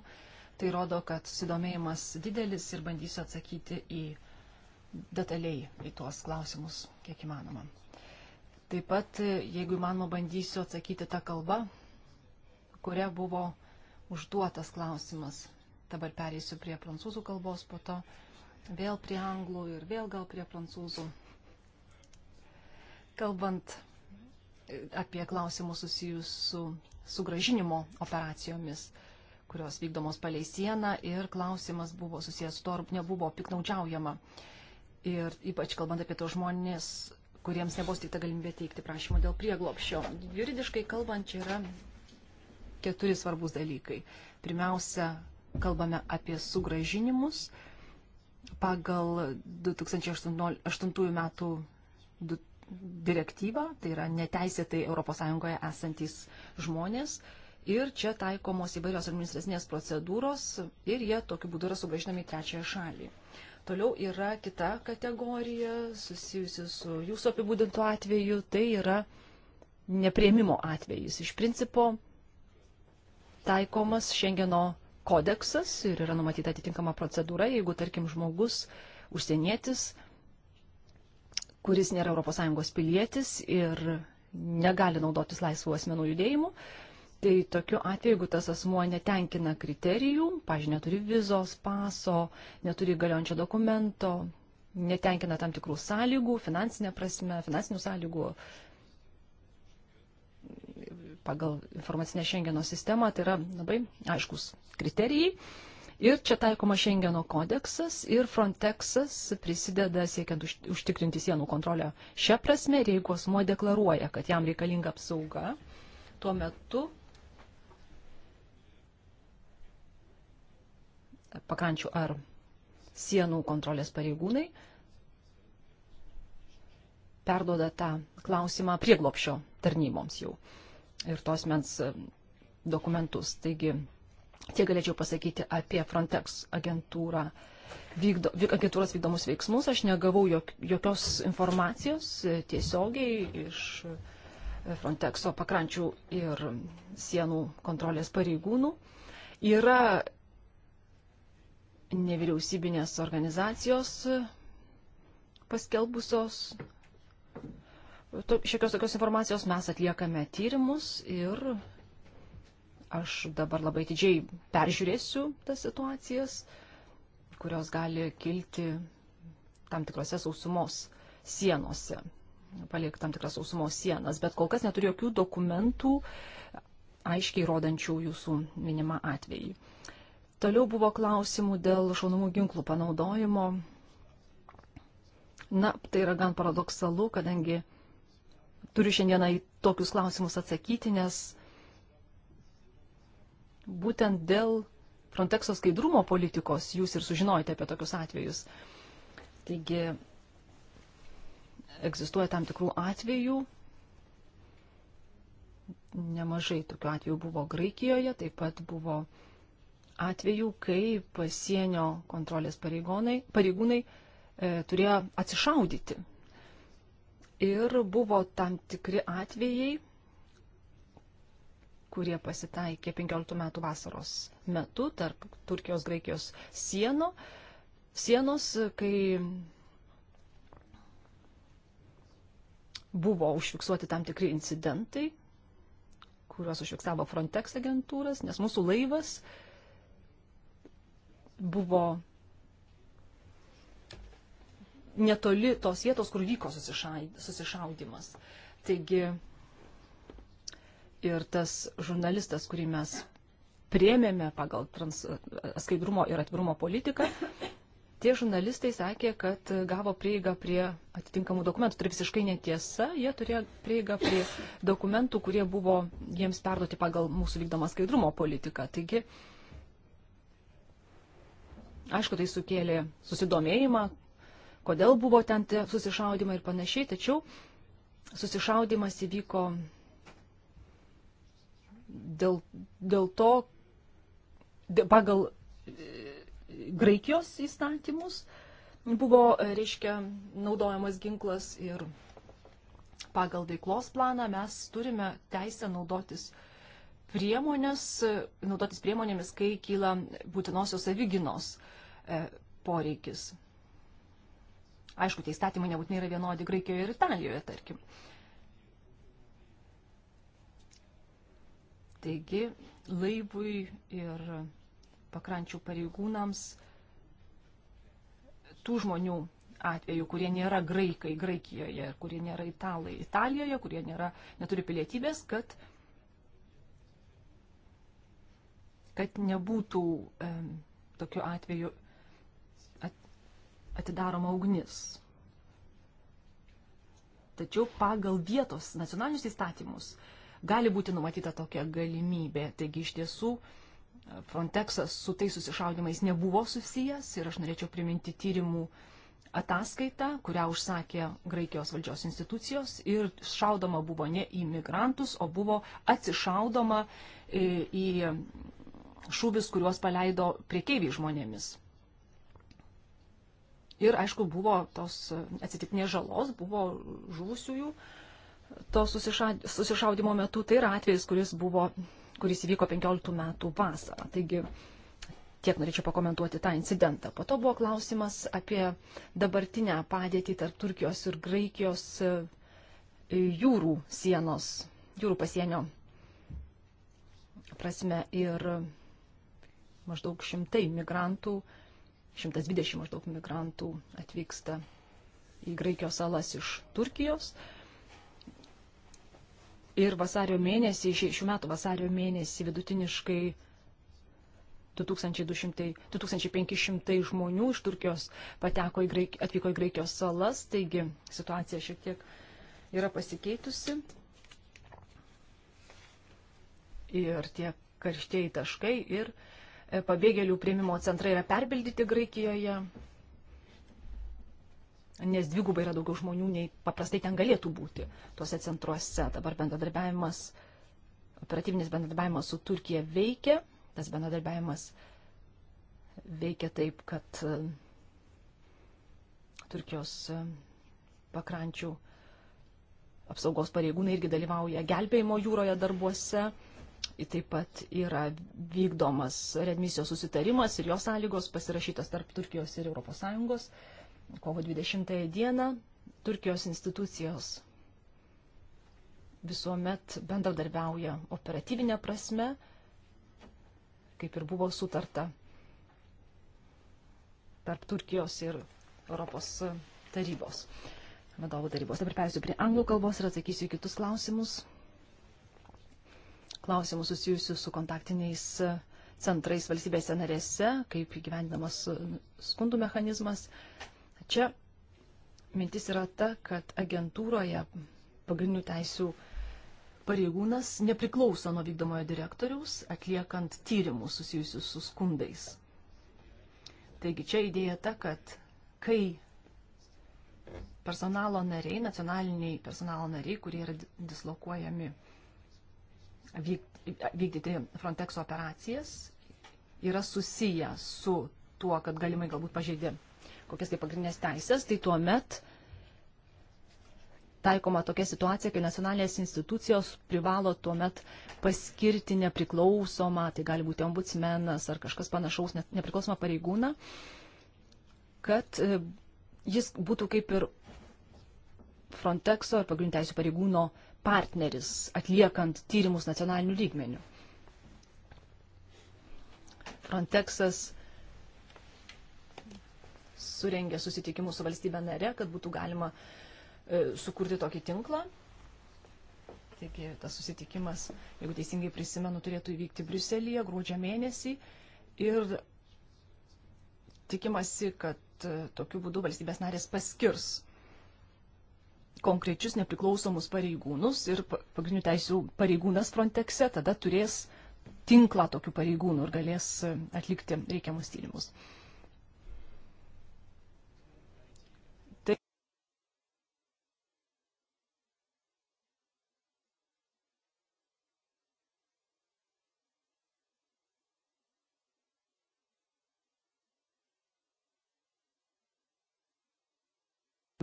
Tai rodo, kad susidomėjimas didelis ir bandysiu atsakyti į klausimus detaliai į tuos klausimus, kiek įmanoma. Taip pat, jeigu įmanoma, bandysiu atsakyti tą kalbą, kuria buvo užduotas klausimas. Dabar pereisiu prie prancūzų kalbos, po to vėl prie anglų ir vėl gal prie prancūzų. Kalbant e, apie klausimus susijus su sugražinimo operacijomis, kurios vykdomos palei sieną ir klausimas buvo susijęs su to, ar nebuvo piknaudžiaujama. Uh, Ir ypač kalbant apie tos žmonės, kuriems nebus tik ta galimybė teikti prašymą dėl prieglopščio. Juridiškai kalbant, čia yra keturi svarbus dalykai. Pirmiausia, kalbame apie sugražinimus pagal 2008 metų direktyvą, tai yra neteisėtai ES esantys žmonės. Ir čia taikomos įvairios administracinės procedūros ir jie tokiu būdu yra sugražinami į trečiąją šalį. Toliau yra kita kategorija susijusi su jūsų apibūdintu atveju, tai yra neprieimimo atvejis. Iš principo taikomas Šengeno kodeksas ir yra numatyta atitinkama procedūra, jeigu, tarkim, žmogus, užsienietis, kuris nėra ES pilietis ir negali naudotis laisvų asmenų judėjimu, Tai tokiu atveju, jeigu tas asmuo netenkina kriterijų, pažiūrėjau, neturi vizos, paso, neturi galiojančio dokumento, netenkina tam tikrų sąlygų, finansinė prasme, finansinių sąlygų pagal informacinę Šengeno sistemą, tai yra labai aiškus kriterijai. Ir čia taikoma Šengeno kodeksas ir Frontexas prisideda siekiant užtikrinti sienų kontrolę. Šią prasme, jeigu asmuo deklaruoja, kad jam reikalinga apsauga, tuo metu pakrančių ar sienų kontrolės pareigūnai perdoda tą klausimą prieglopšio tarnyboms jau ir tos mens e, dokumentus. Taigi, tiek galėčiau pasakyti apie Frontex agentūrą. Vykdo, agentūros vykdomus veiksmus aš negavau jok, jokios informacijos e, tiesiogiai iš e, Frontexo pakrančių ir sienų kontrolės pareigūnų. Yra nevyriausybinės organizacijos paskelbusios šiokios tokios informacijos mes atliekame tyrimus ir aš dabar labai didžiai peržiūrėsiu tas situacijas, kurios gali kilti tam tikrose sausumos sienose, paliek tam tikras sausumos sienas, bet kol kas neturiu jokių dokumentų aiškiai rodančių jūsų minimą atvejį. Toliau buvo klausimų dėl šaunamų ginklų panaudojimo. Na, tai yra gan paradoksalu, kadangi turiu šiandieną į tokius klausimus atsakyti, nes būtent dėl Frontexo skaidrumo politikos jūs ir sužinojate apie tokius atvejus. Taigi, egzistuoja tam tikrų atvejų. Nemažai tokių atvejų buvo Graikijoje, taip pat buvo atvejų, kai pasienio kontrolės pareigūnai e, turėjo atsišaudyti. Ir buvo tam tikri atvejai, kurie pasitaikė 15 metų vasaros metu tarp Turkijos-Graikijos sieno, sienos, kai buvo užfiksuoti tam tikri incidentai, kuriuos užfiksavo Frontex agentūras, nes mūsų laivas uh, buvo netoli tos vietos, kur vyko susišaudimas. Taigi ir tas žurnalistas, kurį mes priemėme pagal trans, skaidrumo ir atvirumo politiką, tie žurnalistai sakė, kad gavo prieigą prie atitinkamų dokumentų. Tai visiškai netiesa, jie turėjo prieigą prie dokumentų, kurie buvo jiems perduoti pagal mūsų vykdomą skaidrumo politiką. Taigi, uh, Aišku, tai sukėlė susidomėjimą, kodėl buvo ten susišaudimai ir panašiai, tačiau susišaudimas įvyko dėl, dėl to, dėl, pagal e, Graikijos įstatymus buvo, e, reiškia, naudojamas ginklas ir pagal veiklos planą mes turime teisę naudotis priemonės, e, naudotis priemonėmis, kai kyla būtinosios savyginos. Uh, E, poreikis. Aišku, tie įstatymai nebūtinai yra vienodi Graikijoje ir Italijoje, tarkim. Taigi, laivui ir pakrančių pareigūnams tų žmonių atveju, kurie nėra graikai Graikijoje, kurie nėra italai Italijoje, kurie nėra, neturi pilietybės, kad, kad nebūtų e, tokiu atveju atidaroma ugnis. Tačiau pagal vietos nacionalinius įstatymus gali būti numatyta tokia galimybė. Taigi iš tiesų e, Frontexas su tais susišaudimais nebuvo susijęs ir aš norėčiau priminti tyrimų ataskaitą, kurią užsakė Graikijos valdžios institucijos ir šaudoma buvo ne į migrantus, o buvo atsišaudoma e, į šūvis, kuriuos paleido priekeiviai žmonėmis. Ir, aišku, buvo tos atsitiknės žalos, buvo žuvusiųjų to susišaudimo metu. Tai yra atvejis, kuris, buvo, kuris įvyko 15 metų vasarą. Taigi tiek norėčiau pakomentuoti tą incidentą. Po to buvo klausimas apie dabartinę padėtį tarp Turkijos ir Graikijos e, jūrų sienos, jūrų pasienio prasme ir maždaug šimtai migrantų 120 maždaug migrantų atvyksta į Graikijos salas iš Turkijos. Ir vasario mėnesį, šių metų vasario mėnesį vidutiniškai 2200, 2500 žmonių iš Turkijos pateko į Graik, atvyko į Graikijos salas, taigi situacija šiek tiek yra pasikeitusi. Ir tie karštieji taškai ir uh, E, pabėgėlių prieimimo centrai yra perpildyti Graikijoje, nes dvigubai yra daugiau žmonių, nei paprastai ten galėtų būti tuose centruose. Dabar bendradarbiavimas, operatyvinis bendradarbiavimas su Turkija veikia, tas bendradarbiavimas veikia taip, kad e, Turkijos e, pakrančių apsaugos pareigūnai irgi dalyvauja gelbėjimo jūroje darbuose. Taip pat yra vykdomas redmisijos susitarimas ir jos sąlygos pasirašytas tarp Turkijos ir ES. Kovo 20 dieną Turkijos institucijos visuomet bendradarbiauja operatyvinė prasme, kaip ir buvo sutarta tarp Turkijos ir Europos tarybos, vadovų tarybos. Dabar persiu prie anglų kalbos ir atsakysiu kitus klausimus klausimų susijusių su kontaktiniais e, centrais valstybėse narėse, kaip įgyvendinamas e, skundų mechanizmas. Čia mintis yra ta, kad agentūroje pagrindinių teisių pareigūnas nepriklauso nuo vykdomojo direktoriaus, atliekant tyrimus susijusius su skundais. Taigi čia idėja ta, kad kai personalo nariai, nacionaliniai personalo nariai, kurie yra dislokuojami vykdyti Frontex operacijas yra susiję su tuo, kad galimai galbūt pažeidė kokias tai pagrindinės teisės, tai tuo met taikoma tokia situacija, kai nacionalinės institucijos privalo tuo met paskirti nepriklausomą, tai gali būti ombudsmenas ar kažkas panašaus, nepriklausomą pareigūną, kad e, jis būtų kaip ir Frontexo ir pagrindinių teisų pareigūno partneris atliekant tyrimus nacionaliniu lygmeniu. Frontexas surengė susitikimus su valstybė nare, kad būtų galima e, sukurti tokį tinklą. Taigi tas susitikimas, jeigu teisingai prisimenu, turėtų įvykti Briuselėje gruodžio mėnesį. Ir tikimasi, kad e, tokiu būdu valstybės narės paskirs konkrečius nepriklausomus pareigūnus ir pagrindinių teisų pareigūnas Frontexe tada turės tinklą tokių pareigūnų ir galės e, atlikti reikiamus tyrimus.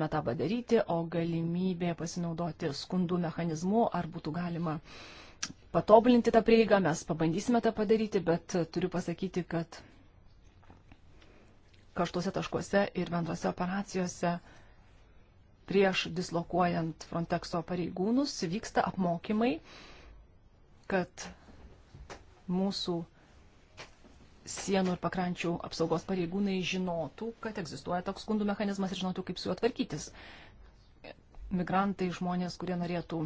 galėtume tą padaryti, o galimybė pasinaudoti skundų mechanizmu, ar būtų galima patobulinti tą prieigą, mes pabandysime tą padaryti, bet turiu pasakyti, kad kažtuose taškuose ir bendrose operacijose prieš dislokuojant Frontexo pareigūnus vyksta apmokymai, kad mūsų sienų ir pakrančių apsaugos pareigūnai žinotų, kad egzistuoja toks skundų mechanizmas ir žinotų, kaip su juo tvarkytis. Migrantai, žmonės, kurie norėtų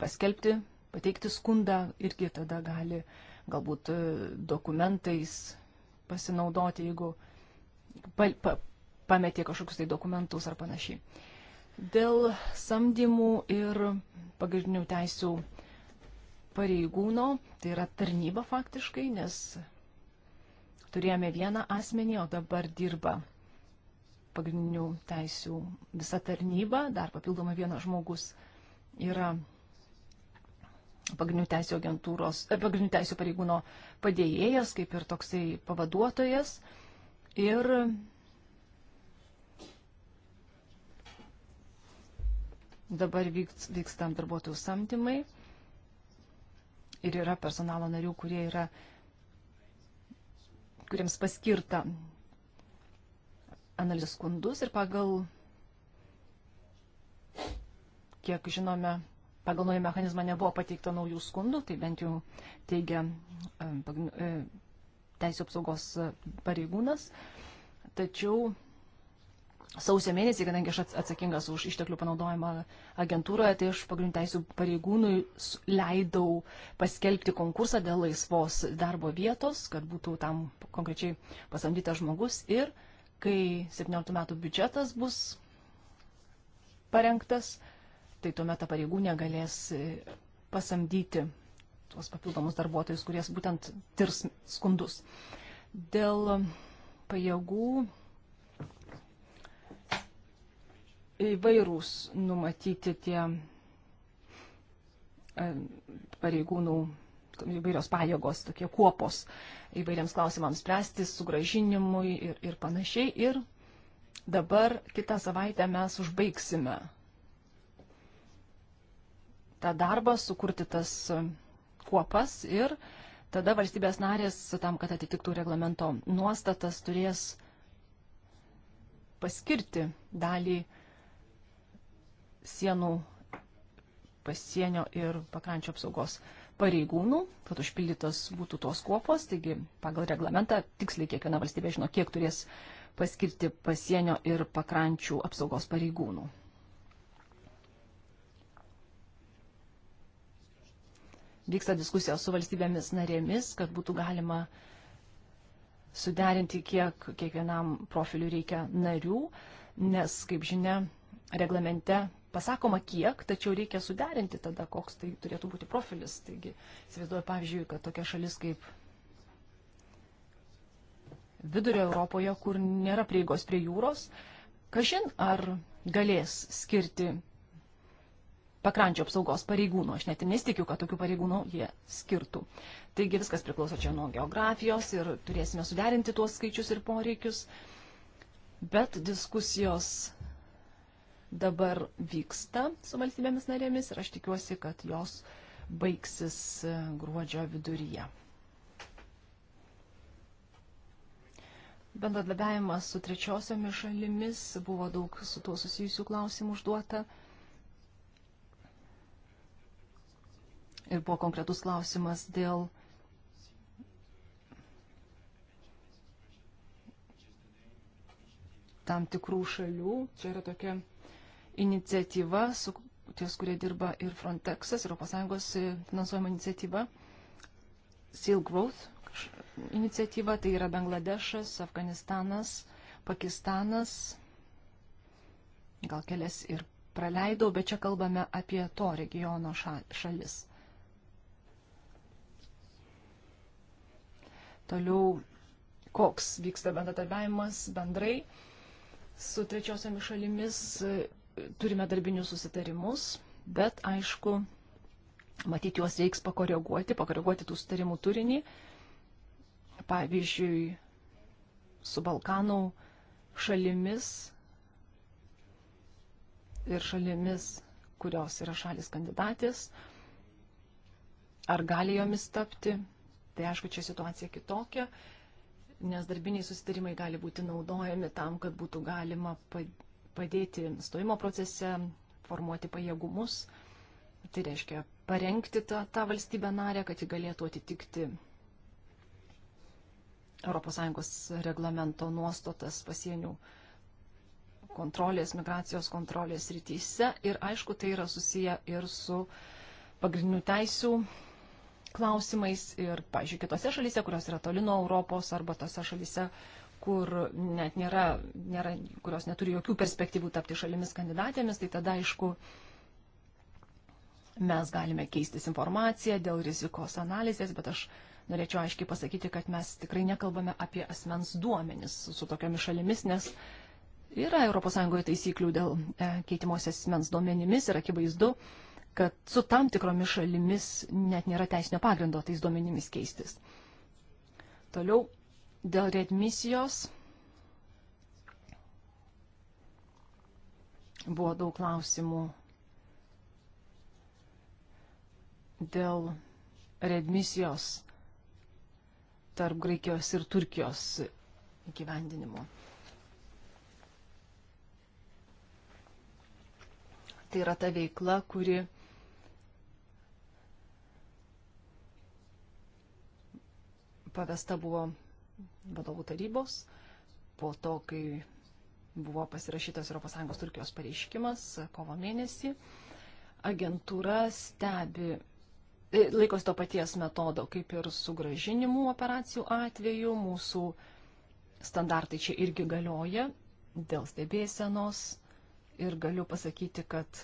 paskelbti, pateikti skundą, irgi tada gali galbūt e, dokumentais pasinaudoti, jeigu pa, pa, pametė kažkokius tai dokumentus ar panašiai. Dėl samdymų ir pagrindinių teisių pareigūno, tai yra tarnyba faktiškai, nes turėjome vieną asmenį, o dabar dirba pagrindinių teisių visa tarnyba, dar papildomai vienas žmogus yra pagrindinių teisų agentūros, e, pagrindinių teisų pareigūno padėjėjas, kaip ir toksai pavaduotojas. Ir dabar vyksta darbuotojų samdymai ir yra personalo narių, kurie yra, kuriems paskirta analizės skundus ir pagal, kiek žinome, pagal naują mechanizmą nebuvo pateikta naujų skundų, tai bent jau teigia e, e, teisų apsaugos pareigūnas. Tačiau sausio mėnesį, kadangi aš atsakingas už išteklių panaudojimą agentūroje, tai aš pagrindinių teisų pareigūnui leidau paskelbti konkursą dėl laisvos darbo vietos, kad būtų tam konkrečiai pasamdytas žmogus. Ir kai 17 metų biudžetas bus parengtas, tai tuomet ta pareigūnė galės e, pasamdyti tuos papildomus darbuotojus, kurie būtent tirs skundus. Dėl pajėgų įvairūs numatyti tie e, pareigūnų įvairios pajėgos, tokie kuopos įvairiams klausimams spręsti, sugražinimui ir, ir panašiai. Ir dabar kitą savaitę mes užbaigsime tą darbą, sukurti tas kuopas ir tada valstybės narės, tam, kad atitiktų reglamento nuostatas, turės paskirti dalį sienų pasienio ir pakrančio apsaugos pareigūnų, kad užpildytos būtų tos kuopos. Taigi pagal reglamentą tiksliai kiekviena valstybė žino, kiek turės paskirti pasienio ir pakrančių apsaugos pareigūnų. Vyksta diskusijos su valstybėmis narėmis, kad būtų galima suderinti, kiek kiekvienam profiliu reikia narių, nes, kaip žinia, reglamente pasakoma kiek, tačiau reikia suderinti tada, koks tai turėtų būti profilis. Taigi, įsivaizduoju, pavyzdžiui, kad tokia šalis kaip vidurio Europoje, kur nėra prieigos prie jūros, kažin ar galės skirti pakrančio apsaugos pareigūnų. Aš net nestikiu, kad tokių pareigūnų jie skirtų. Taigi viskas priklauso čia nuo geografijos ir turėsime suderinti tuos skaičius ir poreikius. Bet diskusijos dabar vyksta su valstybėmis narėmis ir aš tikiuosi, kad jos baigsis e, gruodžio viduryje. Bendradarbiavimas su trečiosiomis šalimis buvo daug su tuo susijusių klausimų užduota. Ir buvo konkretus klausimas dėl tam tikrų šalių. Čia yra tokia iniciatyva, su ties, kurie dirba ir Frontexas, ES e, finansuojama iniciatyva, Seal Growth iniciatyva, tai yra Bangladešas, Afganistanas, Pakistanas, gal kelias ir praleidau, bet čia kalbame apie to regiono šalis. Toliau, koks vyksta bendradarbiavimas bendrai su trečiosiomis šalimis turime darbinius susitarimus, bet aišku, matyt, juos reiks pakoreguoti, pakoreguoti tų sutarimų turinį. Pavyzdžiui, su Balkanų šalimis ir šalimis, kurios yra šalis kandidatės, ar gali jomis tapti, tai aišku, čia situacija kitokia, nes darbiniai susitarimai gali būti naudojami tam, kad būtų galima padėti padėti stojimo procese, formuoti pajėgumus. Tai reiškia parengti tą, tą valstybę narę, kad ji galėtų atitikti ES reglamento nuostatas pasienių kontrolės, migracijos kontrolės rytise. Ir aišku, tai yra susiję ir su pagrindinių teisių klausimais ir, pažiūrėjau, kitose šalyse, kurios yra toli nuo Europos arba tose šalyse, kur net nėra, nėra, kurios neturi jokių perspektyvų tapti šalimis kandidatėmis, tai tada aišku, mes galime keistis informaciją dėl rizikos analizės, bet aš norėčiau aiškiai pasakyti, kad mes tikrai nekalbame apie asmens duomenis su tokiamis šalimis, nes yra ES taisyklių dėl e, keitimos asmens duomenimis ir akivaizdu, kad su tam tikromis šalimis net nėra teisinio pagrindo tais duomenimis keistis. Toliau dėl redmisijos. Buvo daug klausimų dėl redmisijos tarp Graikijos ir Turkijos įgyvendinimo. Tai yra ta veikla, kuri pavesta buvo vadovų tarybos, po to, kai buvo pasirašytas ES Turkijos pareiškimas kovo mėnesį, agentūra stebi, e, laikosi to paties metodo, kaip ir sugražinimų operacijų atveju, mūsų standartai čia irgi galioja dėl stebėsenos ir galiu pasakyti, kad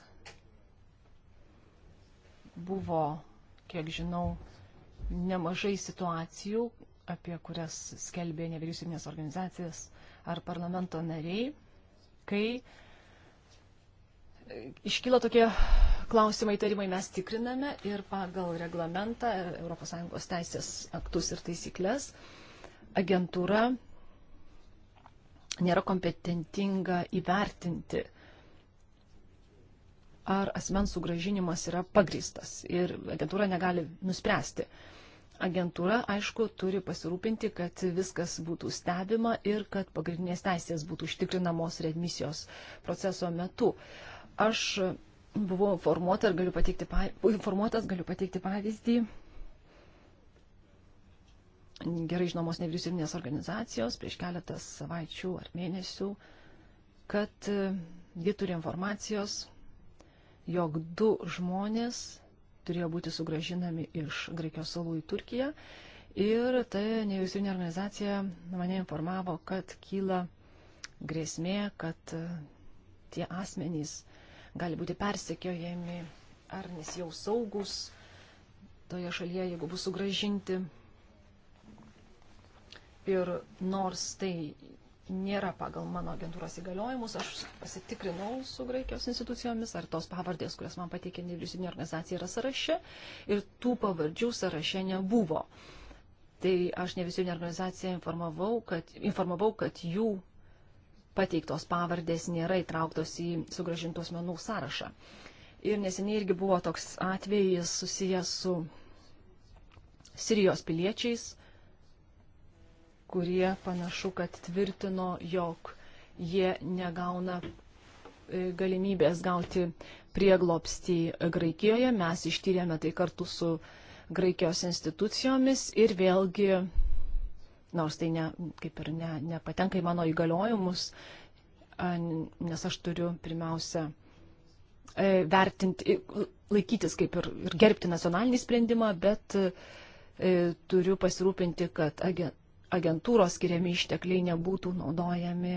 buvo, kiek žinau, nemažai situacijų, apie kurias skelbė nevyriausybinės organizacijas ar parlamento nariai, kai e, iškyla tokie klausimai, įtarimai mes tikriname ir pagal reglamentą ES teisės aktus ir taisyklės agentūra nėra kompetentinga įvertinti, ar asmens sugražinimas yra pagristas ir agentūra negali nuspręsti agentūra, aišku, turi pasirūpinti, kad viskas būtų stebima ir kad pagrindinės teisės būtų užtikrinamos readmisijos proceso metu. Aš buvau informuota ir galiu pateikti, informuotas, galiu pateikti pavyzdį gerai žinomos nevyriausybinės organizacijos prieš keletas savaičių ar mėnesių, kad ji turi informacijos, jog du žmonės turėjo būti sugražinami iš Graikijos salų į Turkiją. Ir ta nevyriausybinė organizacija mane informavo, kad kyla grėsmė, kad e, tie asmenys gali būti persekiojami ar nesijau saugus toje šalyje, jeigu bus sugražinti. Ir nors tai nėra pagal mano agentūros įgaliojimus. Aš pasitikrinau su Graikijos institucijomis, ar tos pavardės, kurias man pateikė nevyriausybinė organizacija, yra sąraše. Ir tų pavardžių sąraše nebuvo. Tai aš nevyriausybinę organizaciją informavau kad, informavau, kad jų pateiktos pavardės nėra įtrauktos į sugražintos menų sąrašą. Ir neseniai irgi buvo toks atvejis susijęs su Sirijos piliečiais, kurie panašu, kad tvirtino, jog jie negauna e, galimybės gauti prieglopstį Graikijoje. Mes ištyrėme tai kartu su Graikijos institucijomis ir vėlgi, nors tai ne, kaip ir ne, nepatenka į mano įgaliojimus, nes aš turiu pirmiausia e, vertinti, laikytis kaip ir, ir gerbti nacionalinį sprendimą, bet e, turiu pasirūpinti, kad agen, agentūros skiriami ištekliai nebūtų naudojami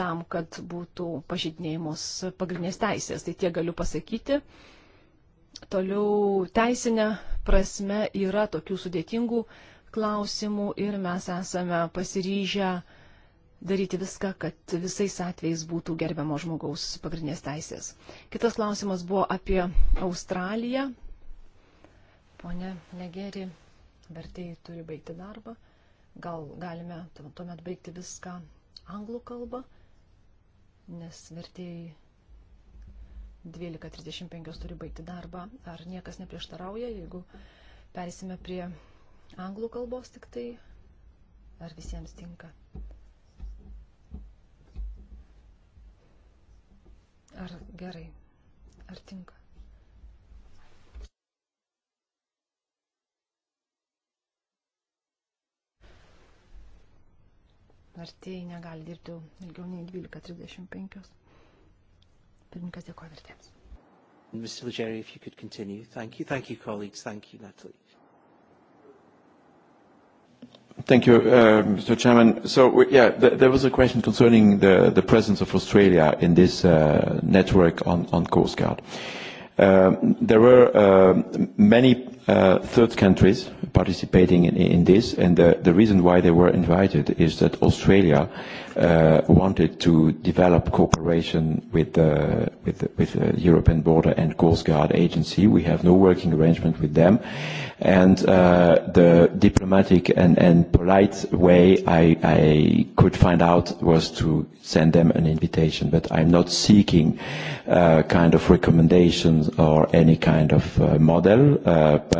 tam, kad būtų pažydinėjimos pagrindinės teisės. Tai tiek galiu pasakyti. Toliau teisinė prasme yra tokių sudėtingų klausimų ir mes esame pasiryžę daryti viską, kad visais atvejais būtų gerbiamo žmogaus pagrindinės teisės. Kitas klausimas buvo apie Australiją. Pone Negeri, vertėjai turi baigti darbą. Gal galime tuomet baigti viską anglų kalbą, nes vertėjai 12.35 turi baigti darbą. Ar niekas neprieštarauja, jeigu persime prie anglų kalbos tik tai, ar visiems tinka? Ar gerai, ar tinka? vertėjai negali dirbti ilgiau nei 12.35. Pirmininkas dėkoja vertėjams. Mr. Legere, if you could continue. Thank you. Thank you, colleagues. Thank you, Natalie. Thank you, uh, Mr. Chairman. So, yeah, th there was a question concerning the, the presence of Australia in this uh, network on, on Coast Guard. Um, there were uh, many uh, third countries participating in, in this, and the, the reason why they were invited is that Australia uh, wanted to develop cooperation with the uh, with the, with the uh, European Border and Coast Guard Agency. We have no working arrangement with them, and uh, the diplomatic and, and polite way I, I could find out was to send them an invitation. But I'm not seeking uh, kind of recommendations or any kind of uh, model. Uh, but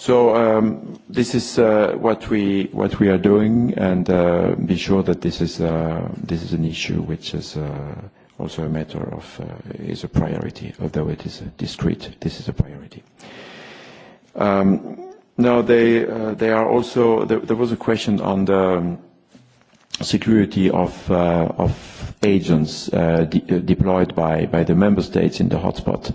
So um, this is uh, what we what we are doing, and uh, be sure that this is uh, this is an issue which is uh, also a matter of uh, is a priority, although it is discrete. This is a priority. Um, now they uh, they are also there, there was a question on the um, security of uh, of agents uh, de- uh, deployed by by the member states in the hotspot. Uh,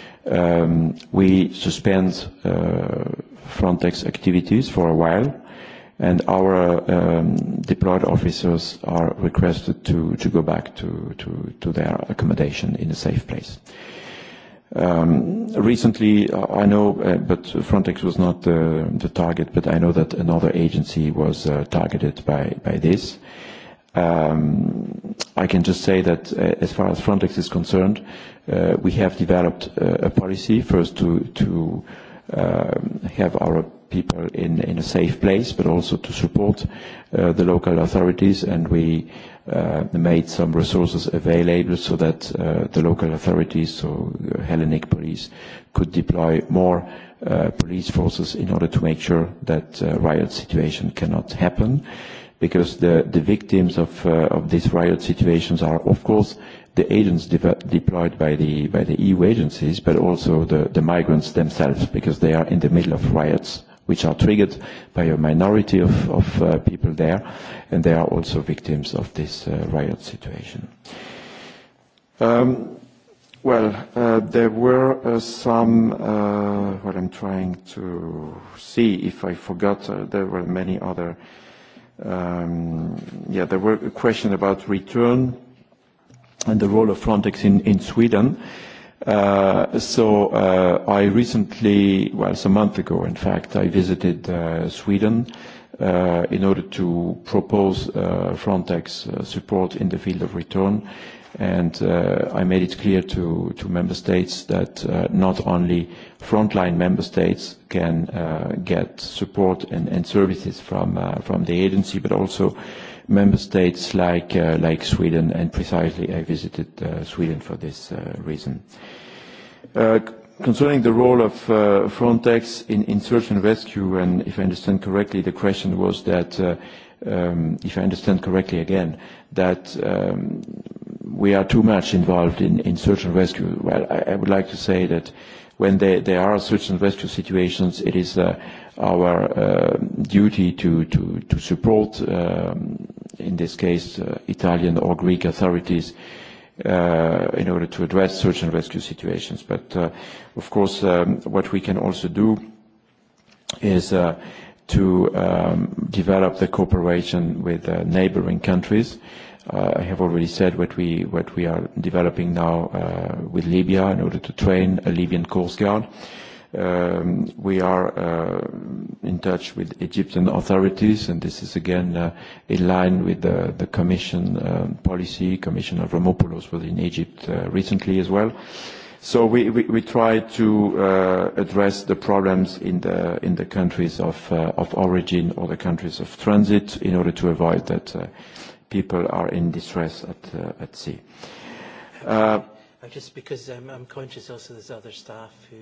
Um, we suspend uh, Frontex activities for a while, and our uh, um, deployed officers are requested to, to go back to, to, to their accommodation in a safe place. Um, recently, uh, I know, uh, but Frontex was not uh, the target, but I know that another agency was uh, targeted by, by this. Um, I can just say that uh, as far as Frontex is concerned, uh, uh, we have developed uh, a policy first to, to um, have our people in, in a safe place, but also to support uh, the local authorities. And we uh, made some resources available so that uh, the local authorities, so Hellenic police, could deploy more uh, police forces in order to make sure that uh, riot situation cannot happen. Because the, the victims of, uh, of these riot situations are, of course, uh, the agents de- deployed by the by the EU agencies, but also the, the migrants themselves, because they are in the middle of riots which are triggered by a minority of, of uh, people there, and they are also victims of this uh, riot situation. Um, well, uh, there were uh, some, uh, well, I'm trying to see if I forgot, uh, there were many other, um, yeah, there were a question about return and the role of Frontex in, in Sweden. Uh, so uh, I recently, well, some month ago, in fact, I visited uh, Sweden uh, in order to propose uh, Frontex uh, support in the field of return. And uh, I made it clear to, to member states that uh, not only frontline member states can uh, get support and, and services from, uh, from the agency, but also uh, member states like, uh, like Sweden, and precisely I visited uh, Sweden for this uh, reason. Uh, concerning the role of uh, Frontex in, in search and rescue, and if I understand correctly, the question was that, uh, um, if I understand correctly again, that um, we are too much involved in, in search and rescue. Well, I, I would like to say that when there, there are search and rescue situations, it is uh, our uh, duty to, to, to support, um, in this case, uh, Italian or Greek authorities uh, in order to address search and rescue situations. But, uh, of course, um, what we can also do is uh, to um, develop the cooperation with uh, neighboring countries. Uh, I have already said what we, what we are developing now uh, with Libya in order to train a Libyan Coast Guard. Uh, Um, we are uh, in touch with Egyptian authorities, and this is again uh, in line with the, the Commission um, policy. Commissioner Avramopoulos was in Egypt uh, recently as well. So we, we, we try to uh, address the problems in the, in the countries of, uh, of origin or the countries of transit in order to avoid that uh, people are in distress at, uh, at sea. Uh, just because um, I'm conscious also there's other staff who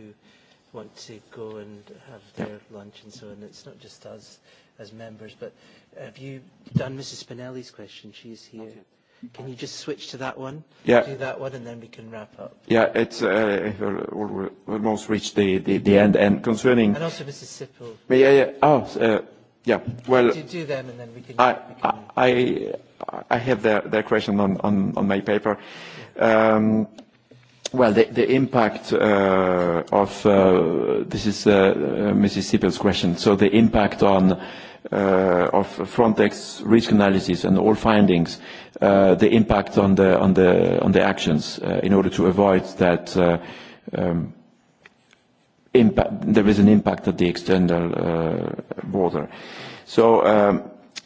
want to go and have their lunch and so on. It's not just us as members, but have you done Mrs. Spinelli's question? She's here. Okay. Can you just switch to that one? Yeah. Do that one, and then we can wrap up. Yeah, it's uh, almost reached the, the, the end. And concerning- and Also Mrs. Sippel. Yeah, uh, yeah. Oh, uh, yeah. Well- Do, do them, and then we can- I, we can... I, I have their, their question on, on, on my paper. Yeah. Um, Well, the, the impact uh, of uh, this is uh, uh Mrs. Sippel's question. So the impact on uh, of Frontex risk analysis and all findings, uh, the impact on the, on the, on the actions in order to avoid that um, impact. There is an impact at the external border. So, um,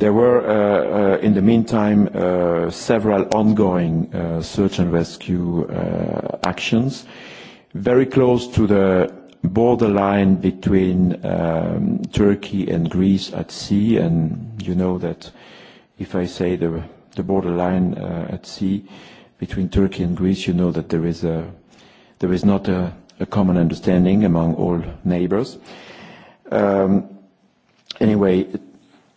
There were, uh, uh, in the meantime, uh, several ongoing uh, search and rescue uh, actions, very close to the borderline between um, Turkey and Greece at sea, and you know that if I say the, the borderline uh, at sea between Turkey and Greece, you know that there is, a, there is not a, a common understanding among all neighbors. Um, anyway,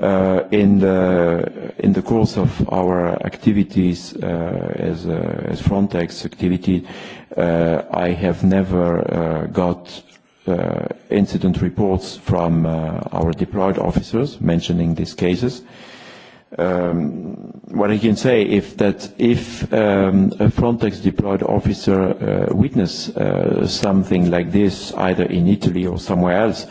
Uh, in the in the course of our activities uh, as uh, as Frontex activity, uh, I have never uh, got uh, incident reports from uh, our deployed officers mentioning these cases. Um, what I can say is that if um, a Frontex deployed officer uh, witness uh, something like this, either in Italy or somewhere else, uh,